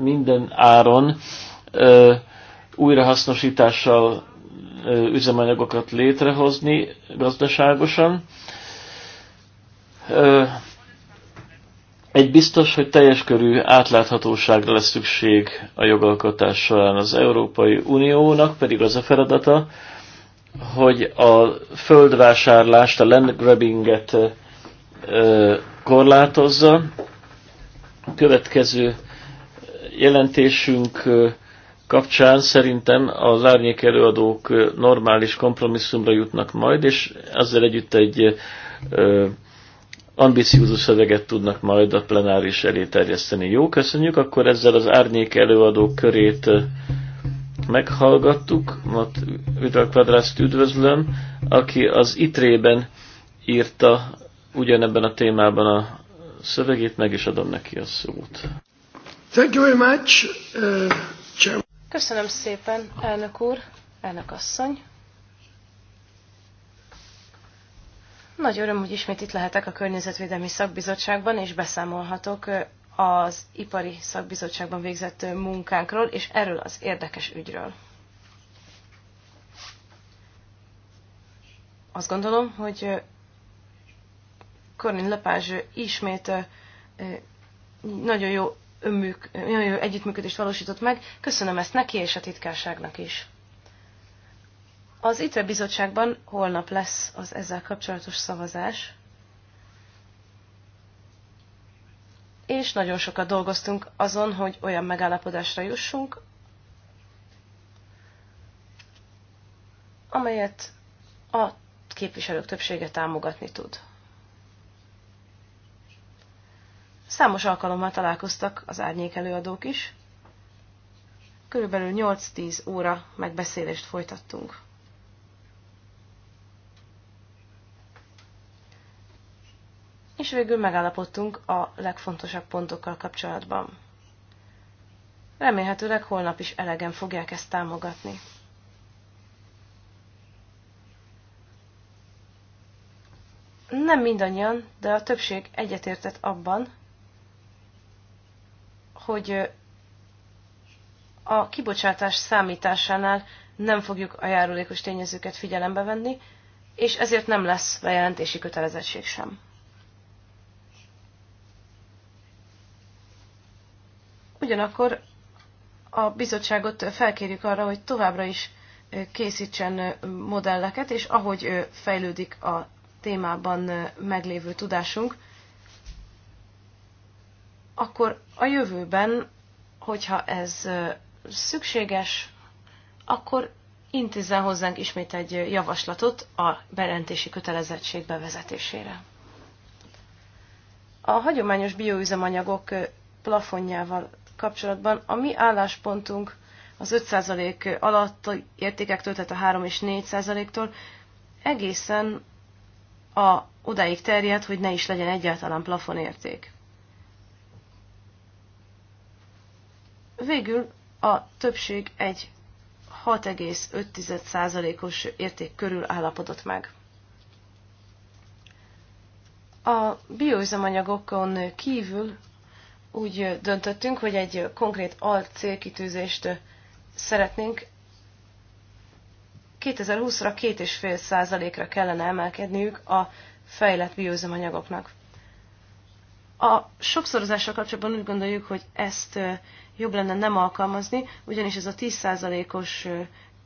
minden áron újrahasznosítással üzemanyagokat létrehozni gazdaságosan egy biztos, hogy teljes körű átláthatóságra lesz szükség a jogalkotás során az Európai Uniónak, pedig az a feladata, hogy a földvásárlást, a land grabbinget korlátozza. A következő jelentésünk kapcsán szerintem az árnyék előadók normális kompromisszumra jutnak majd, és ezzel együtt egy ambiciózus szöveget tudnak majd a plenáris elé terjeszteni. Jó, köszönjük, akkor ezzel az árnyék előadók körét meghallgattuk. Mat Vidal Kvadrászt üdvözlöm, aki az ITRE-ben írta ugyanebben a témában a szövegét, meg is adom neki a szót. Thank you very much. Uh, Köszönöm szépen, elnök úr, elnök asszony. Nagy öröm, hogy ismét itt lehetek a Környezetvédelmi Szakbizottságban, és beszámolhatok az Ipari Szakbizottságban végzett munkánkról, és erről az érdekes ügyről. Azt gondolom, hogy Corinne Lepázs ismét nagyon jó önműk, nagyon jó együttműködést valósított meg. Köszönöm ezt neki és a titkárságnak is. Az ITRE bizottságban holnap lesz az ezzel kapcsolatos szavazás, és nagyon sokat dolgoztunk azon, hogy olyan megállapodásra jussunk, amelyet a képviselők többsége támogatni tud. Számos alkalommal találkoztak az árnyék előadók is. Körülbelül 8-10 óra megbeszélést folytattunk. és végül megállapodtunk a legfontosabb pontokkal kapcsolatban. Remélhetőleg holnap is elegen fogják ezt támogatni. Nem mindannyian, de a többség egyetértett abban, hogy a kibocsátás számításánál nem fogjuk a járulékos tényezőket figyelembe venni, és ezért nem lesz bejelentési kötelezettség sem. Ugyanakkor a bizottságot felkérjük arra, hogy továbbra is készítsen modelleket, és ahogy fejlődik a témában meglévő tudásunk, akkor a jövőben, hogyha ez szükséges, akkor intézzen hozzánk ismét egy javaslatot a bejelentési kötelezettség bevezetésére. A hagyományos bioüzemanyagok plafonjával kapcsolatban. A mi álláspontunk az 5% alatt értékektől, tehát a 3 és 4%-tól egészen a, odáig terjed, hogy ne is legyen egyáltalán plafonérték. Végül a többség egy 6,5%-os érték körül állapodott meg. A bioüzemanyagokon kívül úgy döntöttünk, hogy egy konkrét alcélkitűzést szeretnénk 2020-ra 2,5%-ra kellene emelkedniük a fejlett bioüzemanyagoknak. A sokszorozással kapcsolatban úgy gondoljuk, hogy ezt jobb lenne nem alkalmazni, ugyanis ez a 10%-os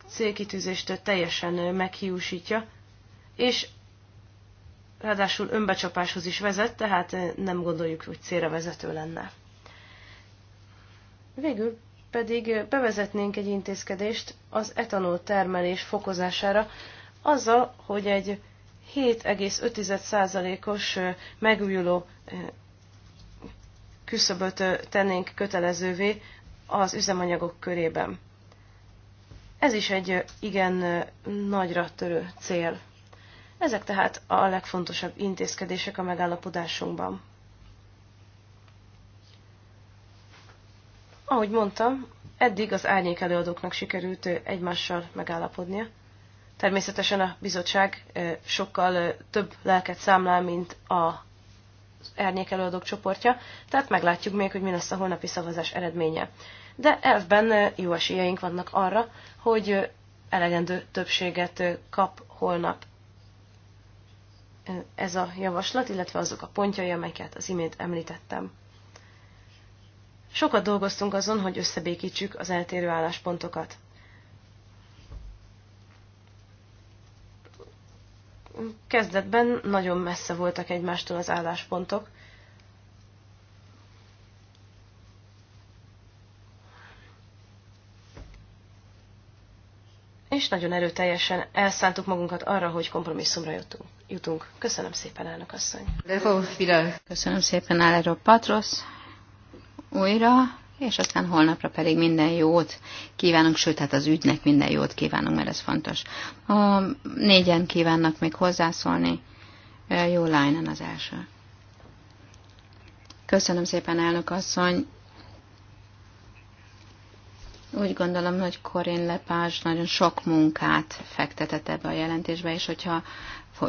célkitűzést teljesen meghiúsítja, és ráadásul önbecsapáshoz is vezet, tehát eh, nem gondoljuk, hogy célra vezető lenne. Végül pedig eh, bevezetnénk egy intézkedést az etanol termelés fokozására, azzal, hogy egy 7,5%-os eh, megújuló küszöböt tennénk kötelezővé az üzemanyagok körében. Ez is egy igen nagyra törő cél. Ezek tehát a legfontosabb intézkedések a megállapodásunkban. Ahogy mondtam, eddig az árnyék előadóknak sikerült egymással megállapodnia. Természetesen a bizottság sokkal több lelket számlál, mint a árnyék előadók csoportja, tehát meglátjuk még, hogy mi lesz a holnapi szavazás eredménye. De elvben jó esélyeink vannak arra, hogy elegendő többséget kap holnap ez a javaslat, illetve azok a pontjai, amelyeket az imént említettem. Sokat dolgoztunk azon, hogy összebékítsük az eltérő álláspontokat. Kezdetben nagyon messze voltak egymástól az álláspontok, és nagyon erőteljesen elszántuk magunkat arra, hogy kompromisszumra jutunk. jutunk. Köszönöm szépen, elnök asszony. Köszönöm szépen, Álero Patrosz. Újra, és aztán holnapra pedig minden jót kívánunk, sőt, hát az ügynek minden jót kívánunk, mert ez fontos. A négyen kívánnak még hozzászólni. Jó lányan az első. Köszönöm szépen, elnök asszony. Úgy gondolom, hogy Corin Lepázs nagyon sok munkát fektetett ebbe a jelentésbe, és hogyha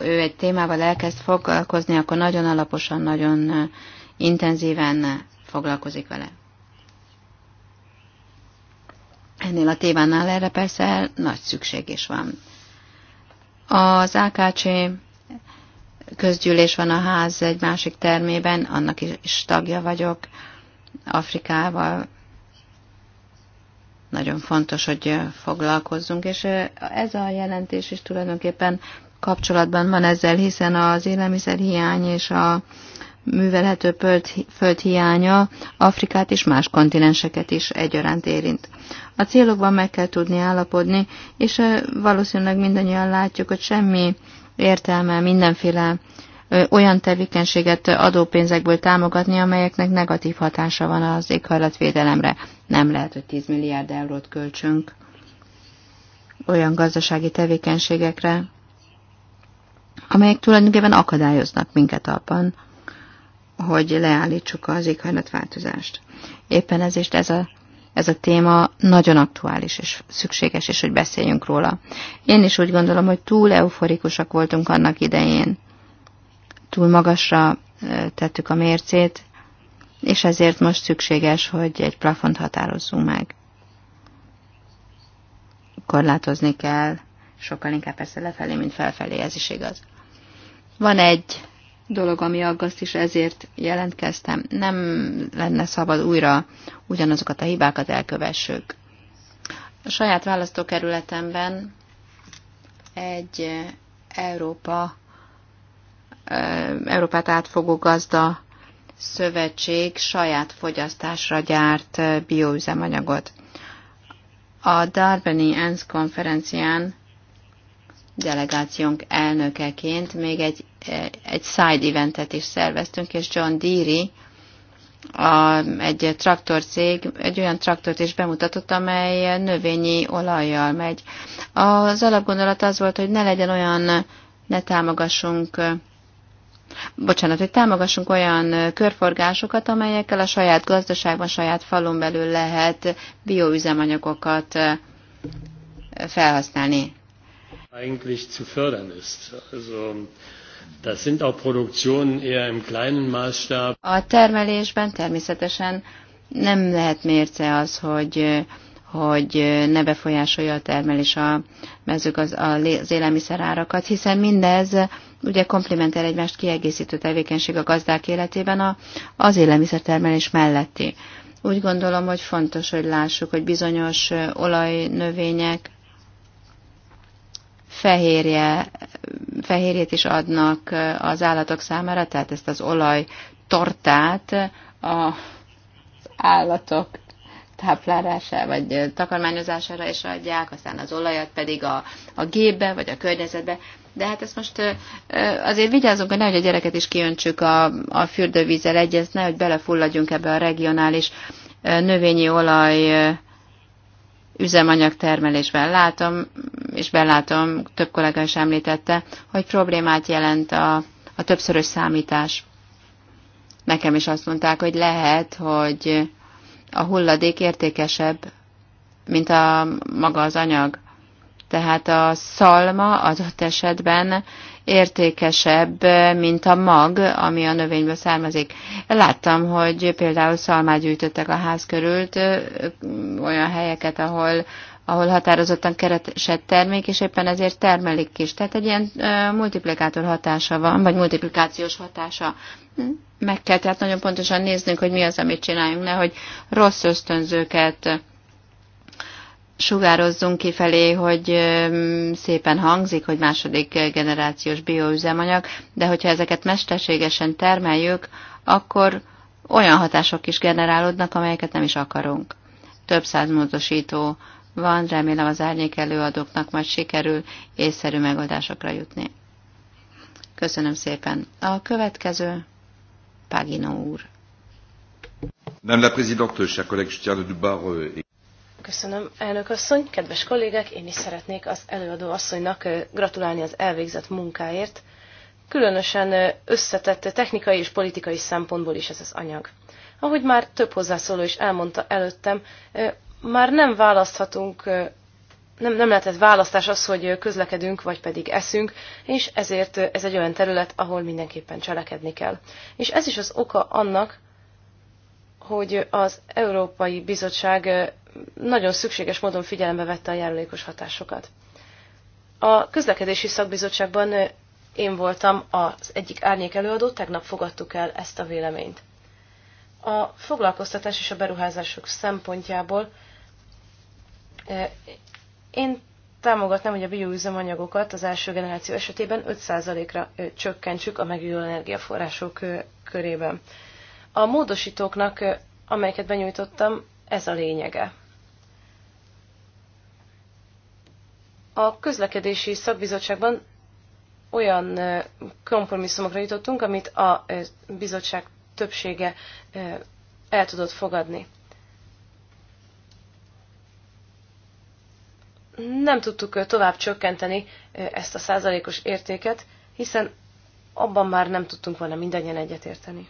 ő egy témával elkezd foglalkozni, akkor nagyon alaposan, nagyon intenzíven foglalkozik vele. Ennél a tévánál erre persze nagy szükség is van. Az AKC közgyűlés van a ház egy másik termében, annak is tagja vagyok, Afrikával nagyon fontos, hogy foglalkozzunk, és ez a jelentés is tulajdonképpen kapcsolatban van ezzel, hiszen az élelmiszer hiány és a művelhető föld hiánya Afrikát és más kontinenseket is egyaránt érint. A célokban meg kell tudni állapodni, és valószínűleg mindannyian látjuk, hogy semmi értelme mindenféle olyan tevékenységet adópénzekből támogatni, amelyeknek negatív hatása van az éghajlatvédelemre. Nem lehet, hogy 10 milliárd eurót költsünk olyan gazdasági tevékenységekre, amelyek tulajdonképpen akadályoznak minket abban, hogy leállítsuk az éghajlatváltozást. Éppen ezért ez a, ez a téma nagyon aktuális és szükséges, és hogy beszéljünk róla. Én is úgy gondolom, hogy túl euforikusak voltunk annak idején, túl magasra tettük a mércét, és ezért most szükséges, hogy egy plafont határozzunk meg. Korlátozni kell, sokkal inkább persze lefelé, mint felfelé, ez is igaz. Van egy dolog, ami aggaszt, és ezért jelentkeztem. Nem lenne szabad újra ugyanazokat a hibákat elkövessük. A saját választókerületemben egy Európa Európát átfogó gazda szövetség saját fogyasztásra gyárt bioüzemanyagot. A Darbeni ENSZ konferencián delegációnk elnökeként még egy, egy side eventet is szerveztünk, és John Deary, a, egy traktorcég egy olyan traktort is bemutatott, amely növényi olajjal megy. Az alapgondolat az volt, hogy ne legyen olyan, ne támogassunk bocsánat, hogy támogassunk olyan körforgásokat, amelyekkel a saját gazdaságban, saját falon belül lehet bioüzemanyagokat felhasználni. Eigentlich zu fördern ist. Also, das sind auch Produktionen eher im kleinen Maßstab. A termelésben természetesen nem lehet mérce az, hogy hogy ne befolyásolja a termelés a mezők az, az élelmiszerárakat, hiszen mindez ugye komplementer egymást kiegészítő tevékenység a gazdák életében a, az élelmiszertermelés melletti. Úgy gondolom, hogy fontos, hogy lássuk, hogy bizonyos olajnövények fehérje, fehérjét is adnak az állatok számára, tehát ezt az olaj tortát az állatok táplálására vagy takarmányozására is adják, aztán az olajat pedig a, a gépbe vagy a környezetbe. De hát ezt most azért vigyázzunk, hogy nehogy a gyereket is kiöntsük a, a fürdővízzel egyet, nehogy belefulladjunk ebbe a regionális növényi olaj üzemanyag termelésben látom, és belátom, több kollega is említette, hogy problémát jelent a, a többszörös számítás. Nekem is azt mondták, hogy lehet, hogy a hulladék értékesebb, mint a maga az anyag. Tehát a szalma adott esetben értékesebb, mint a mag, ami a növényből származik. Láttam, hogy például szalmát gyűjtöttek a ház körült, olyan helyeket, ahol ahol határozottan keresett termék, és éppen ezért termelik is. Tehát egy ilyen multiplikátor hatása van, vagy multiplikációs hatása. Meg kell tehát nagyon pontosan néznünk, hogy mi az, amit csináljunk, nehogy rossz ösztönzőket sugározzunk kifelé, hogy szépen hangzik, hogy második generációs bioüzemanyag, de hogyha ezeket mesterségesen termeljük, akkor olyan hatások is generálódnak, amelyeket nem is akarunk. Több száz módosító van, remélem az árnyék előadóknak majd sikerül észszerű megoldásokra jutni. Köszönöm szépen. A következő Pagino úr. Madame la Présidente, chers collègues, je tiens de euh, Köszönöm, elnök asszony, kedves kollégák, én is szeretnék az előadó asszonynak gratulálni az elvégzett munkáért. Különösen összetett technikai és politikai szempontból is ez az anyag. Ahogy már több hozzászóló is elmondta előttem, már nem választhatunk, nem, nem lehetett választás az, hogy közlekedünk, vagy pedig eszünk, és ezért ez egy olyan terület, ahol mindenképpen cselekedni kell. És ez is az oka annak, hogy az Európai Bizottság nagyon szükséges módon figyelembe vette a járulékos hatásokat. A közlekedési szakbizottságban én voltam az egyik árnyék előadó, tegnap fogadtuk el ezt a véleményt. A foglalkoztatás és a beruházások szempontjából én támogatnám, hogy a bioüzemanyagokat az első generáció esetében 5%-ra csökkentsük a megújuló energiaforrások körében. A módosítóknak, amelyeket benyújtottam, ez a lényege. A közlekedési szakbizottságban olyan kompromisszumokra jutottunk, amit a bizottság többsége el tudott fogadni. Nem tudtuk tovább csökkenteni ezt a százalékos értéket, hiszen abban már nem tudtunk volna mindannyian egyetérteni.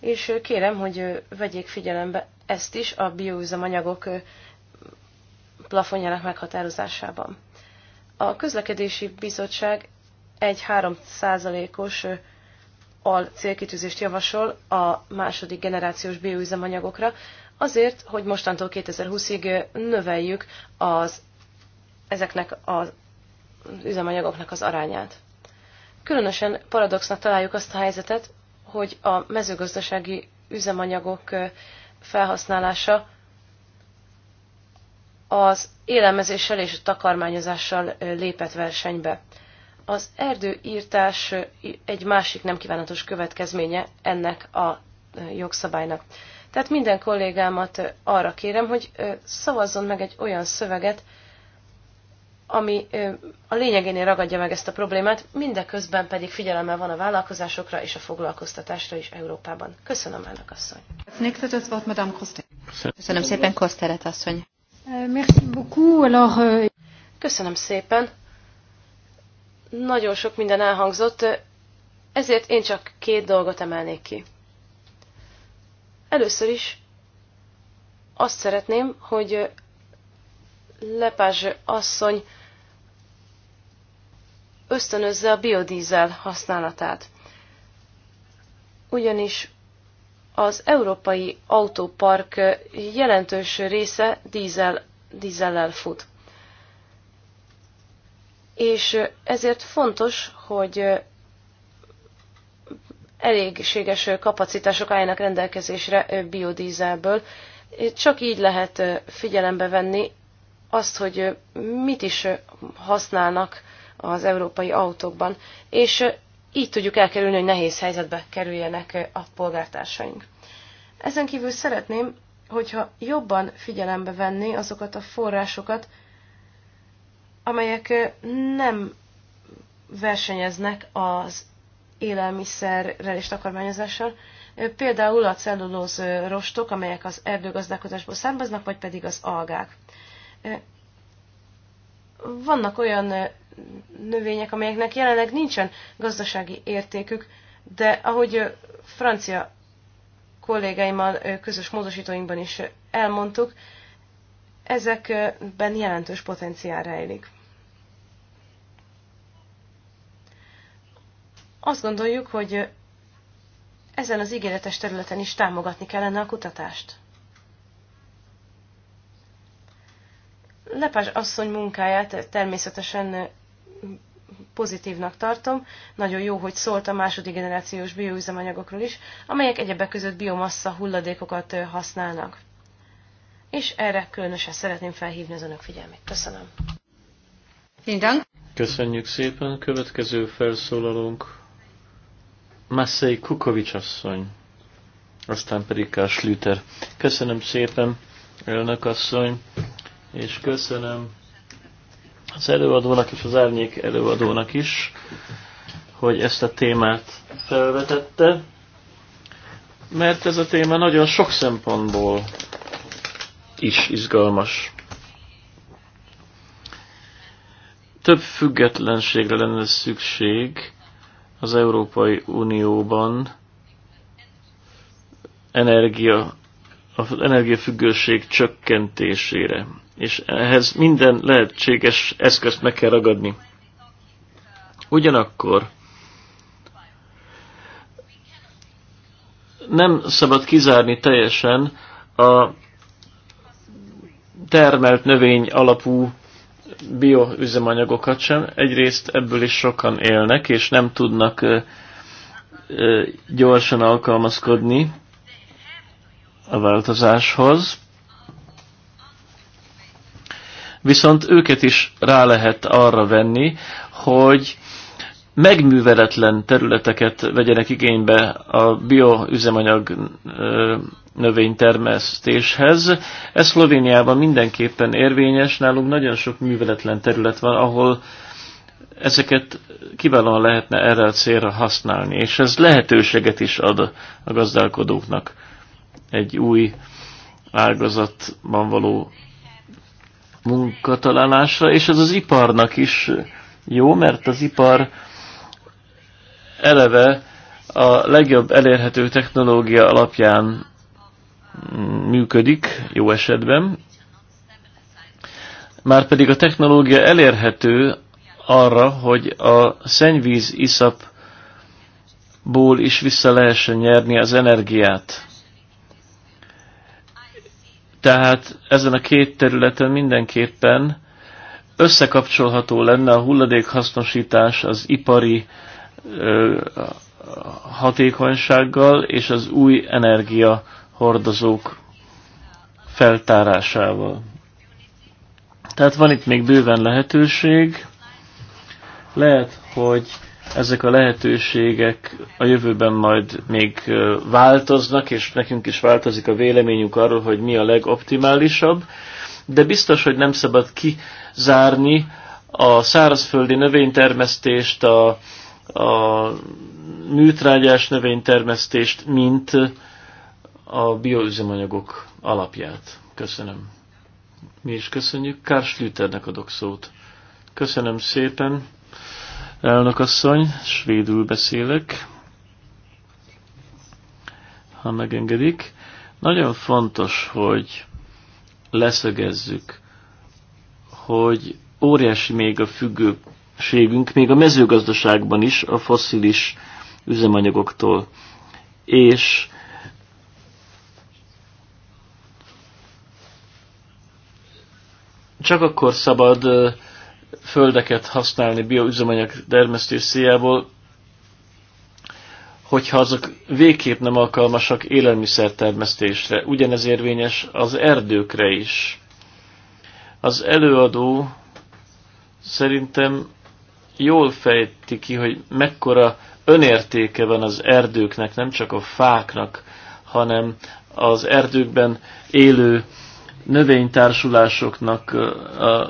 És kérem, hogy vegyék figyelembe ezt is a bioüzemanyagok plafonjának meghatározásában. A közlekedési bizottság egy 3%-os al célkitűzést javasol a második generációs bioüzemanyagokra, azért, hogy mostantól 2020-ig növeljük az, ezeknek az üzemanyagoknak az arányát. Különösen paradoxnak találjuk azt a helyzetet, hogy a mezőgazdasági üzemanyagok felhasználása az élelmezéssel és a takarmányozással lépett versenybe. Az erdőírtás egy másik nem kívánatos következménye ennek a jogszabálynak. Tehát minden kollégámat arra kérem, hogy szavazzon meg egy olyan szöveget, ami a lényegénél ragadja meg ezt a problémát, mindeközben pedig figyelemmel van a vállalkozásokra és a foglalkoztatásra is Európában. Köszönöm, elnök asszony. Köszönöm szépen, Koszteret asszony. Euh, euh, Köszönöm szépen. Nagyon sok minden elhangzott, ezért én csak két dolgot emelnék ki. Először is azt szeretném, hogy Lepázs asszony ösztönözze a biodízel használatát. Ugyanis az európai autópark jelentős része dízel, dízellel fut. És ezért fontos, hogy elégséges kapacitások álljanak rendelkezésre biodízelből. Csak így lehet figyelembe venni azt, hogy mit is használnak az európai autókban. És így tudjuk elkerülni, hogy nehéz helyzetbe kerüljenek a polgártársaink. Ezen kívül szeretném, hogyha jobban figyelembe venné azokat a forrásokat, amelyek nem versenyeznek az élelmiszerrel és takarmányozással, például a cellulóz rostok, amelyek az erdőgazdálkodásból származnak, vagy pedig az algák. Vannak olyan növények, amelyeknek jelenleg nincsen gazdasági értékük, de ahogy francia kollégáimmal közös módosítóinkban is elmondtuk, ezekben jelentős potenciál rejlik. Azt gondoljuk, hogy ezen az ígéretes területen is támogatni kellene a kutatást. Lepás asszony munkáját természetesen pozitívnak tartom. Nagyon jó, hogy szólt a második generációs bioüzemanyagokról is, amelyek egyebek között biomassa hulladékokat használnak. És erre különösen szeretném felhívni az önök figyelmét. Köszönöm. Köszönjük szépen. Következő felszólalónk Massey Kukovics asszony, aztán pedig K. Köszönöm szépen, elnök asszony, és köszönöm az előadónak és az árnyék előadónak is, hogy ezt a témát felvetette, mert ez a téma nagyon sok szempontból is izgalmas. Több függetlenségre lenne szükség az Európai Unióban energia, az energiafüggőség csökkentésére és ehhez minden lehetséges eszközt meg kell ragadni. Ugyanakkor nem szabad kizárni teljesen a termelt növény alapú bioüzemanyagokat sem. Egyrészt ebből is sokan élnek, és nem tudnak gyorsan alkalmazkodni a változáshoz viszont őket is rá lehet arra venni, hogy megműveletlen területeket vegyenek igénybe a bioüzemanyag növénytermesztéshez. Ez Szlovéniában mindenképpen érvényes, nálunk nagyon sok műveletlen terület van, ahol ezeket kiválóan lehetne erre a célra használni, és ez lehetőséget is ad a gazdálkodóknak egy új ágazatban való munkatalálásra, és ez az iparnak is jó, mert az ipar eleve a legjobb elérhető technológia alapján működik, jó esetben. Márpedig a technológia elérhető arra, hogy a szennyvíz iszapból is vissza lehessen nyerni az energiát. Tehát ezen a két területen mindenképpen összekapcsolható lenne a hulladékhasznosítás az ipari ö, hatékonysággal és az új energia hordozók feltárásával. Tehát van itt még bőven lehetőség. Lehet, hogy ezek a lehetőségek a jövőben majd még változnak, és nekünk is változik a véleményünk arról, hogy mi a legoptimálisabb, de biztos, hogy nem szabad kizárni a szárazföldi növénytermesztést, a, a műtrágyás növénytermesztést, mint a bioüzemanyagok alapját. Köszönöm. Mi is köszönjük. Kár Schlüternek adok szót. Köszönöm szépen elnökasszony, svédül beszélek, ha megengedik. Nagyon fontos, hogy leszögezzük, hogy óriási még a függőségünk, még a mezőgazdaságban is a foszilis üzemanyagoktól. És csak akkor szabad földeket használni bioüzemanyag termesztés céljából, hogyha azok végképp nem alkalmasak élelmiszertermesztésre. Ugyanez érvényes az erdőkre is. Az előadó szerintem jól fejti ki, hogy mekkora önértéke van az erdőknek, nem csak a fáknak, hanem az erdőkben élő növénytársulásoknak,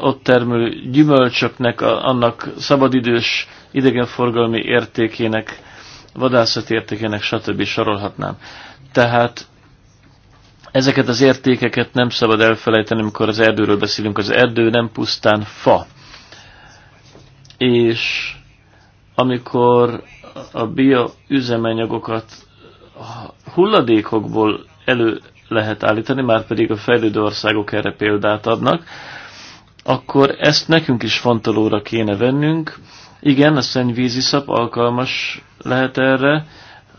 ott termő gyümölcsöknek, annak szabadidős idegenforgalmi értékének, vadászati értékének, stb. sorolhatnám. Tehát ezeket az értékeket nem szabad elfelejteni, amikor az erdőről beszélünk. Az erdő nem pusztán fa. És amikor a bioüzemanyagokat hulladékokból elő lehet állítani, már pedig a fejlődő országok erre példát adnak, akkor ezt nekünk is fontolóra kéne vennünk. Igen, a szennyvíziszap alkalmas lehet erre,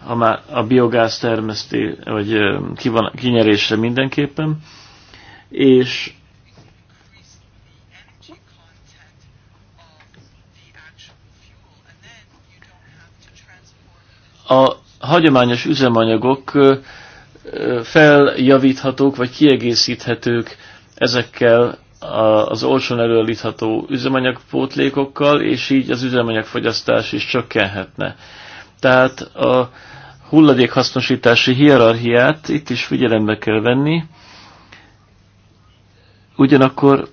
ha már a biogáz termeszté, vagy kivan, kinyerésre mindenképpen, és a hagyományos üzemanyagok feljavíthatók vagy kiegészíthetők ezekkel az olcsón előállítható üzemanyagpótlékokkal, és így az üzemanyagfogyasztás is csökkenhetne. Tehát a hulladékhasznosítási hierarchiát itt is figyelembe kell venni, ugyanakkor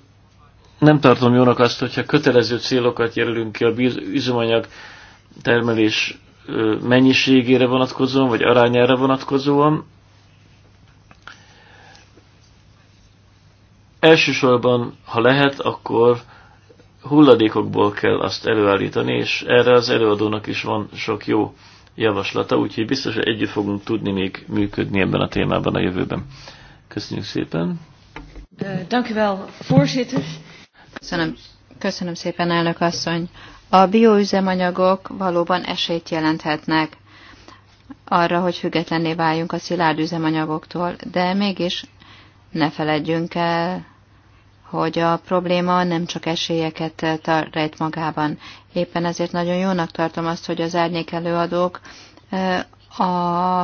nem tartom jónak azt, hogyha kötelező célokat jelölünk ki a üzemanyag termelés mennyiségére vonatkozóan, vagy arányára vonatkozóan, Elsősorban, ha lehet, akkor hulladékokból kell azt előállítani, és erre az előadónak is van sok jó javaslata, úgyhogy biztos, hogy együtt fogunk tudni még működni ebben a témában a jövőben. Köszönjük szépen! Eh, dank voorzitter. Köszönöm, köszönöm szépen, elnök asszony. A bioüzemanyagok valóban esélyt jelenthetnek arra, hogy függetlenné váljunk a szilárd üzemanyagoktól, de mégis ne feledjünk el hogy a probléma nem csak esélyeket rejt magában. Éppen ezért nagyon jónak tartom azt, hogy az árnyék előadók a,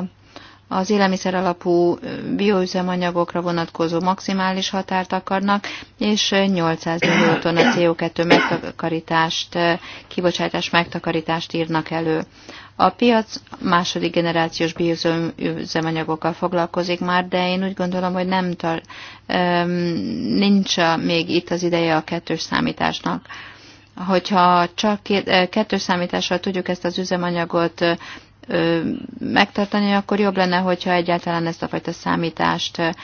az élelmiszer alapú bioüzemanyagokra vonatkozó maximális határt akarnak, és 800 millió tonna CO2 megtakarítást, kibocsátás megtakarítást írnak elő. A piac második generációs bioüzemanyagokkal foglalkozik már, de én úgy gondolom, hogy nem tar- nincs a még itt az ideje a kettős számításnak hogyha csak két, eh, kettős számítással tudjuk ezt az üzemanyagot megtartani, akkor jobb lenne, hogyha egyáltalán ezt a fajta számítást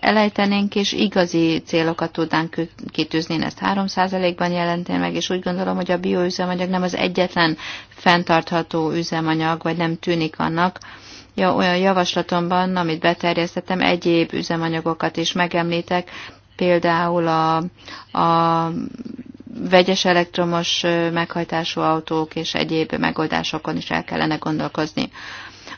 elejtenénk, és igazi célokat tudnánk kitűzni. Én ezt 3%-ban jelentél meg, és úgy gondolom, hogy a bioüzemanyag nem az egyetlen fenntartható üzemanyag, vagy nem tűnik annak, ja, olyan javaslatomban, amit beterjesztettem, egyéb üzemanyagokat is megemlítek, például a, a vegyes elektromos meghajtású autók és egyéb megoldásokon is el kellene gondolkozni.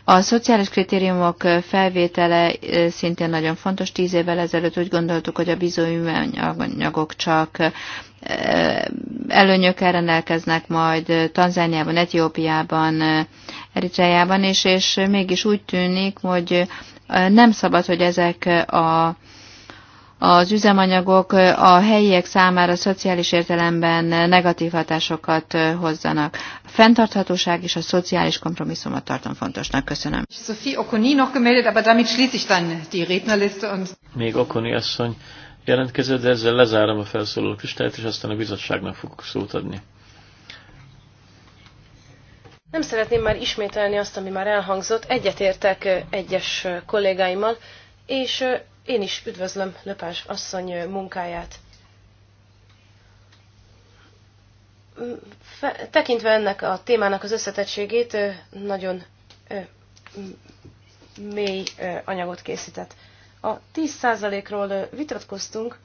A szociális kritériumok felvétele szintén nagyon fontos. Tíz évvel ezelőtt úgy gondoltuk, hogy a bizonyanyagok csak előnyökkel rendelkeznek majd Tanzániában, Etiópiában, Eritreában, és, és mégis úgy tűnik, hogy nem szabad, hogy ezek a az üzemanyagok a helyiek számára szociális értelemben negatív hatásokat hozzanak. A fenntarthatóság és a szociális kompromisszumot tartom fontosnak. Köszönöm. Sophie Okoni noch gemeldet, aber damit schließe ich dann die Rednerliste und... Még Okoni asszony jelentkezett, de ezzel lezárom a felszólalók listáját, és aztán a bizottságnak fogok szót adni. Nem szeretném már ismételni azt, ami már elhangzott. Egyetértek egyes kollégáimmal, és én is üdvözlöm Löpás asszony munkáját. Tekintve ennek a témának az összetettségét, nagyon mély anyagot készített. A 10%-ról vitatkoztunk,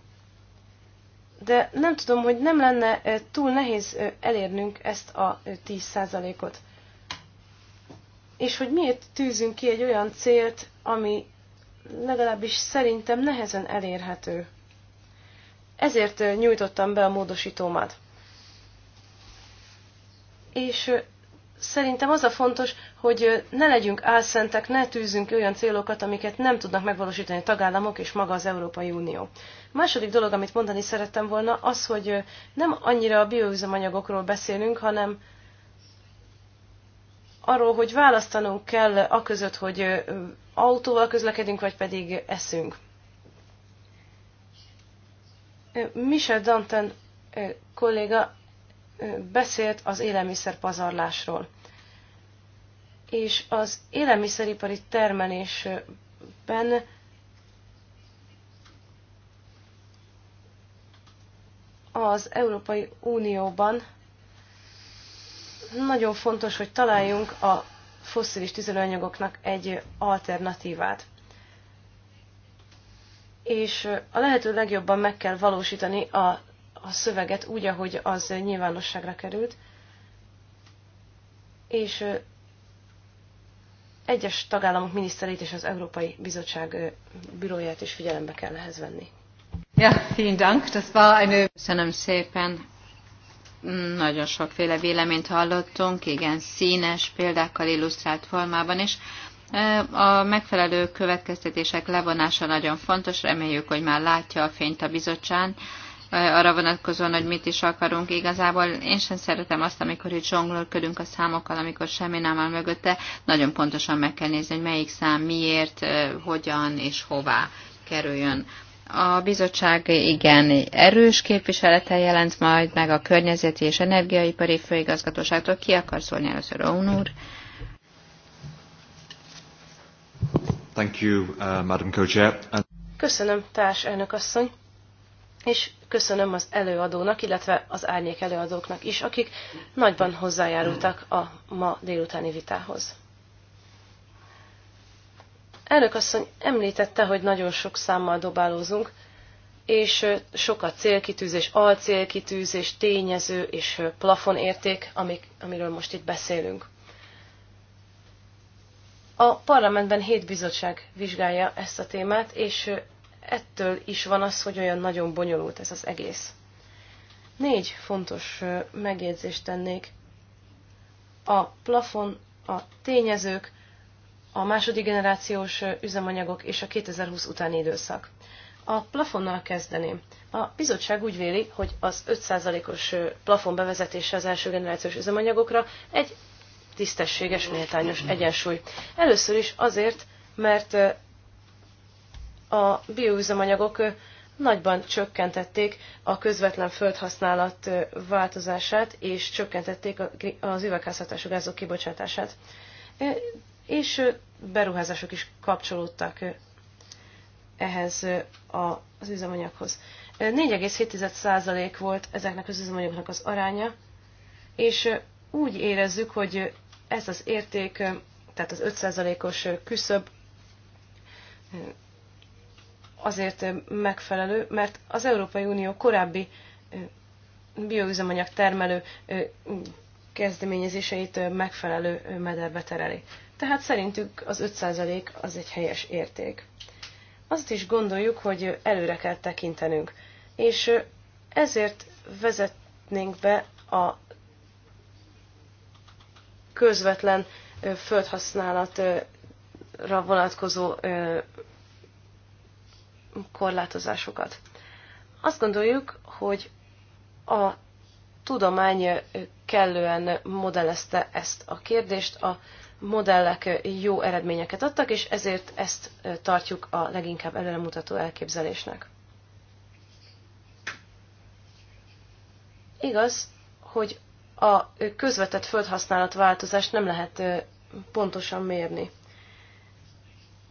de nem tudom, hogy nem lenne túl nehéz elérnünk ezt a 10%-ot. És hogy miért tűzünk ki egy olyan célt, ami legalábbis szerintem nehezen elérhető. Ezért nyújtottam be a módosítómat. És szerintem az a fontos, hogy ne legyünk álszentek, ne tűzünk olyan célokat, amiket nem tudnak megvalósítani a tagállamok és maga az Európai Unió. A második dolog, amit mondani szerettem volna, az, hogy nem annyira a bioüzemanyagokról beszélünk, hanem arról, hogy választanunk kell a között, hogy autóval közlekedünk, vagy pedig eszünk. Michel Danten kolléga beszélt az élelmiszer pazarlásról. És az élelmiszeripari termelésben az Európai Unióban nagyon fontos, hogy találjunk a fosszilis tüzelőanyagoknak egy alternatívát. És a lehető legjobban meg kell valósítani a, a szöveget úgy, ahogy az nyilvánosságra került. És egyes tagállamok miniszterét és az Európai Bizottság bíróját is figyelembe kell ehhez venni. Ja, vielen Dank, das war eine... Köszönöm szépen, nagyon sokféle véleményt hallottunk, igen, színes példákkal illusztrált formában, és e, a megfelelő következtetések levonása nagyon fontos, reméljük, hogy már látja a fényt a bizottság, e, arra vonatkozóan, hogy mit is akarunk igazából. Én sem szeretem azt, amikor itt zsonglőrködünk a számokkal, amikor semmi nem áll mögötte. Nagyon pontosan meg kell nézni, hogy melyik szám miért, e, hogyan és hová kerüljön. A bizottság igen erős képviselete jelent majd meg a környezeti és energiaipari főigazgatóságtól. Ki akar szólni először, Own úr? Thank you, uh, Madam co And... Köszönöm, társ elnök asszony, és köszönöm az előadónak, illetve az árnyék előadóknak is, akik nagyban hozzájárultak a ma délutáni vitához. Elnök asszony említette, hogy nagyon sok számmal dobálózunk, és sok a célkitűzés, alcélkitűzés, tényező és plafonérték, amik, amiről most itt beszélünk. A parlamentben hét bizottság vizsgálja ezt a témát, és ettől is van az, hogy olyan nagyon bonyolult ez az egész. Négy fontos megjegyzést tennék. A plafon, a tényezők, a második generációs üzemanyagok és a 2020 utáni időszak. A plafonnal kezdeném. A bizottság úgy véli, hogy az 5%-os plafon bevezetése az első generációs üzemanyagokra egy tisztességes, méltányos egyensúly. Először is azért, mert a bioüzemanyagok nagyban csökkentették a közvetlen földhasználat változását, és csökkentették az üvegházhatású gázok kibocsátását és beruházások is kapcsolódtak ehhez az üzemanyaghoz. 4,7% volt ezeknek az üzemanyagoknak az aránya, és úgy érezzük, hogy ez az érték, tehát az 5%-os küszöb azért megfelelő, mert az Európai Unió korábbi bioüzemanyag termelő kezdeményezéseit megfelelő mederbe tereli tehát szerintük az 5% az egy helyes érték. Azt is gondoljuk, hogy előre kell tekintenünk, és ezért vezetnénk be a közvetlen földhasználatra vonatkozó korlátozásokat. Azt gondoljuk, hogy a tudomány kellően modellezte ezt a kérdést, a modellek jó eredményeket adtak, és ezért ezt tartjuk a leginkább előremutató elképzelésnek. Igaz, hogy a közvetett földhasználat változást nem lehet pontosan mérni.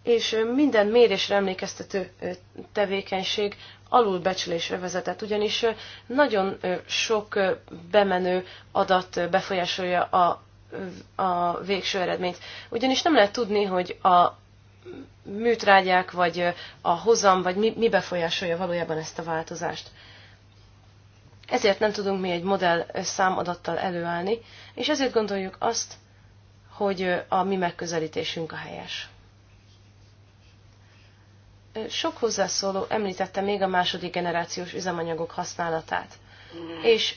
És minden mérésre emlékeztető tevékenység alulbecslésre vezetett, ugyanis nagyon sok bemenő adat befolyásolja a a végső eredményt. Ugyanis nem lehet tudni, hogy a műtrágyák, vagy a hozam, vagy mi, mi befolyásolja valójában ezt a változást. Ezért nem tudunk mi egy modell számadattal előállni, és ezért gondoljuk azt, hogy a mi megközelítésünk a helyes. Sok hozzászóló említette még a második generációs üzemanyagok használatát, és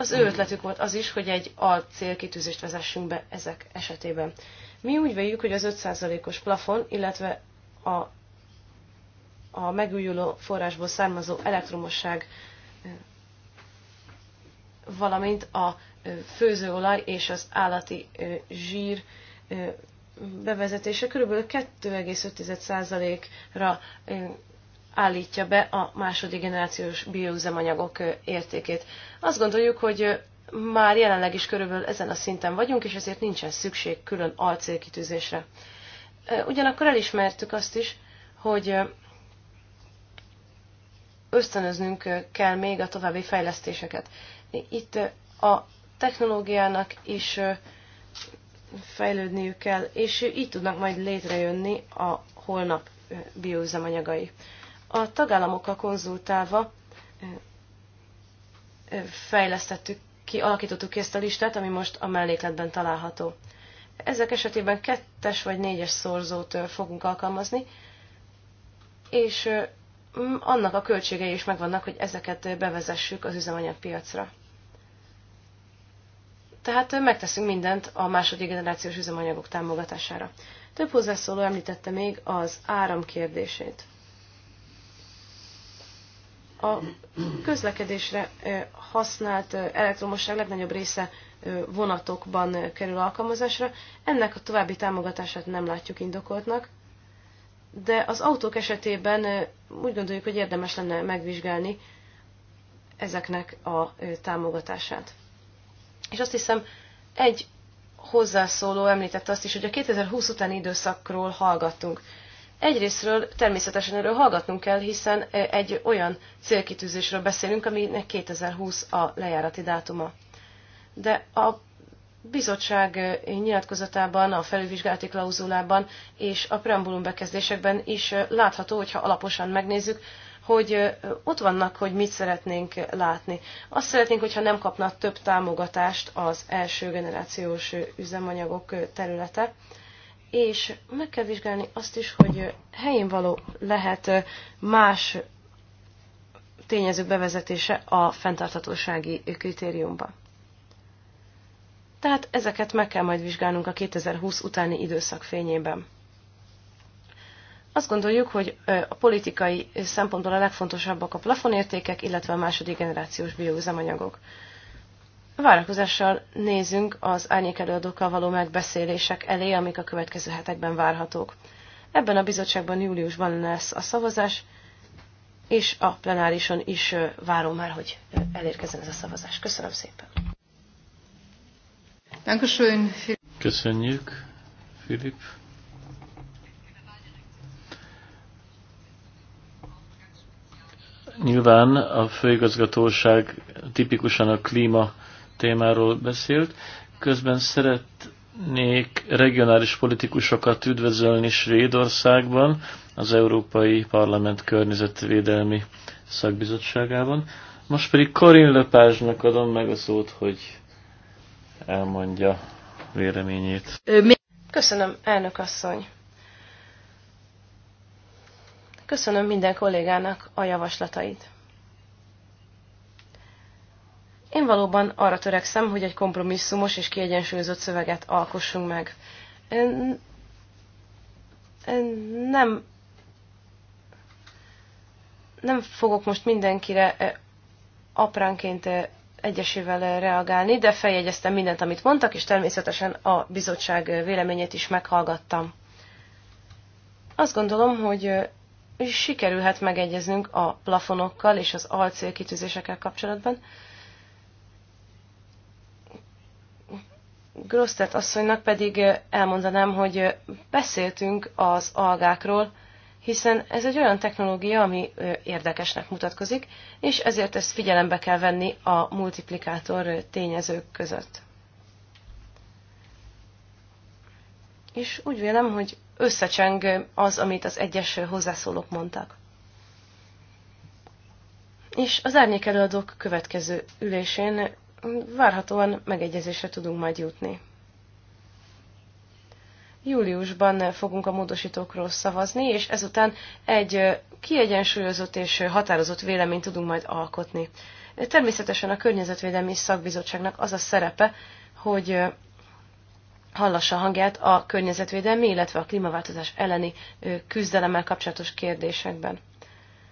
az ő ötletük volt az is, hogy egy alt célkitűzést vezessünk be ezek esetében. Mi úgy véljük, hogy az 5%-os plafon, illetve a, a megújuló forrásból származó elektromosság, valamint a főzőolaj és az állati zsír bevezetése körülbelül 2,5%-ra állítja be a második generációs bioüzemanyagok értékét. Azt gondoljuk, hogy már jelenleg is körülbelül ezen a szinten vagyunk, és ezért nincsen szükség külön alcélkitűzésre. Ugyanakkor elismertük azt is, hogy ösztönöznünk kell még a további fejlesztéseket. Itt a technológiának is fejlődniük kell, és így tudnak majd létrejönni a holnap bioüzemanyagai. A tagállamokkal konzultálva fejlesztettük ki, alakítottuk ki ezt a listát, ami most a mellékletben található. Ezek esetében kettes vagy négyes szorzót fogunk alkalmazni, és annak a költségei is megvannak, hogy ezeket bevezessük az üzemanyagpiacra. Tehát megteszünk mindent a második generációs üzemanyagok támogatására. Több hozzászóló említette még az áram kérdését. A közlekedésre használt elektromosság legnagyobb része vonatokban kerül alkalmazásra. Ennek a további támogatását nem látjuk indokoltnak, de az autók esetében úgy gondoljuk, hogy érdemes lenne megvizsgálni ezeknek a támogatását. És azt hiszem, egy hozzászóló említette azt is, hogy a 2020 utáni időszakról hallgattunk. Egyrésztről természetesen erről hallgatnunk kell, hiszen egy olyan célkitűzésről beszélünk, aminek 2020 a lejárati dátuma. De a bizottság nyilatkozatában, a felülvizsgálati klauzulában és a preambulum bekezdésekben is látható, hogyha alaposan megnézzük, hogy ott vannak, hogy mit szeretnénk látni. Azt szeretnénk, hogyha nem kapna több támogatást az első generációs üzemanyagok területe, és meg kell vizsgálni azt is, hogy helyén való lehet más tényezők bevezetése a fenntarthatósági kritériumba. Tehát ezeket meg kell majd vizsgálnunk a 2020 utáni időszak fényében. Azt gondoljuk, hogy a politikai szempontból a legfontosabbak a plafonértékek, illetve a második generációs bioüzemanyagok várakozással nézünk az árnyékelőadókkal való megbeszélések elé, amik a következő hetekben várhatók. Ebben a bizottságban júliusban lesz a szavazás, és a plenárison is várom már, hogy elérkezzen ez a szavazás. Köszönöm szépen! Köszönjük, Filip! Nyilván a főigazgatóság tipikusan a klíma témáról beszélt. Közben szeretnék regionális politikusokat üdvözölni Svédországban, az Európai Parlament Környezetvédelmi Szakbizottságában. Most pedig Karin Löpázsnak adom meg a szót, hogy elmondja véleményét. Köszönöm, elnök asszony! Köszönöm minden kollégának a javaslatait. Én valóban arra törekszem, hogy egy kompromisszumos és kiegyensúlyozott szöveget alkossunk meg. Ön... nem, nem fogok most mindenkire e, apránként e, egyesével e, reagálni, de feljegyeztem mindent, amit mondtak, és természetesen a bizottság véleményét is meghallgattam. Azt gondolom, hogy sikerülhet megegyeznünk a plafonokkal és az alcélkitűzésekkel kapcsolatban, Grosztet asszonynak pedig elmondanám, hogy beszéltünk az algákról, hiszen ez egy olyan technológia, ami érdekesnek mutatkozik, és ezért ezt figyelembe kell venni a multiplikátor tényezők között. És úgy vélem, hogy összecseng az, amit az egyes hozzászólók mondtak. És az előadók következő ülésén várhatóan megegyezésre tudunk majd jutni. Júliusban fogunk a módosítókról szavazni, és ezután egy kiegyensúlyozott és határozott véleményt tudunk majd alkotni. Természetesen a Környezetvédelmi Szakbizottságnak az a szerepe, hogy hallassa hangját a környezetvédelmi, illetve a klímaváltozás elleni küzdelemmel kapcsolatos kérdésekben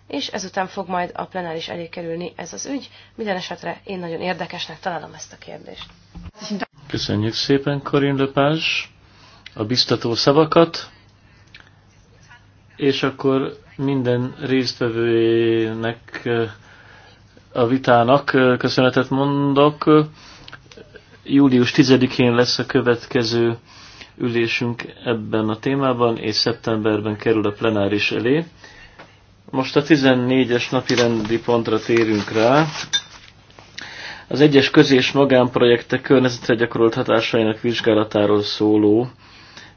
és ezután fog majd a plenáris elé kerülni ez az ügy. Minden esetre én nagyon érdekesnek találom ezt a kérdést. Köszönjük szépen, Karin Lepázs, a biztató szavakat, és akkor minden résztvevőjének eh, a vitának eh, köszönetet mondok. Július 10-én lesz a következő ülésünk ebben a témában, és szeptemberben kerül a plenáris elé. Most a 14-es napi rendi pontra térünk rá. Az egyes közé- és magánprojektek környezetre gyakorolt hatásainak vizsgálatáról szóló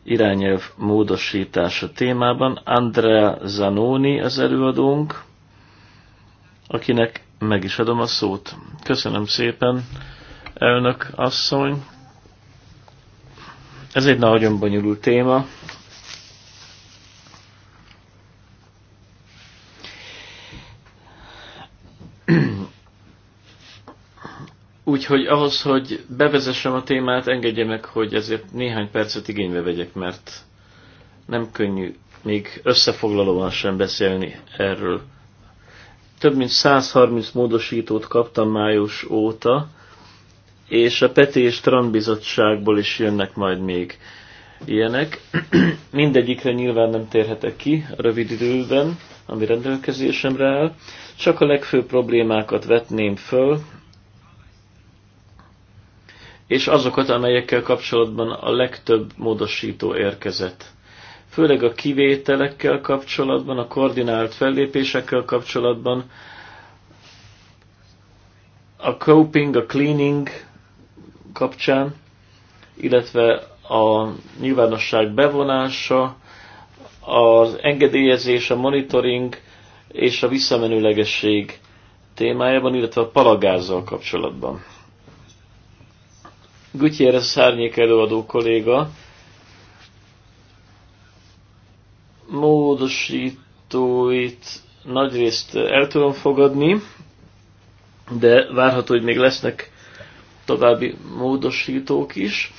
irányelv módosítása témában. Andrea Zanoni az előadónk, akinek meg is adom a szót. Köszönöm szépen, elnök asszony. Ez egy nagyon bonyolult téma. Úgyhogy ahhoz, hogy bevezessem a témát, engedje meg, hogy ezért néhány percet igénybe vegyek, mert nem könnyű még összefoglalóan sem beszélni erről. Több mint 130 módosítót kaptam május óta, és a Peti és Trambizottságból bizottságból is jönnek majd még ilyenek. Mindegyikre nyilván nem térhetek ki a rövid időben, ami rendelkezésemre áll. Csak a legfőbb problémákat vetném föl, és azokat, amelyekkel kapcsolatban a legtöbb módosító érkezett. Főleg a kivételekkel kapcsolatban, a koordinált fellépésekkel kapcsolatban, a coping, a cleaning kapcsán, illetve a nyilvánosság bevonása, az engedélyezés, a monitoring és a visszamenőlegesség témájában, illetve a palagázzal kapcsolatban. Gutierrez szárnyék előadó kolléga módosítóit nagyrészt el tudom fogadni, de várható, hogy még lesznek további módosítók is.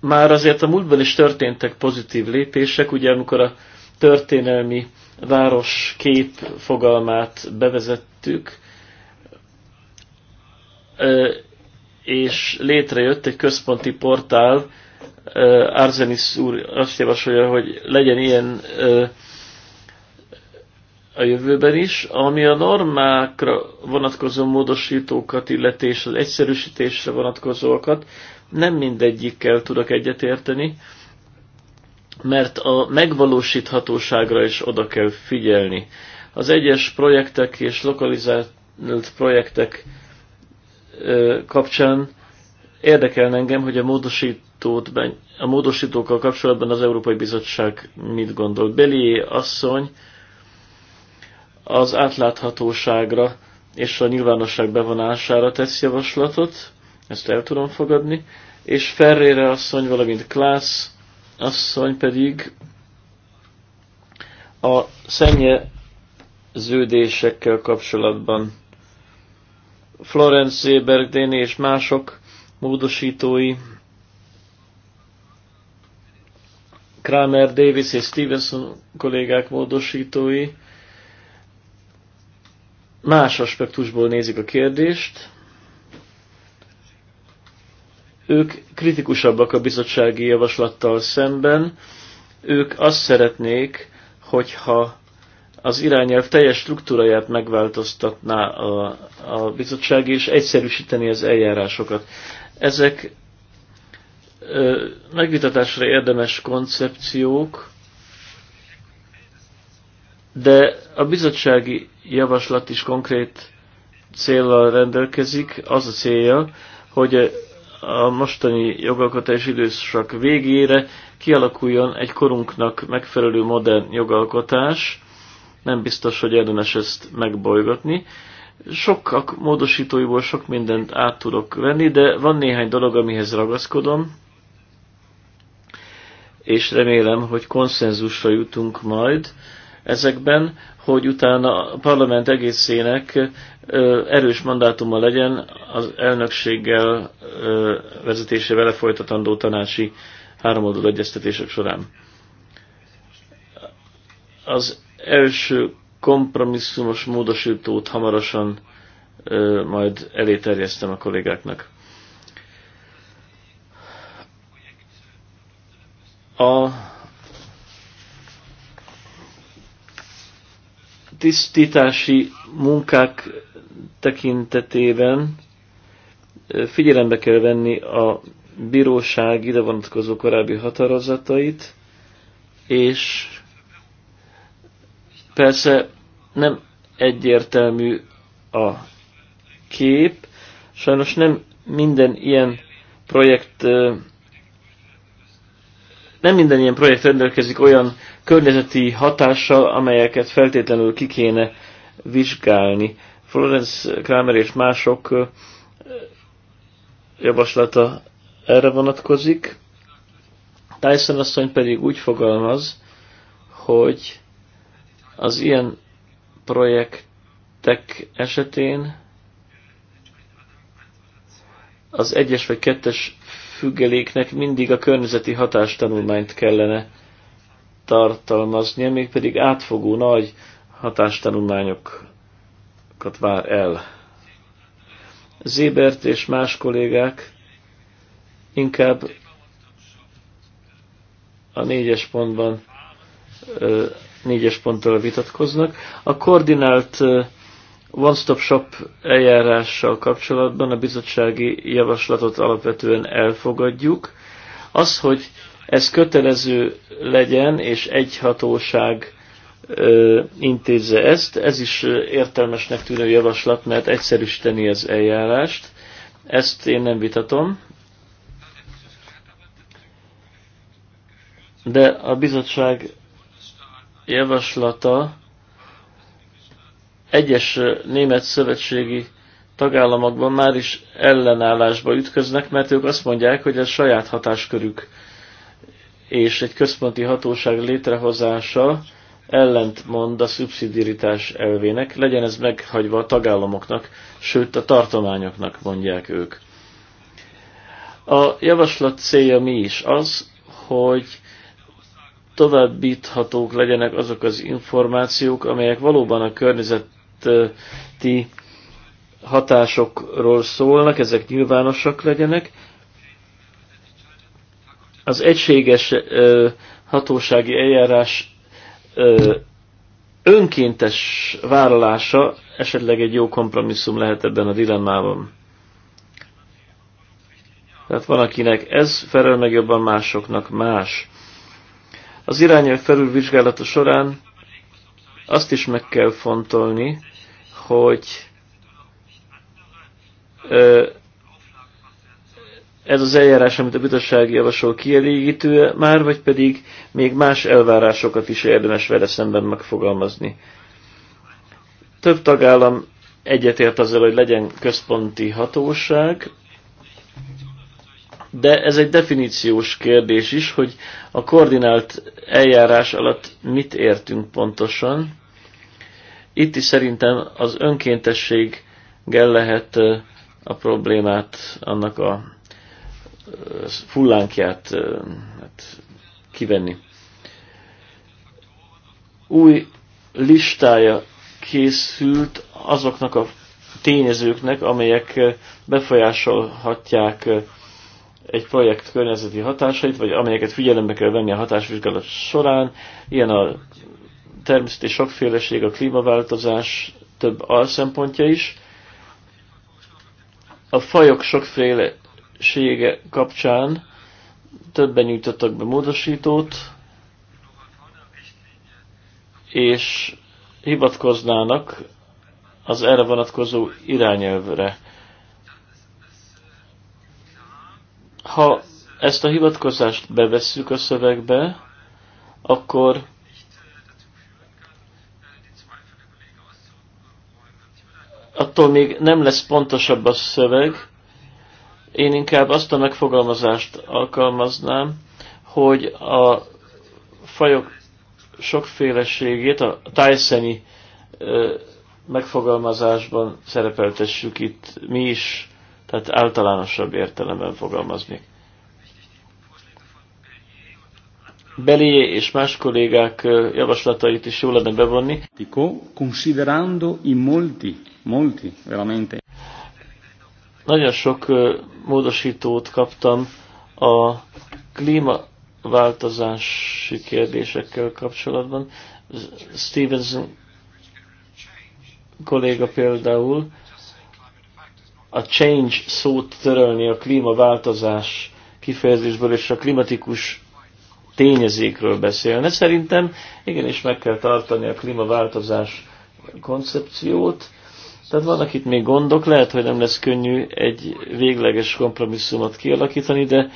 Már azért a múltban is történtek pozitív lépések, ugye amikor a történelmi város kép fogalmát bevezettük, és létrejött egy központi portál, Arzenis úr azt javasolja, hogy legyen ilyen a jövőben is, ami a normákra vonatkozó módosítókat, illeti az egyszerűsítésre vonatkozókat, nem mindegyikkel tudok egyetérteni, mert a megvalósíthatóságra is oda kell figyelni. Az egyes projektek és lokalizált projektek kapcsán érdekel engem, hogy a módosítót, a módosítókkal kapcsolatban az Európai Bizottság mit gondol. Beli asszony az átláthatóságra és a nyilvánosság bevonására tesz javaslatot, ezt el tudom fogadni, és Ferrére asszony, valamint Klász asszony pedig a szennyeződésekkel kapcsolatban Florence Zéberg, és mások módosítói, Kramer, Davis és Stevenson kollégák módosítói más aspektusból nézik a kérdést, ők kritikusabbak a bizottsági javaslattal szemben. Ők azt szeretnék, hogyha az irányelv teljes struktúráját megváltoztatná a, a bizottság, és egyszerűsíteni az eljárásokat. Ezek ö, megvitatásra érdemes koncepciók, de a bizottsági javaslat is konkrét célral rendelkezik. Az a célja, hogy a mostani jogalkotási időszak végére kialakuljon egy korunknak megfelelő modern jogalkotás. Nem biztos, hogy érdemes ezt megbolygatni. a módosítóiból sok mindent át tudok venni, de van néhány dolog, amihez ragaszkodom, és remélem, hogy konszenzusra jutunk majd ezekben, hogy utána a parlament egészének erős mandátuma legyen az elnökséggel vezetésével folytatandó tanácsi háromoldalú egyeztetések során. Az első kompromisszumos módosítót hamarosan majd eléterjesztem a kollégáknak. A tisztítási munkák tekintetében figyelembe kell venni a bíróság ide vonatkozó korábbi határozatait, és persze nem egyértelmű a kép, sajnos nem minden ilyen projekt nem minden ilyen projekt rendelkezik olyan környezeti hatással, amelyeket feltétlenül ki kéne vizsgálni. Florence Kramer és mások javaslata erre vonatkozik. Tyson asszony pedig úgy fogalmaz, hogy az ilyen projektek esetén az egyes vagy kettes függeléknek mindig a környezeti hatástanulmányt kellene tartalmaznia, mégpedig átfogó nagy hatástanulmányokat vár el. Zébert és más kollégák inkább a négyes pontban négyes ponttal vitatkoznak. A koordinált one-stop shop eljárással kapcsolatban a bizottsági javaslatot alapvetően elfogadjuk. Az, hogy ez kötelező legyen, és egy hatóság ö, intézze ezt, ez is értelmesnek tűnő javaslat, mert egyszerűsíteni az eljárást. Ezt én nem vitatom. De a bizottság javaslata egyes német szövetségi tagállamokban már is ellenállásba ütköznek, mert ők azt mondják, hogy ez saját hatáskörük, és egy központi hatóság létrehozása ellentmond a szubszidiaritás elvének, legyen ez meghagyva a tagállamoknak, sőt a tartományoknak mondják ők. A javaslat célja mi is? Az, hogy továbbíthatók legyenek azok az információk, amelyek valóban a környezeti hatásokról szólnak, ezek nyilvánosak legyenek. Az egységes hatósági eljárás önkéntes vállalása esetleg egy jó kompromisszum lehet ebben a dilemmában. Tehát van, akinek ez felel meg jobban, másoknak más. Az irányelv felülvizsgálata során azt is meg kell fontolni, hogy ez az eljárás, amit a bizottság javasol kielégítő már, vagy pedig még más elvárásokat is érdemes vele szemben megfogalmazni. Több tagállam egyetért azzal, hogy legyen központi hatóság, de ez egy definíciós kérdés is, hogy a koordinált eljárás alatt mit értünk pontosan. Itt is szerintem az önkéntességgel lehet a problémát, annak a fullánkját hát, kivenni. Új listája készült azoknak a tényezőknek, amelyek befolyásolhatják egy projekt környezeti hatásait, vagy amelyeket figyelembe kell venni a hatásvizsgálat során. Ilyen a természeti sokféleség, a klímaváltozás több alszempontja is. A fajok sokfélesége kapcsán többen nyújtottak be módosítót, és hivatkoznának az erre vonatkozó irányelvre. Ha ezt a hivatkozást bevesszük a szövegbe, akkor attól még nem lesz pontosabb a szöveg, én inkább azt a megfogalmazást alkalmaznám, hogy a fajok sokféleségét a tájszeni megfogalmazásban szerepeltessük itt mi is tehát általánosabb értelemben fogalmazni. Belié és más kollégák javaslatait is jó lenne bevonni. Considerando i molti, molti, veramente. Nagyon sok módosítót kaptam a klímaváltozási kérdésekkel kapcsolatban. Stevenson kolléga például a change szót törölni a klímaváltozás kifejezésből, és a klimatikus tényezékről beszélne. Szerintem igenis meg kell tartani a klímaváltozás koncepciót. Tehát vannak itt még gondok, lehet, hogy nem lesz könnyű egy végleges kompromisszumot kialakítani, de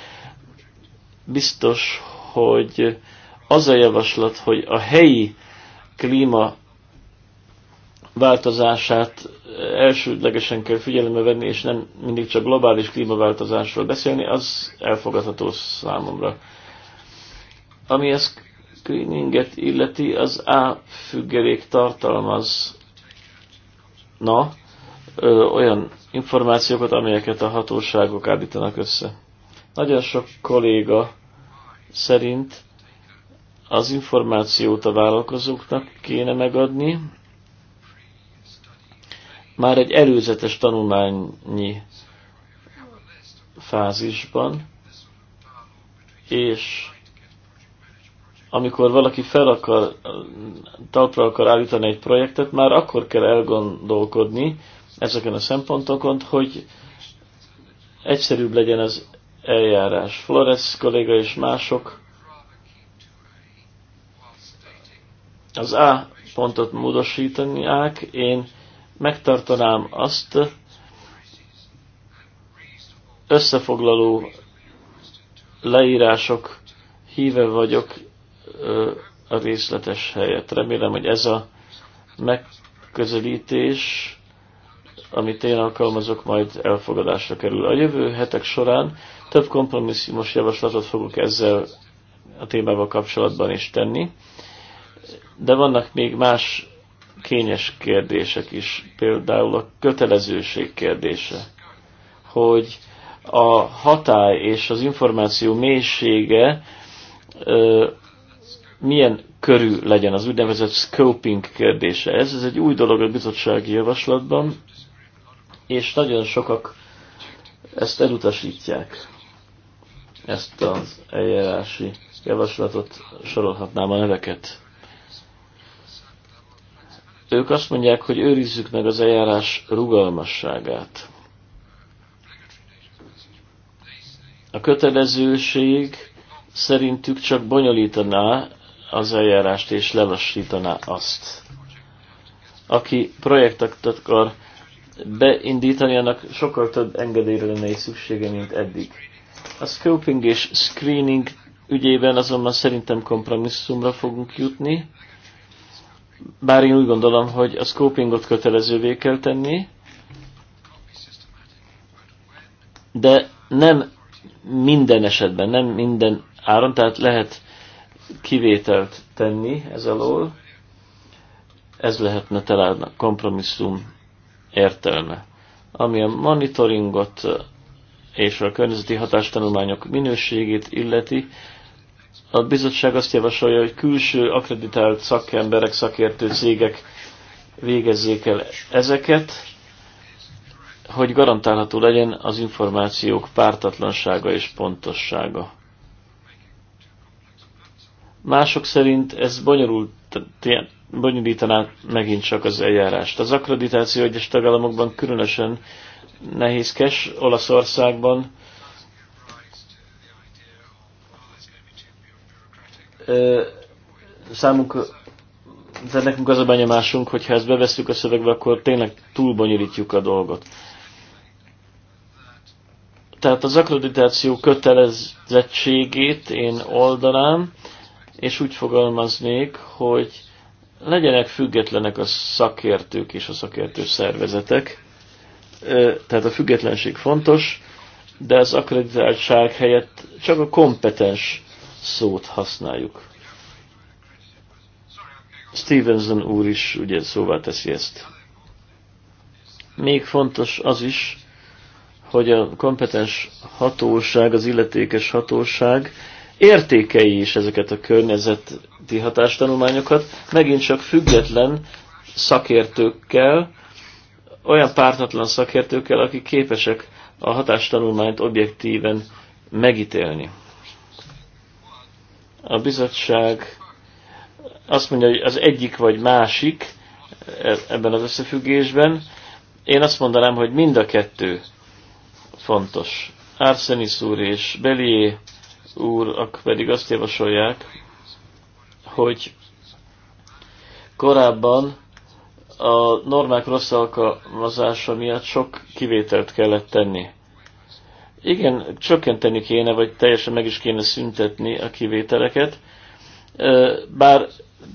biztos, hogy az a javaslat, hogy a helyi klíma változását eh, elsődlegesen kell figyelembe venni, és nem mindig csak globális klímaváltozásról beszélni, az elfogadható számomra. Ami a screeninget illeti, az A függelék na, ö, olyan információkat, amelyeket a hatóságok állítanak össze. Nagyon sok kolléga szerint az információt a vállalkozóknak kéne megadni, már egy előzetes tanulmányi fázisban, és amikor valaki fel akar, talpra akar állítani egy projektet, már akkor kell elgondolkodni ezeken a szempontokon, hogy egyszerűbb legyen az eljárás. Flores kolléga és mások az A pontot ák, én megtartanám azt összefoglaló leírások híve vagyok a részletes helyet. Remélem, hogy ez a megközelítés, amit én alkalmazok, majd elfogadásra kerül. A jövő hetek során több kompromisszumos javaslatot fogok ezzel a témával kapcsolatban is tenni, de vannak még más kényes kérdések is, például a kötelezőség kérdése, hogy a hatály és az információ mélysége ö, milyen körű legyen az úgynevezett scoping kérdése. Ez, ez egy új dolog a bizottsági javaslatban, és nagyon sokak ezt elutasítják, ezt az eljárási javaslatot, sorolhatnám a neveket. Ők azt mondják, hogy őrizzük meg az eljárás rugalmasságát. A kötelezőség szerintük csak bonyolítaná az eljárást és levassítaná azt. Aki projektet akar beindítani, annak sokkal több engedélyre lenne szüksége, mint eddig. A scoping és screening ügyében azonban szerintem kompromisszumra fogunk jutni bár én úgy gondolom, hogy a scopingot kötelezővé kell tenni, de nem minden esetben, nem minden áron, tehát lehet kivételt tenni ez alól, ez lehetne talán a kompromisszum értelme. Ami a monitoringot és a környezeti hatástanulmányok minőségét illeti, a bizottság azt javasolja, hogy külső akreditált szakemberek, szakértő cégek végezzék el ezeket, hogy garantálható legyen az információk pártatlansága és pontossága. Mások szerint ez bonyolult, bonyolítaná megint csak az eljárást. Az akkreditáció egyes tagállamokban különösen nehézkes, Olaszországban számunk, tehát nekünk az a benyomásunk, hogy ha ezt bevesszük a szövegbe, akkor tényleg túl bonyolítjuk a dolgot. Tehát az akkreditáció kötelezettségét én oldalám, és úgy fogalmaznék, hogy legyenek függetlenek a szakértők és a szakértő szervezetek. Tehát a függetlenség fontos, de az akreditáltság helyett csak a kompetens szót használjuk. Stevenson úr is ugye szóvá teszi ezt. Még fontos az is, hogy a kompetens hatóság, az illetékes hatóság értékei is ezeket a környezeti hatástanulmányokat, megint csak független szakértőkkel, olyan pártatlan szakértőkkel, akik képesek a hatástanulmányt objektíven megítélni. A bizottság azt mondja, hogy az egyik vagy másik e- ebben az összefüggésben. Én azt mondanám, hogy mind a kettő fontos. Arsenis úr és Belié úrak pedig azt javasolják, hogy korábban a normák rossz alkalmazása miatt sok kivételt kellett tenni. Igen, csökkenteni kéne, vagy teljesen meg is kéne szüntetni a kivételeket. Bár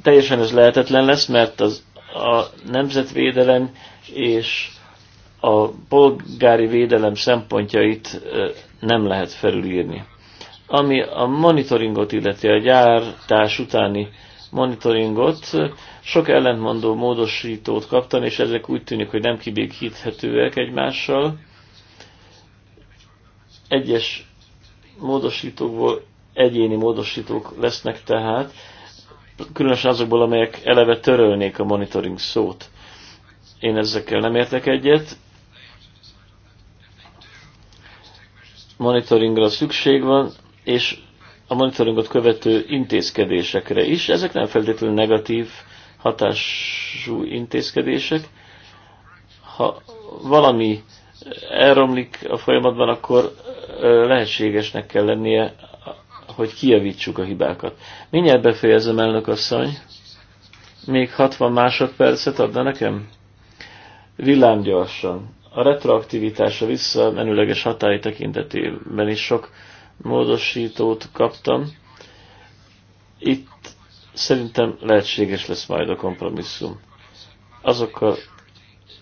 teljesen ez lehetetlen lesz, mert az, a nemzetvédelem és a polgári védelem szempontjait nem lehet felülírni. Ami a monitoringot illeti, a gyártás utáni monitoringot, sok ellentmondó módosítót kaptam, és ezek úgy tűnik, hogy nem kibékíthetőek egymással. Egyes módosítókból egyéni módosítók lesznek tehát, különösen azokból, amelyek eleve törölnék a monitoring szót. Én ezekkel nem értek egyet. Monitoringra szükség van, és a monitoringot követő intézkedésekre is. Ezek nem feltétlenül negatív hatású intézkedések. Ha valami elromlik a folyamatban, akkor lehetségesnek kell lennie, hogy kijavítsuk a hibákat. Mindjárt befejezem, elnök asszony. Még 60 másodpercet adna nekem? Villámgyorsan. A retroaktivitás a visszamenőleges hatály tekintetében is sok módosítót kaptam. Itt szerintem lehetséges lesz majd a kompromisszum. Azokkal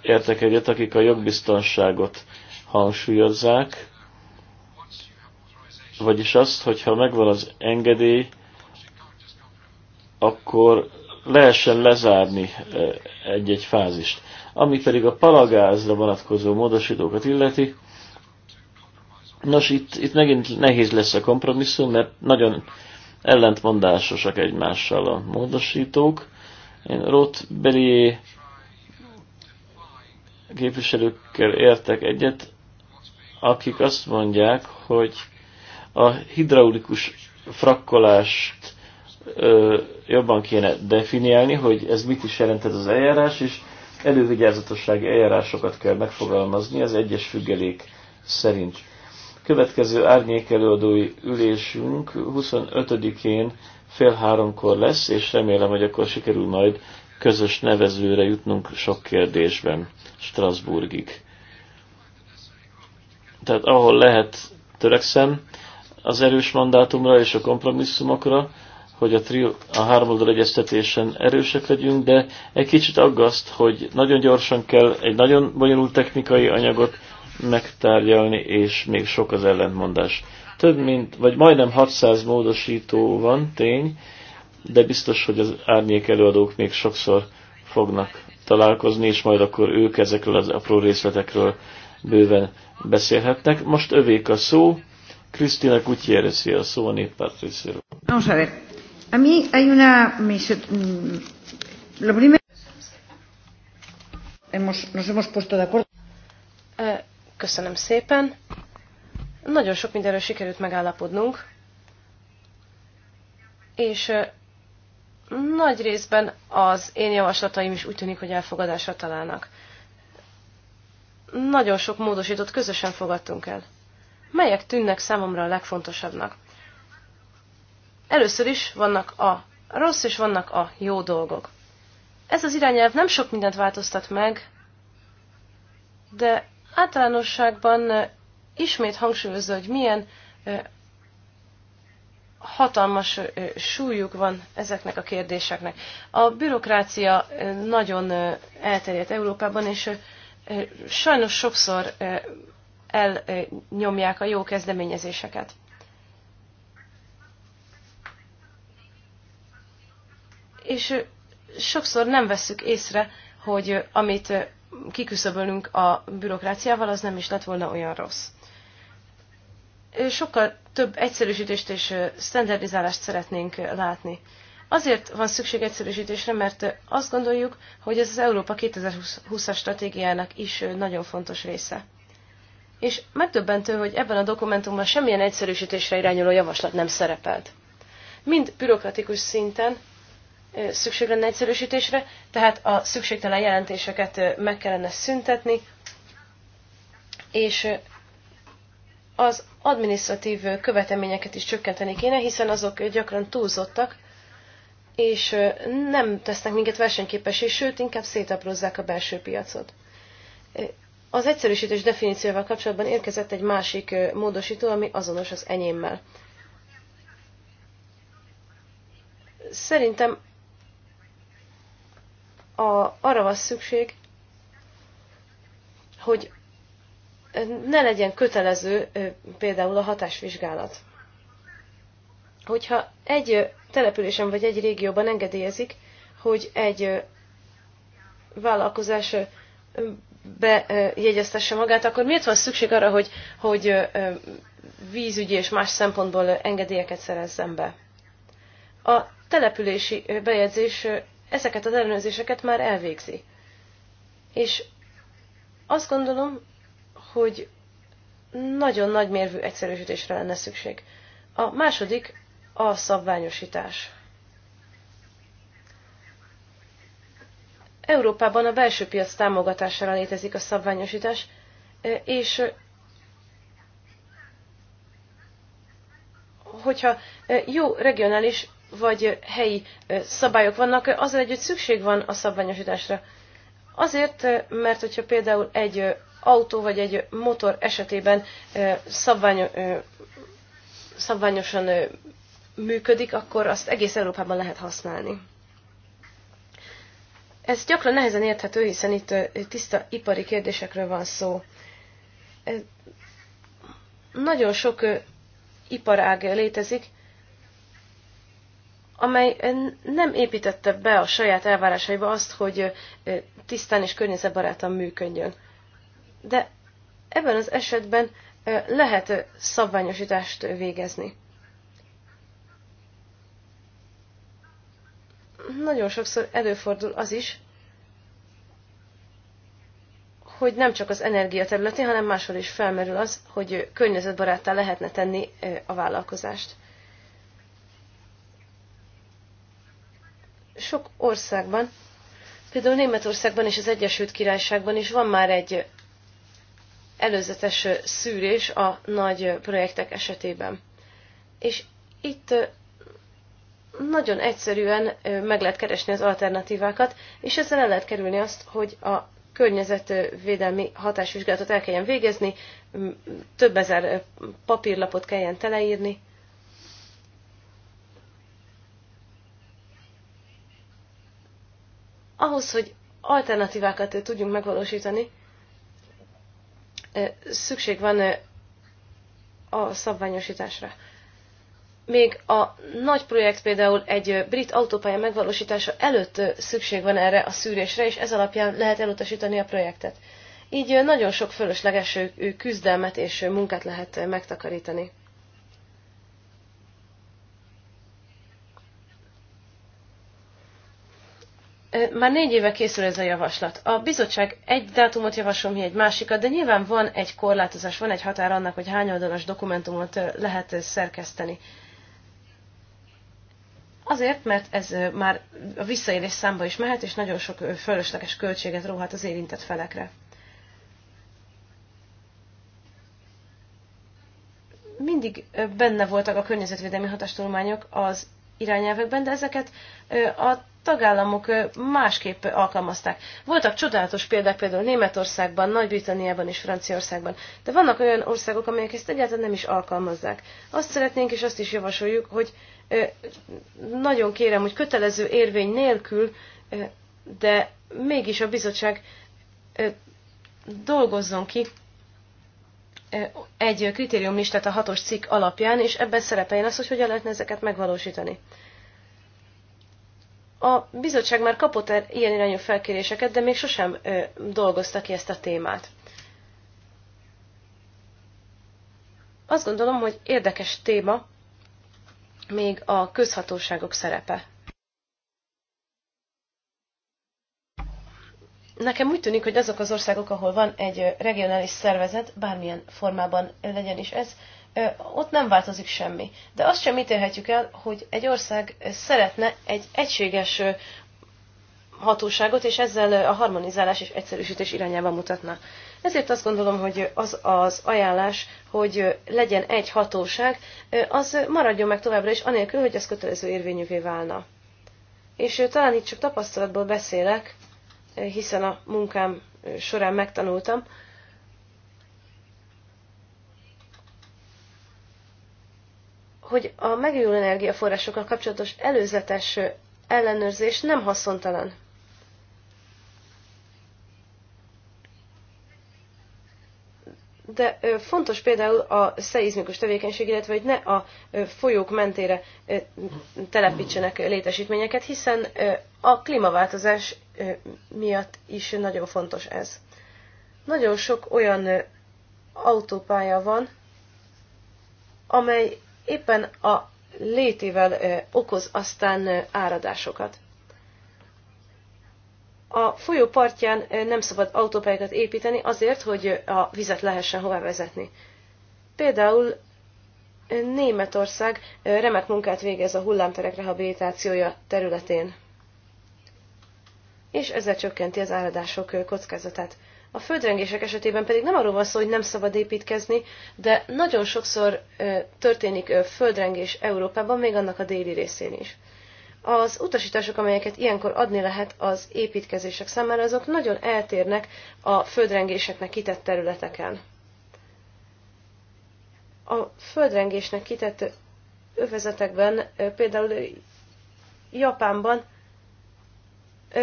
értek egyet, akik a jogbiztonságot hangsúlyozzák, vagyis azt, hogyha megvan az engedély, akkor lehessen lezárni egy-egy fázist. Ami pedig a palagázra vonatkozó módosítókat illeti, nos, itt, itt megint nehéz lesz a kompromisszum, mert nagyon ellentmondásosak egymással a módosítók. Én Roth Belié képviselőkkel értek egyet, akik azt mondják, hogy a hidraulikus frakkolást ö, jobban kéne definiálni, hogy ez mit is jelent ez az eljárás, és elővigyázatossági eljárásokat kell megfogalmazni az egyes függelék szerint. Következő árnyékelőadói ülésünk 25-én fél háromkor lesz, és remélem, hogy akkor sikerül majd közös nevezőre jutnunk sok kérdésben Strasbourgig. Tehát ahol lehet, törekszem, az erős mandátumra és a kompromisszumokra, hogy a, tri, a háromoldal egyeztetésen erősek legyünk, de egy kicsit aggaszt, hogy nagyon gyorsan kell egy nagyon bonyolult technikai anyagot megtárgyalni, és még sok az ellentmondás. Több mint, vagy majdnem 600 módosító van, tény, de biztos, hogy az árnyék előadók még sokszor fognak találkozni, és majd akkor ők ezekről az apró részletekről bőven beszélhetnek. Most övék a szó, Krisztina Gutierrez a szó a néppárt részéről. Vamos a ver. A mí hay una... Mm, lo primero... Hemos, nos hemos puesto de acuerdo. Köszönöm szépen. Nagyon sok mindenről sikerült megállapodnunk. És nagy részben az én javaslataim is úgy tűnik, hogy elfogadásra találnak. Nagyon sok módosított közösen fogadtunk el melyek tűnnek számomra a legfontosabbnak. Először is vannak a rossz és vannak a jó dolgok. Ez az irányelv nem sok mindent változtat meg, de általánosságban ismét hangsúlyozza, hogy milyen hatalmas súlyuk van ezeknek a kérdéseknek. A bürokrácia nagyon elterjedt Európában, és sajnos sokszor elnyomják a jó kezdeményezéseket. És sokszor nem vesszük észre, hogy amit kiküszöbölünk a bürokráciával, az nem is lett volna olyan rossz. Sokkal több egyszerűsítést és standardizálást szeretnénk látni. Azért van szükség egyszerűsítésre, mert azt gondoljuk, hogy ez az Európa 2020-as stratégiának is nagyon fontos része és megdöbbentő, hogy ebben a dokumentumban semmilyen egyszerűsítésre irányuló javaslat nem szerepelt. Mind bürokratikus szinten szükség lenne egyszerűsítésre, tehát a szükségtelen jelentéseket meg kellene szüntetni, és az adminisztratív követelményeket is csökkenteni kéne, hiszen azok gyakran túlzottak, és nem tesznek minket és sőt, inkább szétaprózzák a belső piacot. Az egyszerűsítés definícióval kapcsolatban érkezett egy másik módosító, ami azonos az enyémmel. Szerintem a, arra van szükség, hogy ne legyen kötelező például a hatásvizsgálat. Hogyha egy településen vagy egy régióban engedélyezik, hogy egy vállalkozás bejegyeztesse magát, akkor miért van szükség arra, hogy, hogy vízügyi és más szempontból engedélyeket szerezzen be? A települési bejegyzés ezeket az ellenőrzéseket már elvégzi. És azt gondolom, hogy nagyon nagy mérvű egyszerűsítésre lenne szükség. A második a szabványosítás. Európában a belső piac támogatására létezik a szabványosítás, és hogyha jó regionális vagy helyi szabályok vannak, azzal együtt szükség van a szabványosításra. Azért, mert hogyha például egy autó vagy egy motor esetében szabvány, szabványosan működik, akkor azt egész Európában lehet használni. Ez gyakran nehezen érthető, hiszen itt tiszta ipari kérdésekről van szó. Nagyon sok iparág létezik, amely nem építette be a saját elvárásaiba azt, hogy tisztán és környezetbarátan működjön. De ebben az esetben lehet szabványosítást végezni. nagyon sokszor előfordul az is, hogy nem csak az energia területén, hanem máshol is felmerül az, hogy környezetbaráttá lehetne tenni a vállalkozást. Sok országban, például Németországban és az Egyesült Királyságban is van már egy előzetes szűrés a nagy projektek esetében. És itt nagyon egyszerűen meg lehet keresni az alternatívákat, és ezzel el lehet kerülni azt, hogy a környezetvédelmi hatásvizsgálatot el kelljen végezni, több ezer papírlapot kelljen teleírni. Ahhoz, hogy alternatívákat tudjunk megvalósítani, szükség van a szabványosításra még a nagy projekt, például egy brit autópálya megvalósítása előtt szükség van erre a szűrésre, és ez alapján lehet elutasítani a projektet. Így nagyon sok fölösleges küzdelmet és munkát lehet megtakarítani. Már négy éve készül ez a javaslat. A bizottság egy dátumot javasol, mi egy másikat, de nyilván van egy korlátozás, van egy határ annak, hogy hány oldalas dokumentumot lehet szerkeszteni. Azért, mert ez már a visszaélés számba is mehet, és nagyon sok fölösleges költséget róhat az érintett felekre. Mindig benne voltak a környezetvédelmi hatástolmányok az irányelvekben, de ezeket a tagállamok másképp alkalmazták. Voltak csodálatos példák például Németországban, Nagy-Britanniában és Franciaországban, de vannak olyan országok, amelyek ezt egyáltalán nem is alkalmazzák. Azt szeretnénk és azt is javasoljuk, hogy nagyon kérem, hogy kötelező érvény nélkül, de mégis a bizottság dolgozzon ki egy kritériumlistát a hatos cikk alapján, és ebben szerepeljen az, hogy hogyan lehetne ezeket megvalósítani. A bizottság már kapott ilyen irányú felkéréseket, de még sosem ö, dolgozta ki ezt a témát. Azt gondolom, hogy érdekes téma még a közhatóságok szerepe. nekem úgy tűnik, hogy azok az országok, ahol van egy regionális szervezet, bármilyen formában legyen is ez, ott nem változik semmi. De azt sem ítélhetjük el, hogy egy ország szeretne egy egységes hatóságot, és ezzel a harmonizálás és egyszerűsítés irányába mutatna. Ezért azt gondolom, hogy az az ajánlás, hogy legyen egy hatóság, az maradjon meg továbbra is, anélkül, hogy ez kötelező érvényűvé válna. És talán itt csak tapasztalatból beszélek, hiszen a munkám során megtanultam, hogy a megújuló energiaforrásokkal kapcsolatos előzetes ellenőrzés nem haszontalan. De fontos például a szeizmikus tevékenység, illetve hogy ne a folyók mentére telepítsenek létesítményeket, hiszen a klímaváltozás miatt is nagyon fontos ez. Nagyon sok olyan autópálya van, amely éppen a létével okoz aztán áradásokat. A folyó partján nem szabad autópályákat építeni azért, hogy a vizet lehessen hová vezetni. Például Németország remek munkát végez a hullámterek rehabilitációja területén, és ezzel csökkenti az áradások kockázatát. A földrengések esetében pedig nem arról van szó, hogy nem szabad építkezni, de nagyon sokszor történik földrengés Európában, még annak a déli részén is. Az utasítások, amelyeket ilyenkor adni lehet az építkezések számára, azok nagyon eltérnek a földrengéseknek kitett területeken. A földrengésnek kitett övezetekben, például Japánban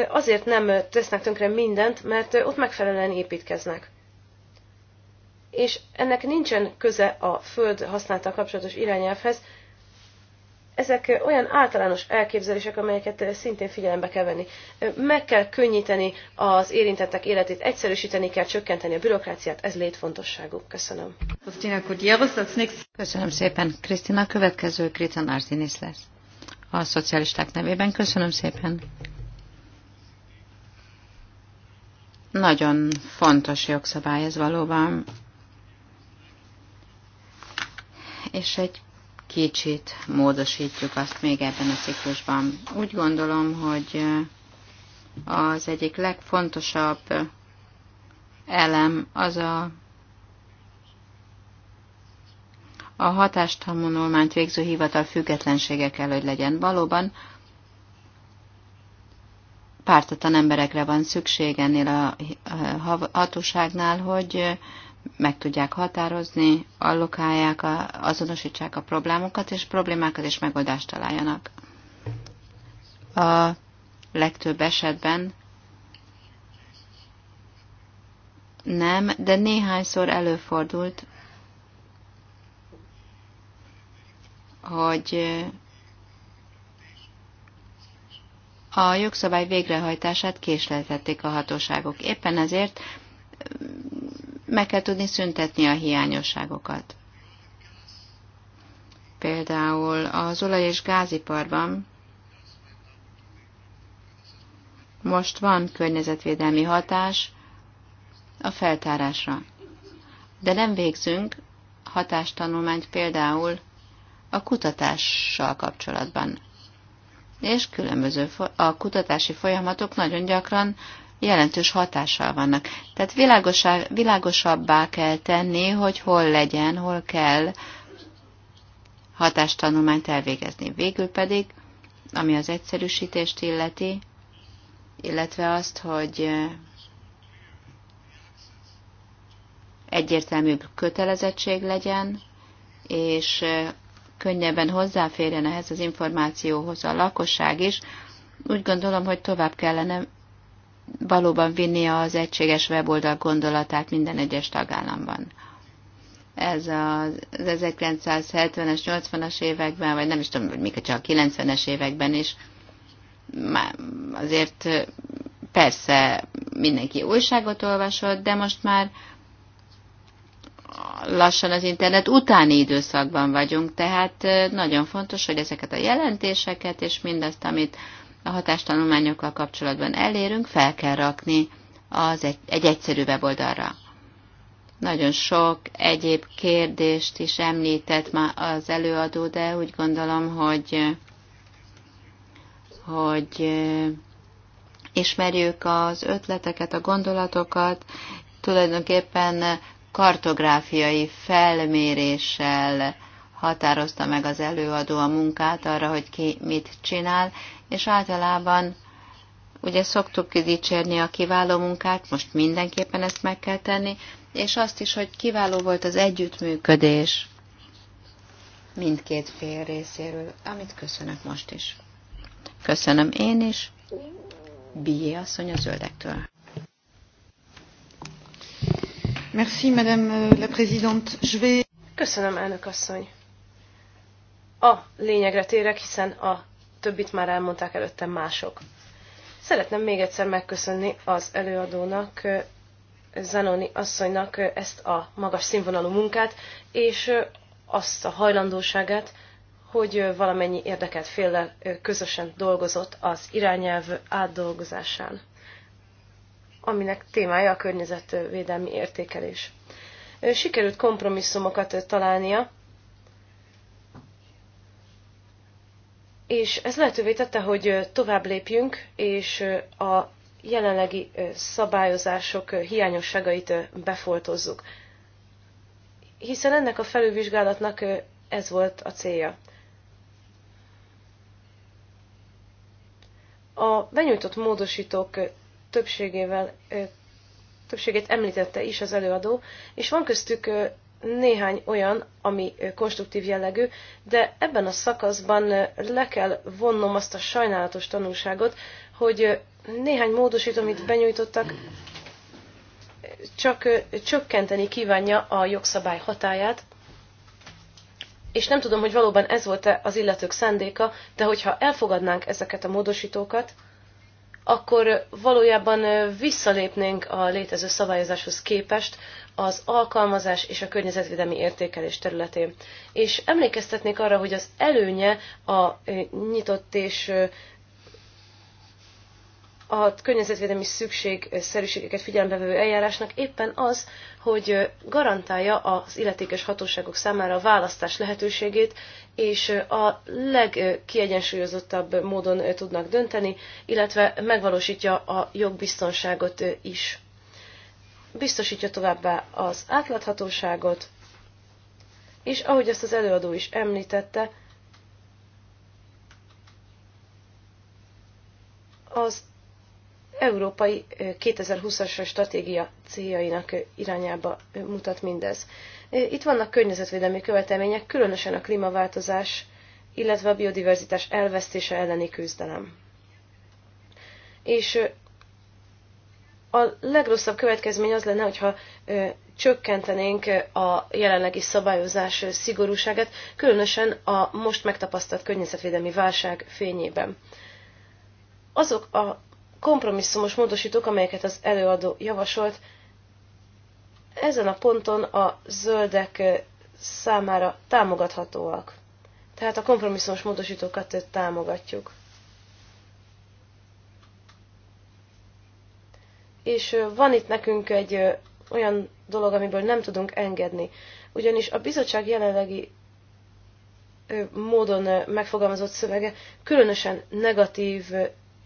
azért nem tesznek tönkre mindent, mert ott megfelelően építkeznek. És ennek nincsen köze a föld használta kapcsolatos irányelvhez, ezek olyan általános elképzelések, amelyeket szintén figyelembe kell venni. Meg kell könnyíteni az érintettek életét, egyszerűsíteni kell, csökkenteni a bürokráciát, ez létfontosságú. Köszönöm. Köszönöm szépen. Krisztina, következő Kriton Arzinis lesz. A szocialisták nevében köszönöm szépen. Nagyon fontos jogszabály ez valóban. És egy kicsit módosítjuk azt még ebben a ciklusban. Úgy gondolom, hogy az egyik legfontosabb elem az a, a hatástanulmányt végző hivatal függetlenségek kell, hogy legyen. Valóban pártatlan emberekre van szükség ennél a hatóságnál, hogy meg tudják határozni, allokálják, azonosítsák a problémákat, és problémákat és megoldást találjanak. A legtöbb esetben nem, de néhányszor előfordult, hogy a jogszabály végrehajtását késleltették a hatóságok. Éppen ezért mm, meg kell tudni szüntetni a hiányosságokat. Például az olaj- és gáziparban most van környezetvédelmi hatás a feltárásra. De nem végzünk hatástanulmányt például a kutatással kapcsolatban és különböző a kutatási folyamatok nagyon gyakran jelentős hatással vannak. Tehát világosabbá kell tenni, hogy hol legyen, hol kell hatástanulmányt elvégezni. Végül pedig, ami az egyszerűsítést illeti, illetve azt, hogy egyértelműbb kötelezettség legyen, és könnyebben hozzáférjen ehhez az információhoz a lakosság is, úgy gondolom, hogy tovább kellene valóban vinnie az egységes weboldal gondolatát minden egyes tagállamban. Ez az 1970-es, 80-as években, vagy nem is tudom, hogy mikor csak a 90-es években is, már azért persze mindenki újságot olvasott, de most már lassan az internet utáni időszakban vagyunk, tehát nagyon fontos, hogy ezeket a jelentéseket és mindazt, amit a hatástanulmányokkal kapcsolatban elérünk, fel kell rakni az egy, egy egyszerű weboldalra. Nagyon sok egyéb kérdést is említett már az előadó, de úgy gondolom, hogy, hogy ismerjük az ötleteket, a gondolatokat, tulajdonképpen kartográfiai felméréssel határozta meg az előadó a munkát arra, hogy ki mit csinál, és általában ugye szoktuk dicsérni a kiváló munkát, most mindenképpen ezt meg kell tenni, és azt is, hogy kiváló volt az együttműködés mindkét fél részéről, amit köszönök most is. Köszönöm én is. Bié asszony a zöldektől. Merci, Madame euh, la Présidente. Je vais... Köszönöm, elnök asszony. A lényegre térek, hiszen a többit már elmondták előttem mások. Szeretném még egyszer megköszönni az előadónak, Zanoni asszonynak ezt a magas színvonalú munkát, és azt a hajlandóságát, hogy valamennyi érdekelt féllel közösen dolgozott az irányelv átdolgozásán aminek témája a környezetvédelmi értékelés. Sikerült kompromisszumokat találnia, és ez lehetővé tette, hogy tovább lépjünk, és a jelenlegi szabályozások hiányosságait befoltozzuk. Hiszen ennek a felülvizsgálatnak ez volt a célja. A benyújtott módosítók többségével, többségét említette is az előadó, és van köztük néhány olyan, ami konstruktív jellegű, de ebben a szakaszban le kell vonnom azt a sajnálatos tanulságot, hogy néhány módosító, amit benyújtottak, csak csökkenteni kívánja a jogszabály hatáját, és nem tudom, hogy valóban ez volt-e az illetők szándéka, de hogyha elfogadnánk ezeket a módosítókat, akkor valójában visszalépnénk a létező szabályozáshoz képest az alkalmazás és a környezetvédelmi értékelés területén. És emlékeztetnék arra, hogy az előnye a nyitott és a környezetvédelmi szükségszerűségeket figyelembe vevő eljárásnak éppen az, hogy garantálja az illetékes hatóságok számára a választás lehetőségét, és a legkiegyensúlyozottabb módon tudnak dönteni, illetve megvalósítja a jogbiztonságot is. Biztosítja továbbá az átláthatóságot, és ahogy ezt az előadó is említette, az európai 2020-as stratégia céljainak irányába mutat mindez. Itt vannak környezetvédelmi követelmények, különösen a klímaváltozás, illetve a biodiverzitás elvesztése elleni küzdelem. És a legrosszabb következmény az lenne, hogyha csökkentenénk a jelenlegi szabályozás szigorúságát, különösen a most megtapasztalt környezetvédelmi válság fényében. Azok a kompromisszumos módosítók, amelyeket az előadó javasolt, ezen a ponton a zöldek számára támogathatóak. Tehát a kompromisszumos módosítókat támogatjuk. És van itt nekünk egy olyan dolog, amiből nem tudunk engedni. Ugyanis a bizottság jelenlegi módon megfogalmazott szövege különösen negatív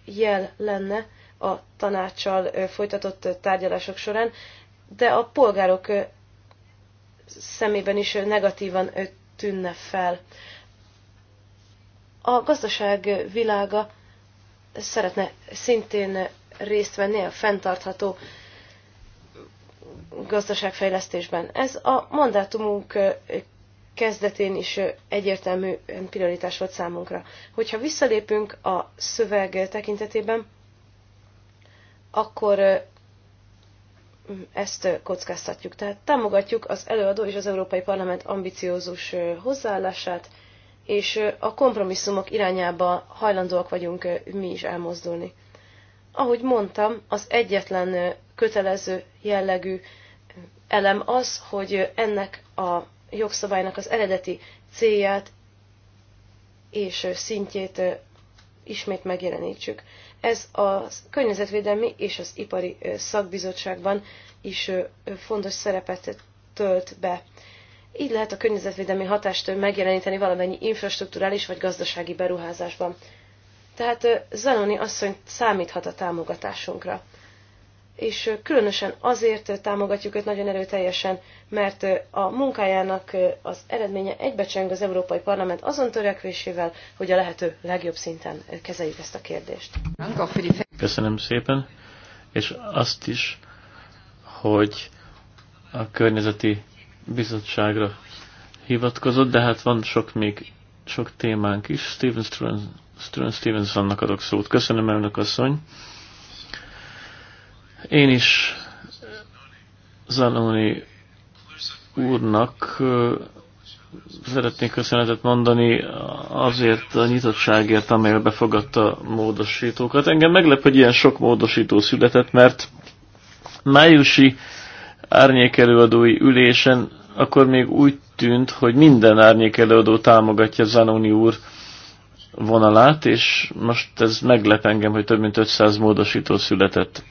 jel lenne a tanácssal folytatott tárgyalások során, de a polgárok szemében is negatívan tűnne fel. A gazdaság világa szeretne szintén részt venni a fenntartható gazdaságfejlesztésben. Ez a mandátumunk kezdetén is egyértelmű prioritás volt számunkra. Hogyha visszalépünk a szöveg tekintetében, akkor ezt kockáztatjuk. Tehát támogatjuk az előadó és az Európai Parlament ambiciózus hozzáállását, és a kompromisszumok irányába hajlandóak vagyunk mi is elmozdulni. Ahogy mondtam, az egyetlen kötelező jellegű elem az, hogy ennek a jogszabálynak az eredeti célját és szintjét ismét megjelenítsük. Ez a környezetvédelmi és az ipari szakbizottságban is fontos szerepet tölt be. Így lehet a környezetvédelmi hatást megjeleníteni valamennyi infrastruktúrális vagy gazdasági beruházásban. Tehát Zanoni asszony számíthat a támogatásunkra és különösen azért támogatjuk őt nagyon erőteljesen, mert a munkájának az eredménye egybecseng az Európai Parlament azon törekvésével, hogy a lehető legjobb szinten kezeljük ezt a kérdést. Köszönöm szépen, és azt is, hogy a környezeti bizottságra hivatkozott, de hát van sok még sok témánk is. Steven Stevensonnak adok szót. Köszönöm, elnök asszony. Én is Zanoni úrnak szeretnék köszönetet mondani azért a nyitottságért, amelyel befogadta módosítókat. Engem meglep, hogy ilyen sok módosító született, mert májusi árnyékelőadói ülésen akkor még úgy tűnt, hogy minden árnyékelőadó támogatja Zanoni úr vonalát, és most ez meglep engem, hogy több mint 500 módosító született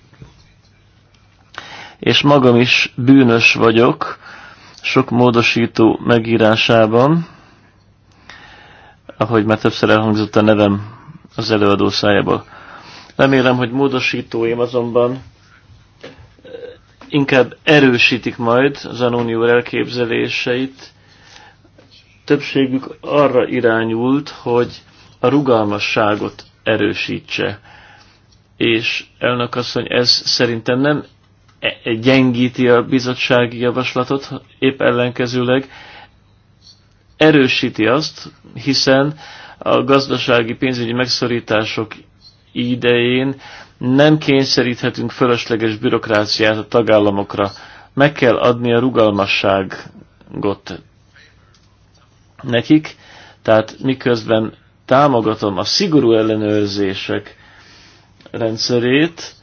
és magam is bűnös vagyok sok módosító megírásában, ahogy már többször elhangzott a nevem az előadó szájába. Remélem, hogy módosítóim azonban eh, inkább erősítik majd az Anonior elképzeléseit. Többségük arra irányult, hogy a rugalmasságot erősítse. És elnök asszony, ez szerintem nem gyengíti a bizottsági javaslatot, épp ellenkezőleg erősíti azt, hiszen a gazdasági pénzügyi megszorítások idején nem kényszeríthetünk fölösleges bürokráciát a tagállamokra. Meg kell adni a rugalmasságot nekik, tehát miközben támogatom a szigorú ellenőrzések rendszerét,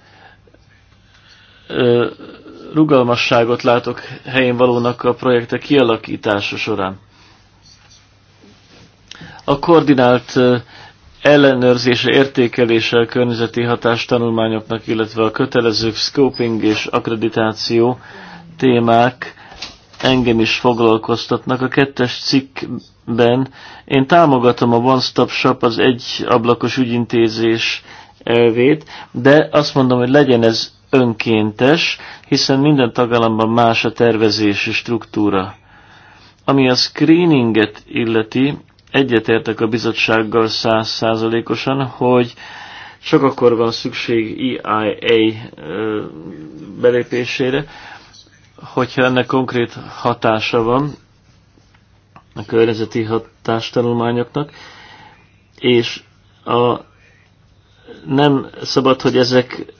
rugalmasságot látok helyén valónak a projektek kialakítása során. A koordinált ellenőrzése, értékelése a környezeti hatás tanulmányoknak, illetve a kötelező scoping és akkreditáció témák engem is foglalkoztatnak. A kettes cikkben én támogatom a One Stop Shop, az egy ablakos ügyintézés elvét, de azt mondom, hogy legyen ez önkéntes, hiszen minden tagállamban más a tervezési struktúra. Ami a screeninget illeti, egyetértek a bizottsággal százszázalékosan, hogy csak akkor van szükség EIA belépésére, hogyha ennek konkrét hatása van a környezeti hatástanulmányoknak, és a nem szabad, hogy ezek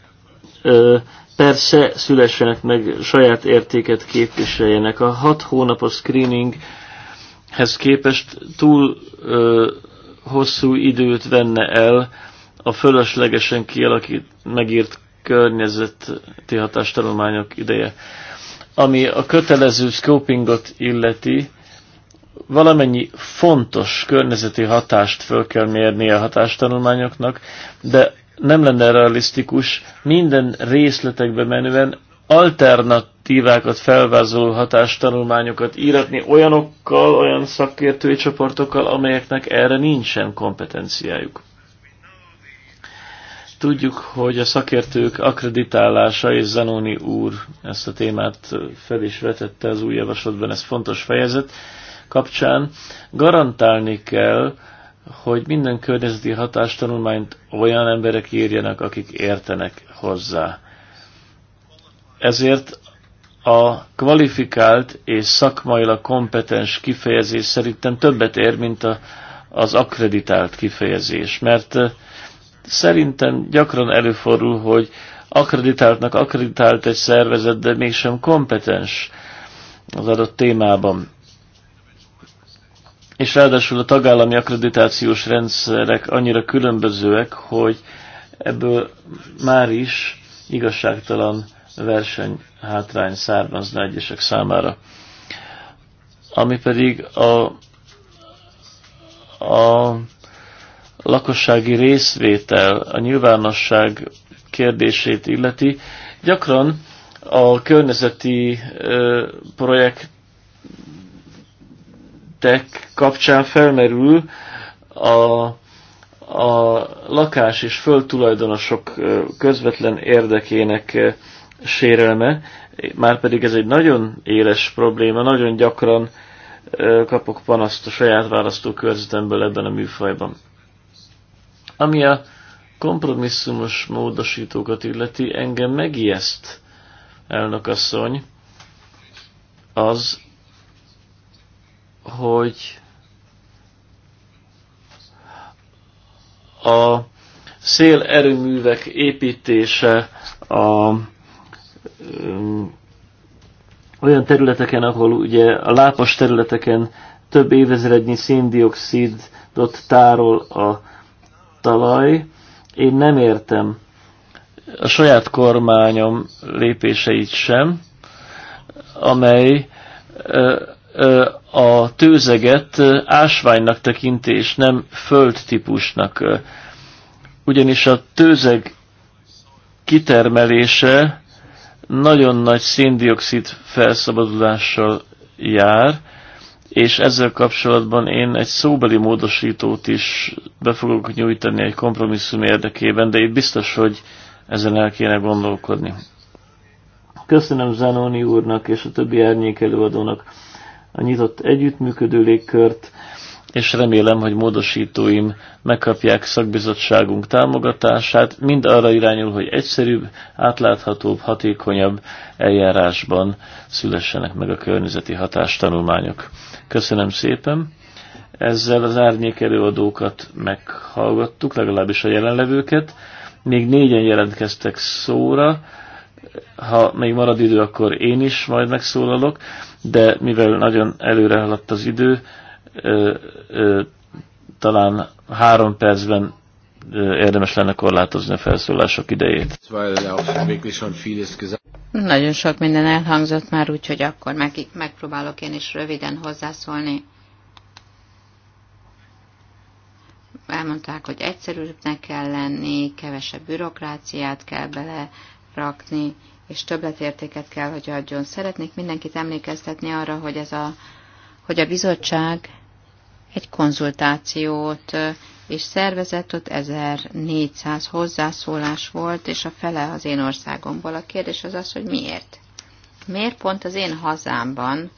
persze szülessenek meg, saját értéket képviseljenek. A hat hónapos screeninghez képest túl ö, hosszú időt venne el a fölöslegesen kialakít, megírt környezeti hatástanulmányok ideje. Ami a kötelező scopingot illeti, valamennyi fontos környezeti hatást föl kell mérni a hatástanulmányoknak, de nem lenne realisztikus minden részletekbe menően alternatívákat felvázoló hatástanulmányokat íratni olyanokkal, olyan szakértői csoportokkal, amelyeknek erre nincsen kompetenciájuk. Tudjuk, hogy a szakértők akreditálása, és Zanoni úr ezt a témát fel is vetette az új javaslatban, ez fontos fejezet kapcsán, garantálni kell, hogy minden környezeti hatástanulmányt olyan emberek írjanak, akik értenek hozzá. Ezért a kvalifikált és szakmailag kompetens kifejezés szerintem többet ér, mint a, az akreditált kifejezés, mert eh, szerintem gyakran előfordul, hogy akreditáltnak akreditált egy szervezet, de mégsem kompetens az adott témában és ráadásul a tagállami akkreditációs rendszerek annyira különbözőek, hogy ebből már is igazságtalan versenyhátrány származna egyesek számára. Ami pedig a, a lakossági részvétel, a nyilvánosság kérdését illeti, gyakran a környezeti ö, projekt tettek kapcsán felmerül a, a lakás és földtulajdonosok közvetlen érdekének sérelme, már pedig ez egy nagyon éles probléma, nagyon gyakran kapok panaszt a saját választókörzetemből ebben a műfajban. Ami a kompromisszumos módosítókat illeti, engem megijeszt, elnökasszony, az, hogy a szélerőművek építése a olyan területeken, ahol ugye a lápos területeken több évezrednyi széndiokszidot tárol a talaj. Én nem értem a saját kormányom lépéseit sem, amely a tőzeget ásványnak tekintés, nem földtípusnak. Ugyanis a tőzeg kitermelése nagyon nagy széndiokszid felszabadulással jár, és ezzel kapcsolatban én egy szóbeli módosítót is be fogok nyújtani egy kompromisszum érdekében, de itt biztos, hogy ezen el kéne gondolkodni. Köszönöm Zanoni úrnak és a többi árnyék előadónak a nyitott együttműködő légkört, és remélem, hogy módosítóim megkapják szakbizottságunk támogatását, mind arra irányul, hogy egyszerűbb, átláthatóbb, hatékonyabb eljárásban szülessenek meg a környezeti hatástanulmányok. Köszönöm szépen! Ezzel az árnyék előadókat meghallgattuk, legalábbis a jelenlevőket. Még négyen jelentkeztek szóra, ha még marad idő, akkor én is majd megszólalok, de mivel nagyon előre haladt az idő, ö, ö, talán három percben érdemes lenne korlátozni a felszólások idejét. Nagyon sok minden elhangzott már, úgyhogy akkor meg, megpróbálok én is röviden hozzászólni. Elmondták, hogy egyszerűbbnek kell lenni, kevesebb bürokráciát kell bele rakni, és többletértéket kell, hogy adjon. Szeretnék mindenkit emlékeztetni arra, hogy, ez a, hogy a bizottság egy konzultációt és szervezett, ott 1400 hozzászólás volt, és a fele az én országomból. A kérdés az az, hogy miért? Miért pont az én hazámban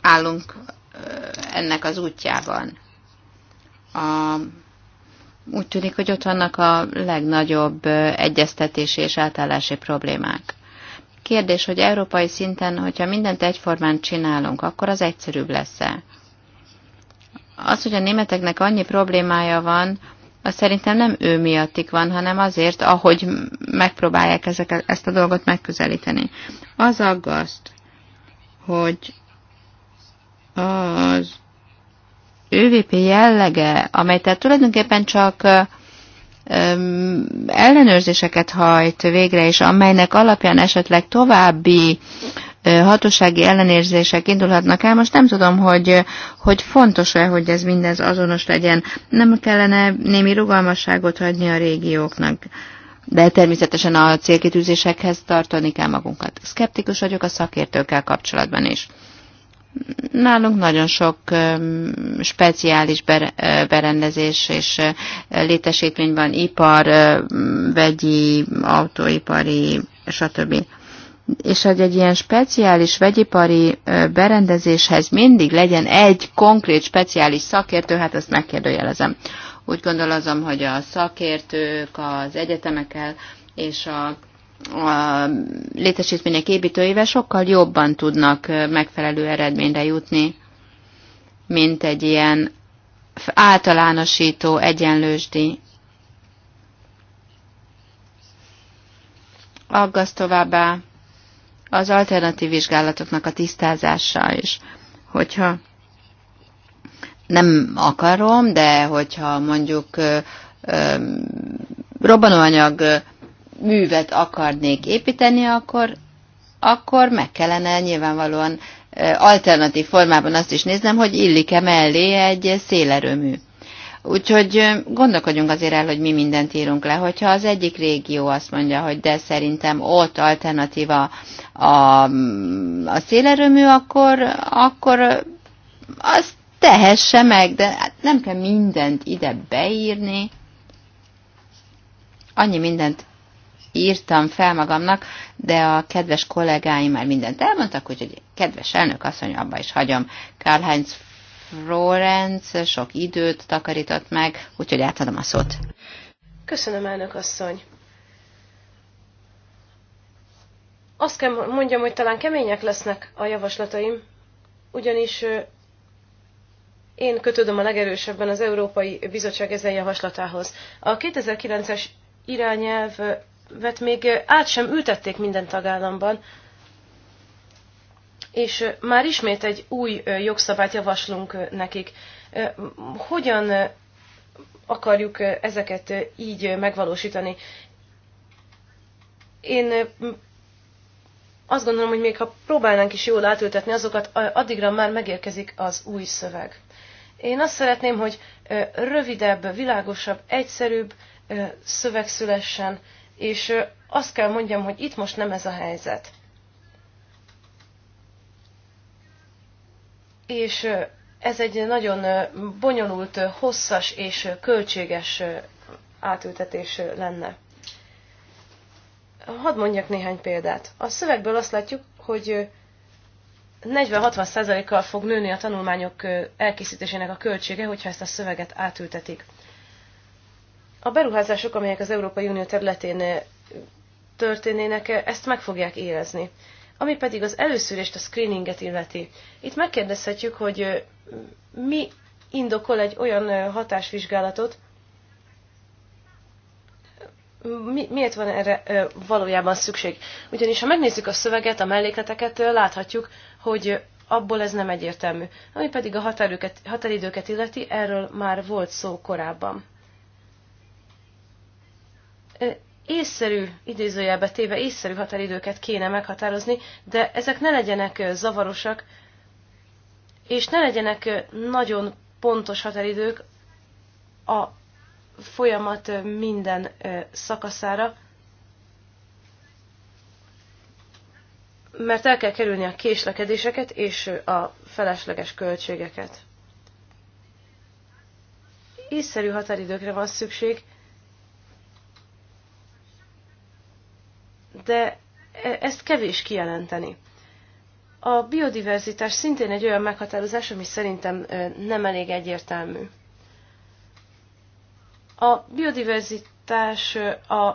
állunk ennek az útjában? A úgy tűnik, hogy ott vannak a legnagyobb egyeztetési és átállási problémák. Kérdés, hogy európai szinten, hogyha mindent egyformán csinálunk, akkor az egyszerűbb lesz-e? Az, hogy a németeknek annyi problémája van, az szerintem nem ő miattik van, hanem azért, ahogy megpróbálják ezek, ezt a dolgot megközelíteni. Az aggaszt, hogy az ÖVP jellege, amely tehát tulajdonképpen csak ellenőrzéseket hajt végre, és amelynek alapján esetleg további hatósági ellenérzések indulhatnak el. Most nem tudom, hogy, hogy fontos-e, hogy ez mindez azonos legyen. Nem kellene némi rugalmasságot hagyni a régióknak. De természetesen a célkitűzésekhez tartani kell magunkat. Szkeptikus vagyok a szakértőkkel kapcsolatban is. Nálunk nagyon sok speciális berendezés és létesítmény van, ipar, vegyi, autóipari, stb. És hogy egy ilyen speciális vegyipari berendezéshez mindig legyen egy konkrét speciális szakértő, hát ezt megkérdőjelezem. Úgy gondolom, hogy a szakértők az egyetemekkel és a a létesítmények építőivel sokkal jobban tudnak megfelelő eredményre jutni, mint egy ilyen általánosító egyenlősdi. Aggaszt továbbá az alternatív vizsgálatoknak a tisztázása is, hogyha nem akarom, de hogyha mondjuk robbanóanyag művet akarnék építeni, akkor, akkor meg kellene nyilvánvalóan alternatív formában azt is néznem, hogy illik-e mellé egy szélerőmű. Úgyhogy gondolkodjunk azért el, hogy mi mindent írunk le. Hogyha az egyik régió azt mondja, hogy de szerintem ott alternatíva a, a szélerőmű, akkor, akkor azt tehesse meg, de hát nem kell mindent ide beírni. Annyi mindent írtam fel magamnak, de a kedves kollégáim már mindent elmondtak, úgyhogy kedves elnök asszony, abba is hagyom. Karl-Heinz Florenz sok időt takarított meg, úgyhogy átadom a szót. Köszönöm, elnök asszony. Azt kell mondjam, hogy talán kemények lesznek a javaslataim, ugyanis én kötődöm a legerősebben az Európai Bizottság ezen javaslatához. A 2009-es irányelv vet még át sem ültették minden tagállamban, és már ismét egy új jogszabályt javaslunk nekik. Hogyan akarjuk ezeket így megvalósítani? Én azt gondolom, hogy még ha próbálnánk is jól átültetni azokat, addigra már megérkezik az új szöveg. Én azt szeretném, hogy rövidebb, világosabb, egyszerűbb szöveg szülessen, és azt kell mondjam, hogy itt most nem ez a helyzet. És ez egy nagyon bonyolult, hosszas és költséges átültetés lenne. Hadd mondjak néhány példát. A szövegből azt látjuk, hogy 40-60%-kal fog nőni a tanulmányok elkészítésének a költsége, hogyha ezt a szöveget átültetik. A beruházások, amelyek az Európai Unió területén eh, történnének, eh, ezt meg fogják érezni. Ami pedig az előszűrést, a screeninget illeti. Itt megkérdezhetjük, hogy eh, mi indokol egy olyan hatásvizsgálatot, mi, miért van erre ö, valójában szükség? Ugyanis ha megnézzük a szöveget, a mellékleteket, ö, láthatjuk, hogy ö, abból ez nem egyértelmű. Ami pedig a határidőket illeti, erről már volt szó korábban észszerű, idézőjelbe téve észszerű határidőket kéne meghatározni, de ezek ne legyenek zavarosak, és ne legyenek nagyon pontos határidők a folyamat minden szakaszára, mert el kell kerülni a késlekedéseket és a felesleges költségeket. Észszerű határidőkre van szükség, de ezt kevés kijelenteni. A biodiverzitás szintén egy olyan meghatározás, ami szerintem nem elég egyértelmű. A biodiverzitás a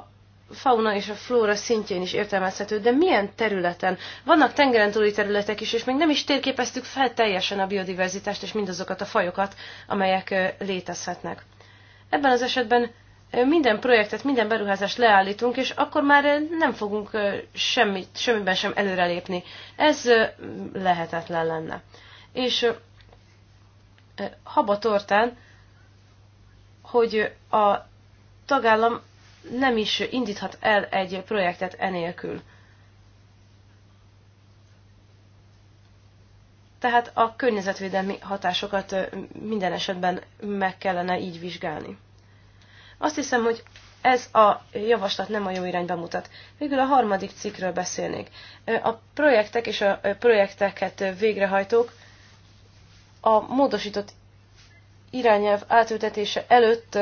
fauna és a flóra szintjén is értelmezhető, de milyen területen? Vannak tengeren túli területek is, és még nem is térképeztük fel teljesen a biodiverzitást és mindazokat a fajokat, amelyek létezhetnek. Ebben az esetben minden projektet, minden beruházást leállítunk, és akkor már nem fogunk semmit, semmiben sem előrelépni. Ez lehetetlen lenne. És haba tortán, hogy a tagállam nem is indíthat el egy projektet enélkül. Tehát a környezetvédelmi hatásokat minden esetben meg kellene így vizsgálni. Azt hiszem, hogy ez a javaslat nem a jó irányba mutat. Végül a harmadik cikkről beszélnék. A projektek és a projekteket végrehajtók a módosított irányelv átültetése előtt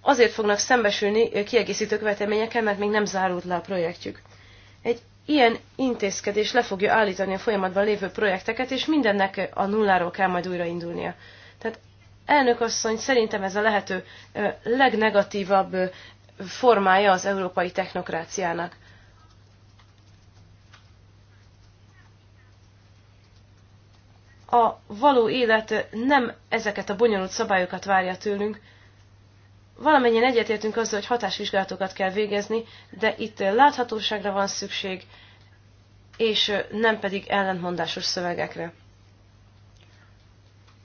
azért fognak szembesülni kiegészítő követelményekkel, mert még nem zárult le a projektjük. Egy ilyen intézkedés le fogja állítani a folyamatban lévő projekteket, és mindennek a nulláról kell majd újraindulnia. Tehát Elnök asszony, szerintem ez a lehető legnegatívabb formája az európai technokráciának. a való élet nem ezeket a bonyolult szabályokat várja tőlünk. Valamennyien egyetértünk azzal, hogy hatásvizsgálatokat kell végezni, de itt láthatóságra van szükség, és nem pedig ellentmondásos szövegekre.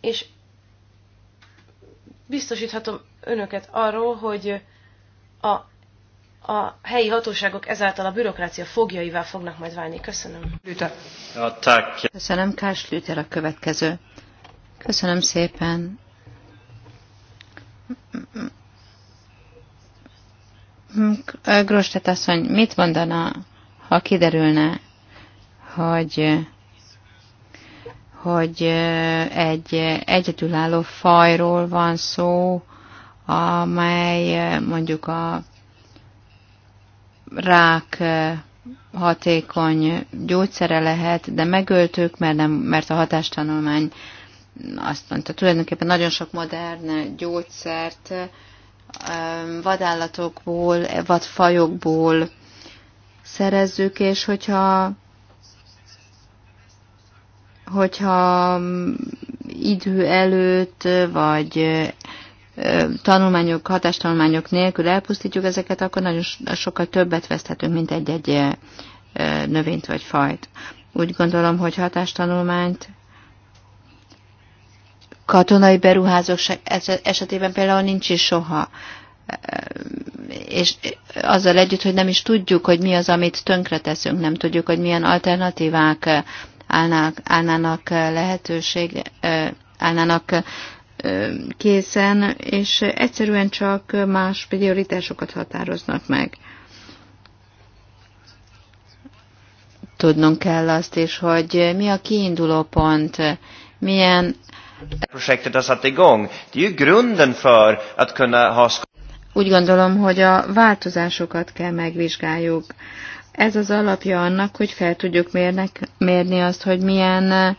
És biztosíthatom önöket arról, hogy a, a helyi hatóságok ezáltal a bürokrácia fogjaival fognak majd válni. Köszönöm. Köszönöm, Kárs Lüter a következő. Köszönöm szépen. Grostet asszony, mit mondana, ha kiderülne, hogy hogy egy egyedülálló fajról van szó, amely mondjuk a rák hatékony gyógyszere lehet, de megöltük, mert, nem, mert a hatástanulmány azt mondta, tulajdonképpen nagyon sok modern gyógyszert vadállatokból, vadfajokból szerezzük, és hogyha hogyha mm, idő előtt, vagy tanulmányok, hatástanulmányok nélkül elpusztítjuk ezeket, akkor nagyon sokkal többet veszthetünk, mint egy-egy növényt vagy fajt. Úgy gondolom, hogy hatástanulmányt katonai beruházók esetében például nincs is soha. És azzal együtt, hogy nem is tudjuk, hogy mi az, amit tönkreteszünk, nem tudjuk, hogy milyen alternatívák állnának, állnának lehetőség, állnának készen, és egyszerűen csak más prioritásokat határoznak meg. Tudnunk kell azt is, hogy mi a kiinduló pont, milyen projektet az hat igång. Det är grunden för att kunna ha úgy gondolom, hogy a változásokat kell megvizsgáljuk. Ez az alapja annak, hogy fel tudjuk mérnek, mérni azt, hogy milyen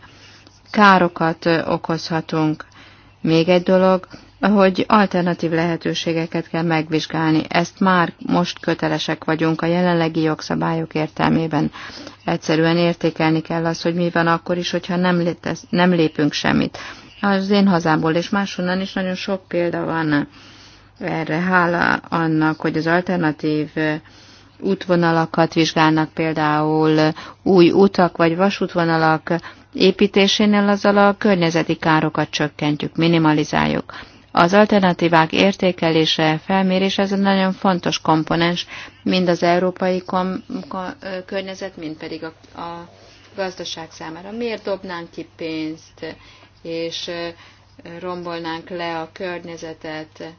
károkat okozhatunk. Még egy dolog, hogy alternatív lehetőségeket kell megvizsgálni. Ezt már most kötelesek vagyunk a jelenlegi jogszabályok értelmében. Egyszerűen értékelni kell az, hogy mi van akkor is, hogyha nem, létez, nem lépünk semmit. Az én hazámból és máshonnan is nagyon sok példa van erre. Hála annak, hogy az alternatív útvonalakat vizsgálnak, például új utak vagy vasútvonalak építésénél azzal a környezeti károkat csökkentjük, minimalizáljuk. Az alternatívák értékelése, felmérés ez egy nagyon fontos komponens, mind az európai kom- környezet, mind pedig a, a gazdaság számára. Miért dobnánk ki pénzt, és rombolnánk le a környezetet?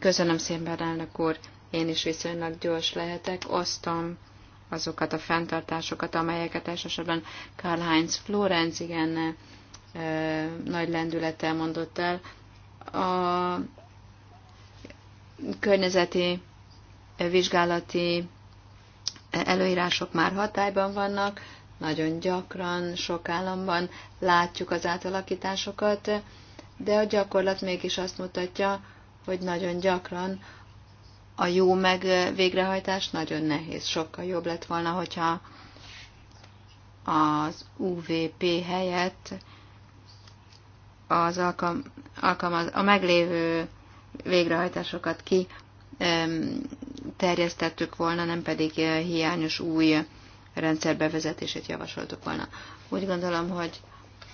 Köszönöm szépen, elnök úr én is viszonylag gyors lehetek, osztom azokat a fenntartásokat, amelyeket elsősorban Karl Heinz Florenz igen e, nagy lendülettel mondott el. A környezeti vizsgálati előírások már hatályban vannak, nagyon gyakran sok államban látjuk az átalakításokat, de a gyakorlat mégis azt mutatja, hogy nagyon gyakran a jó meg végrehajtás nagyon nehéz. Sokkal jobb lett volna, hogyha az UVP helyett az alkalm, alkalmaz, a meglévő végrehajtásokat ki terjesztettük volna, nem pedig hiányos új rendszer bevezetését javasoltuk volna. Úgy gondolom, hogy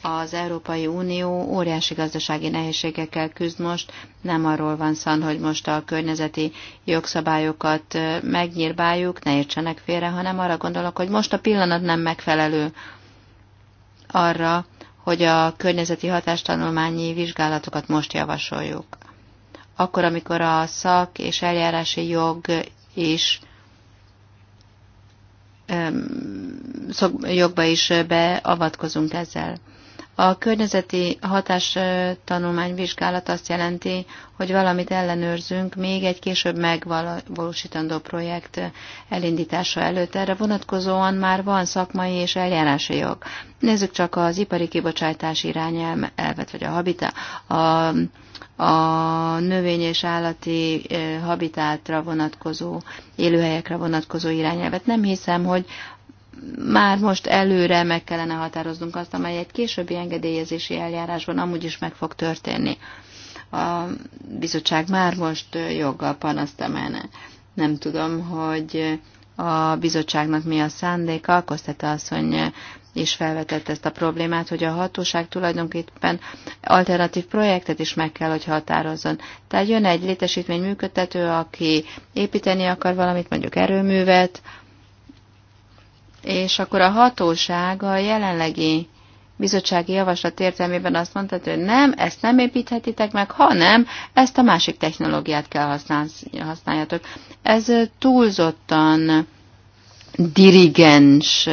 az Európai Unió óriási gazdasági nehézségekkel küzd most. Nem arról van szan, hogy most a környezeti jogszabályokat megnyírbáljuk, ne értsenek félre, hanem arra gondolok, hogy most a pillanat nem megfelelő arra, hogy a környezeti hatástanulmányi vizsgálatokat most javasoljuk. Akkor, amikor a szak és eljárási jog is jogba is beavatkozunk ezzel. A környezeti hatás tanulmány vizsgálat azt jelenti, hogy valamit ellenőrzünk még egy később megvalósítandó projekt elindítása előtt. Erre vonatkozóan már van szakmai és eljárási jog. Nézzük csak az ipari kibocsátás irányelvet, vagy a habita, a, a növény és állati eh, habitátra vonatkozó, élőhelyekre vonatkozó irányelvet. Nem hiszem, hogy már most előre meg kellene határoznunk azt, amely egy későbbi engedélyezési eljárásban amúgy is meg fog történni. A bizottság már most joggal panaszt emelne. Nem tudom, hogy a bizottságnak mi a szándéka, Kosztete asszony is felvetett ezt a problémát, hogy a hatóság tulajdonképpen alternatív projektet is meg kell, hogy határozzon. Tehát jön egy létesítmény működtető, aki építeni akar valamit, mondjuk erőművet, és akkor a hatóság a jelenlegi bizottsági javaslat értelmében azt mondta, hogy nem, ezt nem építhetitek meg, hanem ezt a másik technológiát kell használjatok. Ez túlzottan dirigens,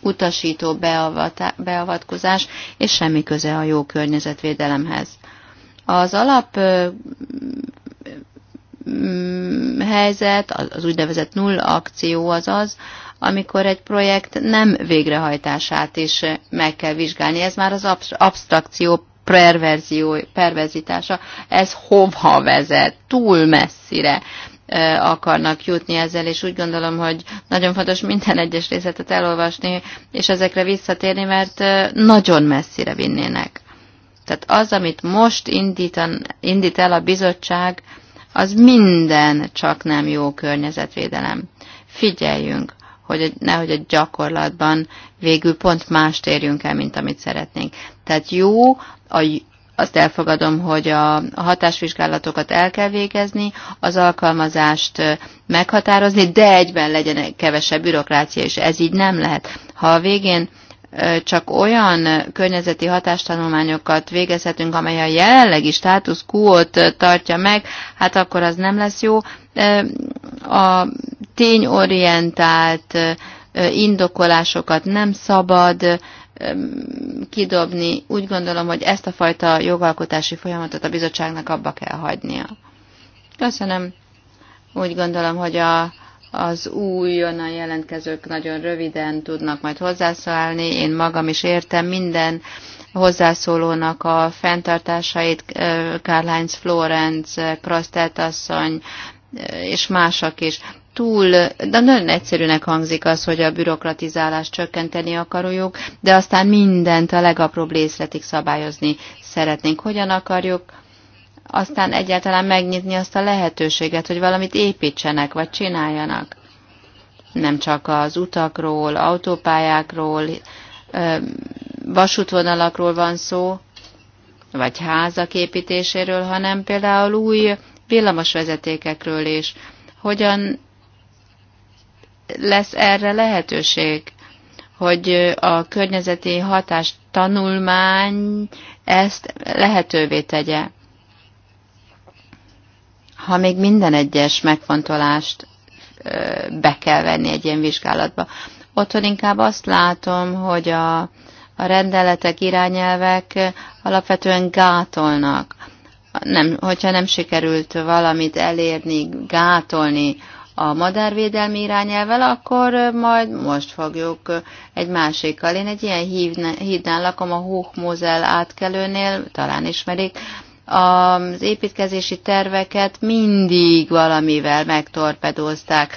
utasító beavatkozás, és semmi köze a jó környezetvédelemhez. Az alap helyzet, az úgynevezett null akció az az, amikor egy projekt nem végrehajtását is meg kell vizsgálni. Ez már az abstrakció perverzió, perverzitása, ez hova vezet, túl messzire akarnak jutni ezzel, és úgy gondolom, hogy nagyon fontos minden egyes részletet elolvasni, és ezekre visszatérni, mert nagyon messzire vinnének. Tehát az, amit most indítan, indít el a bizottság, az minden csak nem jó környezetvédelem. Figyeljünk! hogy nehogy a gyakorlatban végül pont mást érjünk el, mint amit szeretnénk. Tehát jó, a, azt elfogadom, hogy a hatásvizsgálatokat el kell végezni, az alkalmazást meghatározni, de egyben legyen kevesebb bürokrácia, és ez így nem lehet. Ha a végén csak olyan környezeti hatástanulmányokat végezhetünk, amely a jelenlegi státusz quo tartja meg, hát akkor az nem lesz jó. A tényorientált indokolásokat nem szabad kidobni. Úgy gondolom, hogy ezt a fajta jogalkotási folyamatot a bizottságnak abba kell hagynia. Köszönöm. Úgy gondolom, hogy a, az újonnan jelentkezők nagyon röviden tudnak majd hozzászólni. Én magam is értem minden hozzászólónak a fenntartásait, Karl-Heinz Florenz, Krasztelt asszony és mások is túl, de nagyon egyszerűnek hangzik az, hogy a bürokratizálást csökkenteni akarjuk, de aztán mindent a legapróbb részletig szabályozni szeretnénk. Hogyan akarjuk aztán egyáltalán megnyitni azt a lehetőséget, hogy valamit építsenek vagy csináljanak? Nem csak az utakról, autópályákról, vasútvonalakról van szó, vagy házak építéséről, hanem például új villamosvezetékekről is. Hogyan lesz erre lehetőség, hogy a környezeti hatás tanulmány ezt lehetővé tegye. Ha még minden egyes megfontolást be kell venni egy ilyen vizsgálatba. Otthon inkább azt látom, hogy a, a rendeletek, irányelvek alapvetően gátolnak. Nem, hogyha nem sikerült valamit elérni, gátolni, a madárvédelmi irányelvel, akkor majd most fogjuk egy másikkal. Én egy ilyen hídnál lakom a Hochmosel átkelőnél, talán ismerik, az építkezési terveket mindig valamivel megtorpedózták.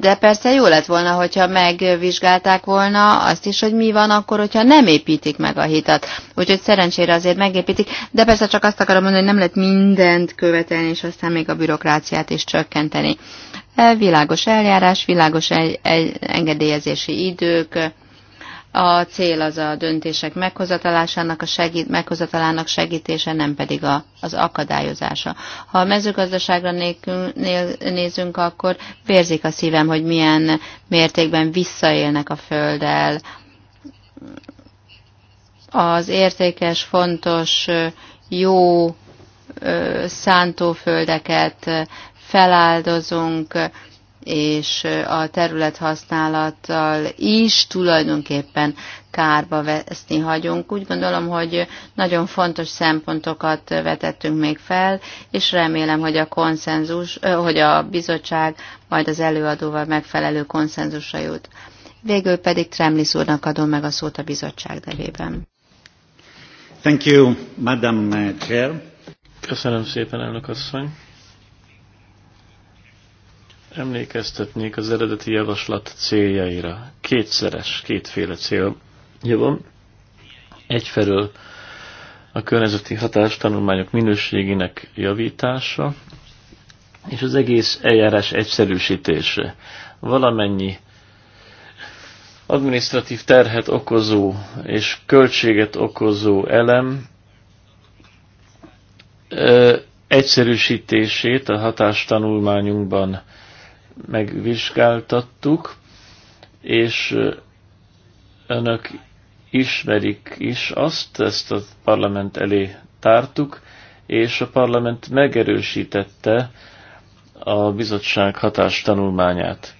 De persze jó lett volna, hogyha megvizsgálták volna azt is, hogy mi van akkor, hogyha nem építik meg a hitat. Úgyhogy szerencsére azért megépítik, de persze csak azt akarom mondani, hogy nem lehet mindent követelni, és aztán még a bürokráciát is csökkenteni. Világos eljárás, világos egy, egy engedélyezési idők, a cél az a döntések meghozatalásának, a segít, meghozatalának segítése, nem pedig a, az akadályozása. Ha a mezőgazdaságra nékünk, nél, nézünk, akkor vérzik a szívem, hogy milyen mértékben visszaélnek a földdel. Az értékes, fontos, jó szántóföldeket feláldozunk, és a területhasználattal is tulajdonképpen kárba veszni hagyunk. Úgy gondolom, hogy nagyon fontos szempontokat vetettünk még fel, és remélem, hogy a konszenzus, hogy a bizottság majd az előadóval megfelelő konszenzusra jut. Végül pedig Tremlis úrnak adom meg a szót a bizottság nevében. Thank you, Madam Chair. Köszönöm szépen, elnök asszony emlékeztetnék az eredeti javaslat céljaira. Kétszeres, kétféle célja van. Egyfelől a környezeti hatástanulmányok minőségének javítása, és az egész eljárás egyszerűsítése. Valamennyi administratív terhet okozó és költséget okozó elem egyszerűsítését a hatástanulmányunkban megvizsgáltattuk, és önök ismerik is azt, ezt a parlament elé tártuk, és a parlament megerősítette a bizottság hatástanulmányát.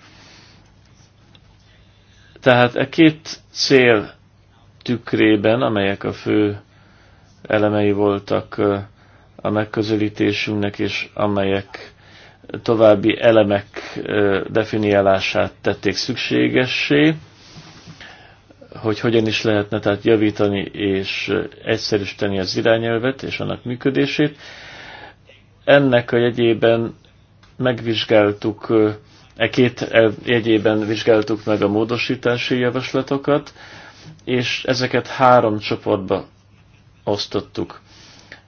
Tehát e két cél tükrében, amelyek a fő elemei voltak a megközelítésünknek, és amelyek további elemek definiálását tették szükségessé, hogy hogyan is lehetne tehát javítani és egyszerűsíteni az irányelvet és annak működését. Ennek a jegyében megvizsgáltuk, e két jegyében vizsgáltuk meg a módosítási javaslatokat, és ezeket három csoportba osztottuk.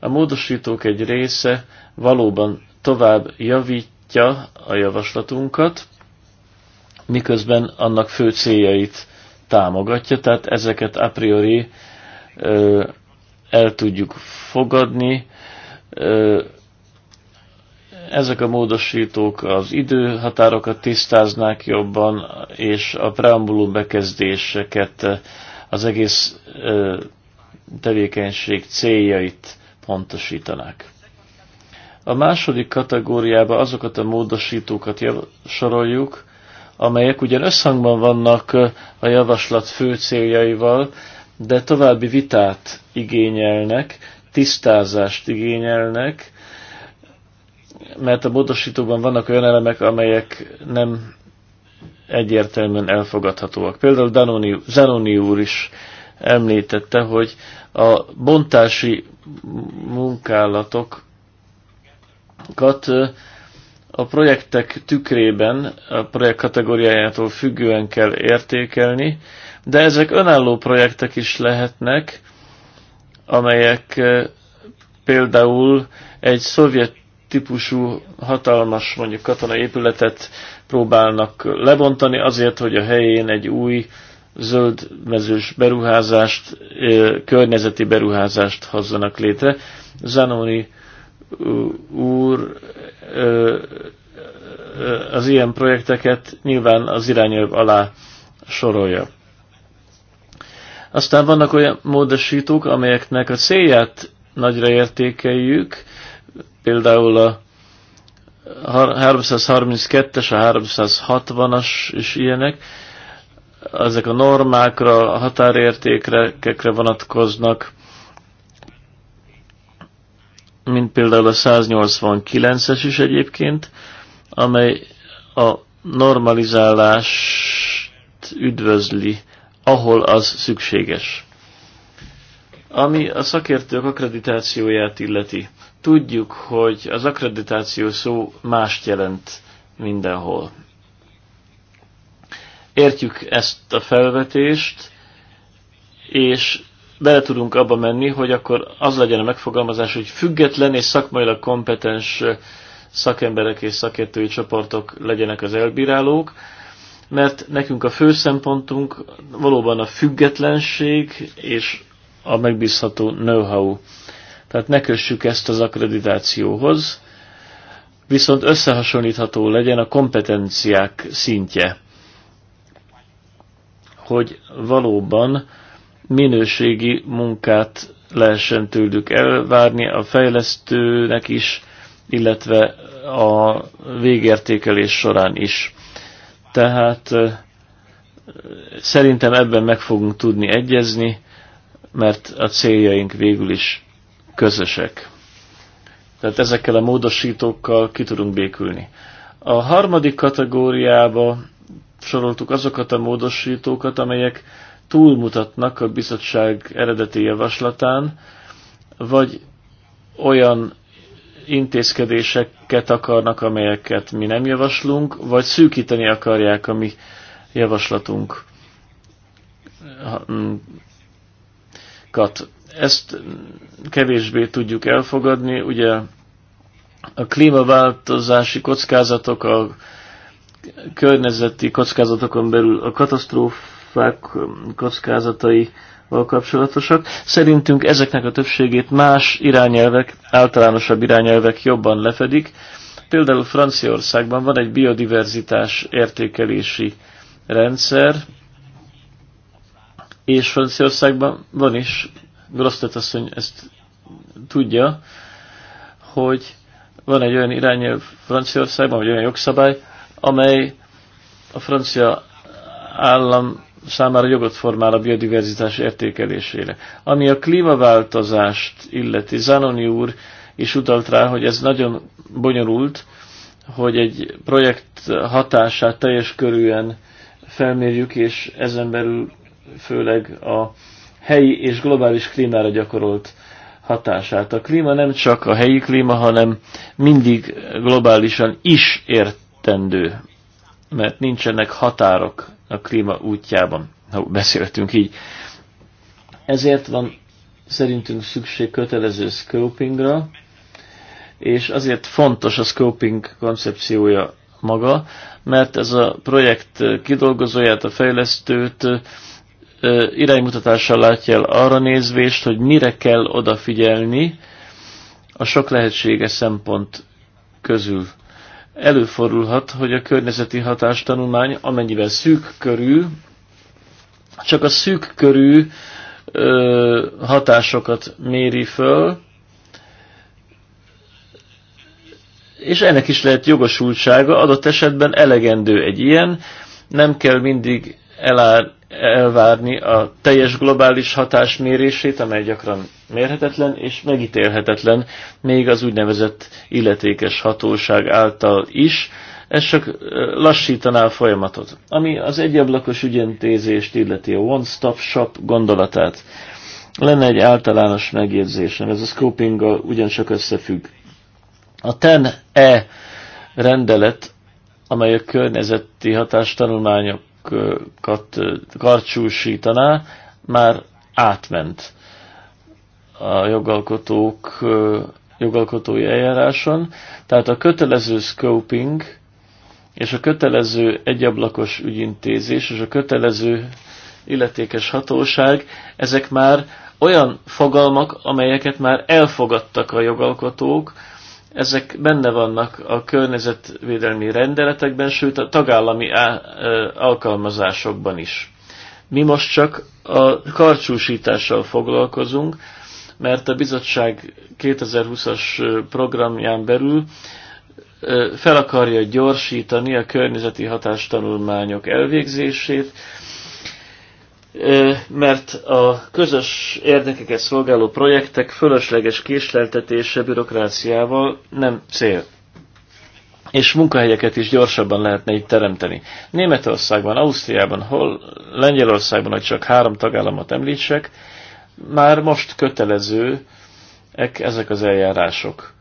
A módosítók egy része valóban tovább javítja a javaslatunkat, miközben annak fő céljait támogatja, tehát ezeket a priori ö, el tudjuk fogadni. Ö, ezek a módosítók az időhatárokat tisztáznák jobban, és a preambulum bekezdéseket, az egész ö, tevékenység céljait pontosítanák. A második kategóriába azokat a módosítókat soroljuk, amelyek ugyan összhangban vannak a javaslat fő céljaival, de további vitát igényelnek, tisztázást igényelnek, mert a módosítóban vannak olyan elemek, amelyek nem egyértelműen elfogadhatóak. Például Danoni, Zanoni úr is említette, hogy a bontási munkálatok a projektek tükrében, a projekt kategóriájától függően kell értékelni, de ezek önálló projektek is lehetnek, amelyek például egy szovjet típusú hatalmas mondjuk katonai épületet próbálnak lebontani azért, hogy a helyén egy új zöld beruházást, környezeti beruházást hozzanak létre. Zanoni úr az ilyen projekteket nyilván az irányelv alá sorolja. Aztán vannak olyan módosítók, amelyeknek a célját nagyra értékeljük, például a 332-es, a 360-as és ilyenek, ezek a normákra, a határértékre vonatkoznak, mint például a 189-es is egyébként, amely a normalizálást üdvözli, ahol az szükséges. Ami a szakértők akkreditációját illeti, tudjuk, hogy az akkreditáció szó mást jelent mindenhol. Értjük ezt a felvetést, és bele tudunk abba menni, hogy akkor az legyen a megfogalmazás, hogy független és szakmailag kompetens szakemberek és szakértői csoportok legyenek az elbírálók, mert nekünk a fő szempontunk valóban a függetlenség és a megbízható know-how. Tehát ne kössük ezt az akkreditációhoz, viszont összehasonlítható legyen a kompetenciák szintje, hogy valóban minőségi munkát lehessen tőlük elvárni a fejlesztőnek is, illetve a végértékelés során is. Tehát szerintem ebben meg fogunk tudni egyezni, mert a céljaink végül is közösek. Tehát ezekkel a módosítókkal ki tudunk békülni. A harmadik kategóriába soroltuk azokat a módosítókat, amelyek túlmutatnak a bizottság eredeti javaslatán, vagy olyan intézkedéseket akarnak, amelyeket mi nem javaslunk, vagy szűkíteni akarják a mi javaslatunkat. Ezt kevésbé tudjuk elfogadni, ugye a klímaváltozási kockázatok, a környezeti kockázatokon belül a katasztróf fák kockázataival kapcsolatosak. Szerintünk ezeknek a többségét más irányelvek, általánosabb irányelvek jobban lefedik. Például Franciaországban van egy biodiverzitás értékelési rendszer, és Franciaországban van is, Grosztet asszony ezt tudja, hogy van egy olyan irányelv Franciaországban, vagy olyan jogszabály, amely a francia állam számára jogot formál a biodiverzitás értékelésére. Ami a klímaváltozást illeti, Zanoni úr is utalt rá, hogy ez nagyon bonyolult, hogy egy projekt hatását teljes körűen felmérjük, és ezen belül főleg a helyi és globális klímára gyakorolt hatását. A klíma nem csak a helyi klíma, hanem mindig globálisan is értendő, mert nincsenek határok a klíma útjában, ha beszéltünk így. Ezért van szerintünk szükség kötelező scopingra, és azért fontos a scoping koncepciója maga, mert ez a projekt kidolgozóját, a fejlesztőt iránymutatással látja el arra nézvést, hogy mire kell odafigyelni a sok lehetséges szempont közül előfordulhat, hogy a környezeti hatástanulmány amennyiben szűk körű, csak a szűk körű ö, hatásokat méri föl, és ennek is lehet jogosultsága, adott esetben elegendő egy ilyen, nem kell mindig elár, elvárni a teljes globális hatás mérését, amely gyakran mérhetetlen és megítélhetetlen, még az úgynevezett illetékes hatóság által is. Ez csak lassítaná a folyamatot. Ami az egyablakos ügyintézést illeti a one-stop shop gondolatát. Lenne egy általános megjegyzésem, ez a scopinggal ugyancsak összefügg. A TEN-E rendelet, amely a környezeti hatástanulmányok karcsúsítaná, már átment a jogalkotók jogalkotói eljáráson. Tehát a kötelező scoping és a kötelező egyablakos ügyintézés és a kötelező illetékes hatóság, ezek már olyan fogalmak, amelyeket már elfogadtak a jogalkotók, ezek benne vannak a környezetvédelmi rendeletekben, sőt a tagállami alkalmazásokban is. Mi most csak a karcsúsítással foglalkozunk, mert a bizottság 2020-as programján belül fel akarja gyorsítani a környezeti hatástanulmányok elvégzését, mert a közös érdekeket szolgáló projektek fölösleges késleltetése bürokráciával nem cél. És munkahelyeket is gyorsabban lehetne itt teremteni. Németországban, Ausztriában, hol Lengyelországban, hogy csak három tagállamot említsek, már most kötelező ezek az eljárások.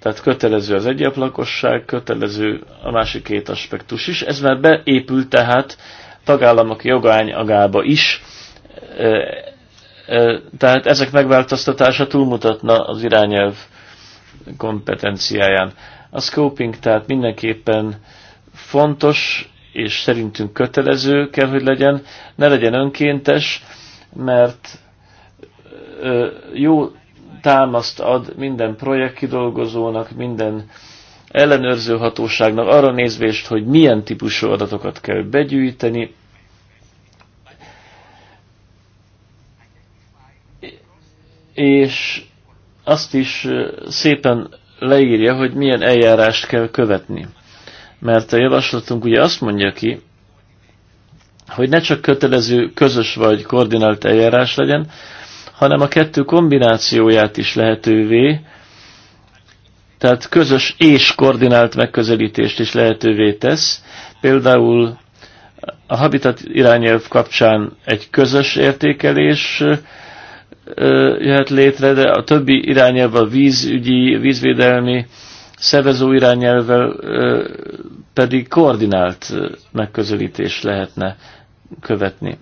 Tehát kötelező az egyablakosság, kötelező a másik két aspektus is. Ez már beépült tehát tagállamok jogányagába is, tehát ezek megváltoztatása túlmutatna az irányelv kompetenciáján. A scoping tehát mindenképpen fontos, és szerintünk kötelező kell, hogy legyen, ne legyen önkéntes, mert jó támaszt ad minden projektkidolgozónak, minden ellenőrző hatóságnak arra nézvést, hogy milyen típusú adatokat kell begyűjteni, és azt is szépen leírja, hogy milyen eljárást kell követni. Mert a javaslatunk ugye azt mondja ki, hogy ne csak kötelező, közös vagy koordinált eljárás legyen, hanem a kettő kombinációját is lehetővé tehát közös és koordinált megközelítést is lehetővé tesz. Például a habitat irányelv kapcsán egy közös értékelés jöhet létre, de a többi irányelv a vízügyi, vízvédelmi, szervező irányelvvel pedig koordinált megközelítés lehetne követni.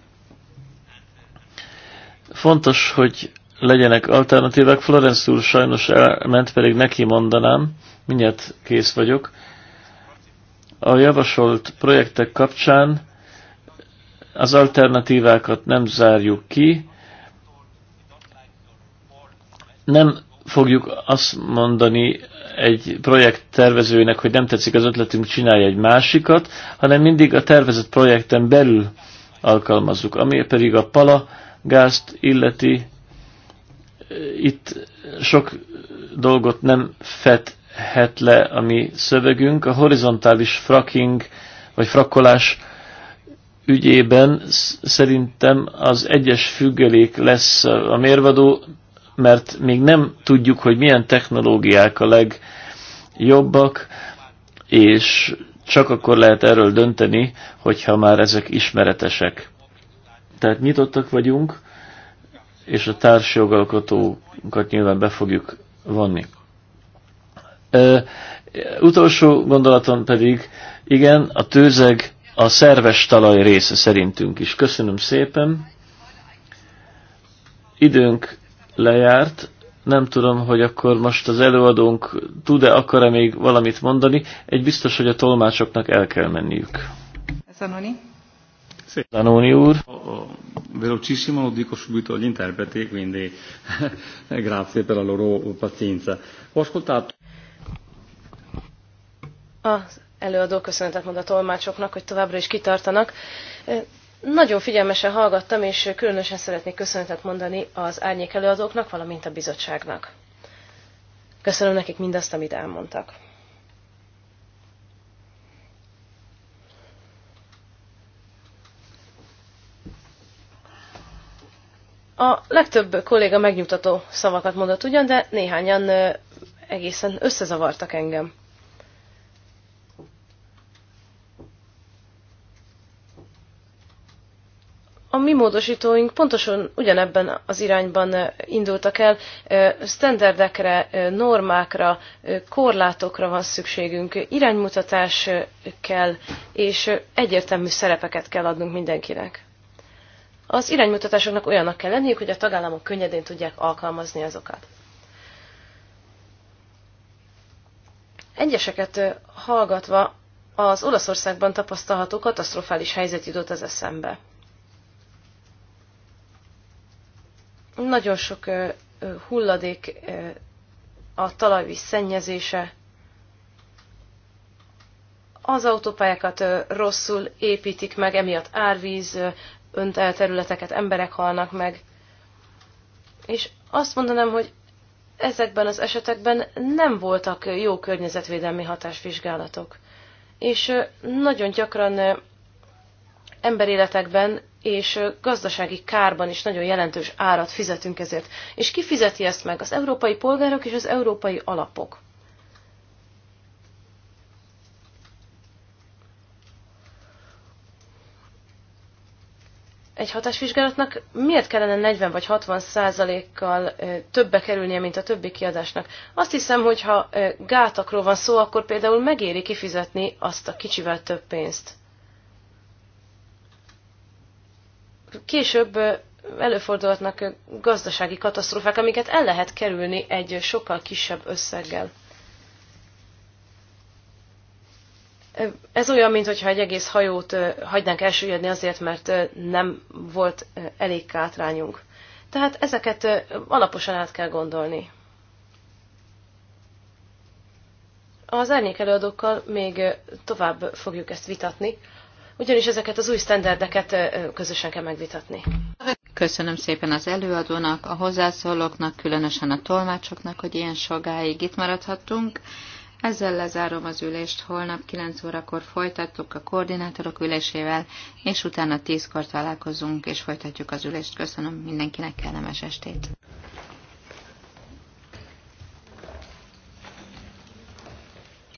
Fontos, hogy legyenek alternatívek. Florence úr sajnos elment, pedig neki mondanám, mindjárt kész vagyok. A javasolt projektek kapcsán az alternatívákat nem zárjuk ki, nem fogjuk azt mondani egy projekt tervezőjének, hogy nem tetszik az ötletünk, csinálj egy másikat, hanem mindig a tervezett projekten belül alkalmazzuk. Ami pedig a pala gázt illeti, itt sok dolgot nem fedhet le a mi szövegünk. A horizontális fracking vagy frakkolás ügyében szerintem az egyes függelék lesz a mérvadó, mert még nem tudjuk, hogy milyen technológiák a legjobbak, és csak akkor lehet erről dönteni, hogyha már ezek ismeretesek. Tehát nyitottak vagyunk és a társjogalkotókat nyilván be fogjuk vonni. Ö, utolsó gondolaton pedig, igen, a tőzeg a szerves talaj része szerintünk is. Köszönöm szépen. Időnk lejárt. Nem tudom, hogy akkor most az előadónk tud-e, akar-e még valamit mondani. Egy biztos, hogy a tolmácsoknak el kell menniük. Zanoni? Zanoni úr velocissimo, lo dico subito agli interpreti, quindi grazie per la loro pazienza. Ho ascoltato. Az előadó köszönetet mond a tolmácsoknak, hogy továbbra is kitartanak. Nagyon figyelmesen hallgattam, és különösen szeretnék köszönetet mondani az árnyék előadóknak, valamint a bizottságnak. Köszönöm nekik mindazt, amit elmondtak. A legtöbb kolléga megnyugtató szavakat mondott ugyan, de néhányan egészen összezavartak engem. A mi módosítóink pontosan ugyanebben az irányban indultak el. Standardekre, normákra, korlátokra van szükségünk, iránymutatás kell, és egyértelmű szerepeket kell adnunk mindenkinek. Az iránymutatásoknak olyannak kell lenniük, hogy a tagállamok könnyedén tudják alkalmazni azokat. Egyeseket hallgatva az Olaszországban tapasztalható katasztrofális helyzet jutott az eszembe. Nagyon sok hulladék a talajvíz szennyezése, az autópályákat rosszul építik meg, emiatt árvíz, önt el területeket, emberek halnak meg. És azt mondanám, hogy ezekben az esetekben nem voltak jó környezetvédelmi hatásvizsgálatok. És nagyon gyakran emberéletekben és gazdasági kárban is nagyon jelentős árat fizetünk ezért. És ki fizeti ezt meg? Az európai polgárok és az európai alapok. egy hatásvizsgálatnak miért kellene 40 vagy 60 százalékkal többe kerülnie, mint a többi kiadásnak? Azt hiszem, hogy ha gátakról van szó, akkor például megéri kifizetni azt a kicsivel több pénzt. Később előfordulhatnak gazdasági katasztrófák, amiket el lehet kerülni egy sokkal kisebb összeggel. Ez olyan, mintha egy egész hajót hagynánk elsüllyedni azért, mert nem volt elég kátrányunk. Tehát ezeket alaposan át kell gondolni. Az árnyékelőadókkal még tovább fogjuk ezt vitatni, ugyanis ezeket az új sztenderdeket közösen kell megvitatni. Köszönöm szépen az előadónak, a hozzászólóknak, különösen a tolmácsoknak, hogy ilyen sokáig itt maradhattunk. Ezzel lezárom az ülést, holnap 9 órakor folytatjuk a koordinátorok ülésével, és utána 10-kor találkozunk, és folytatjuk az ülést. Köszönöm mindenkinek kellemes estét!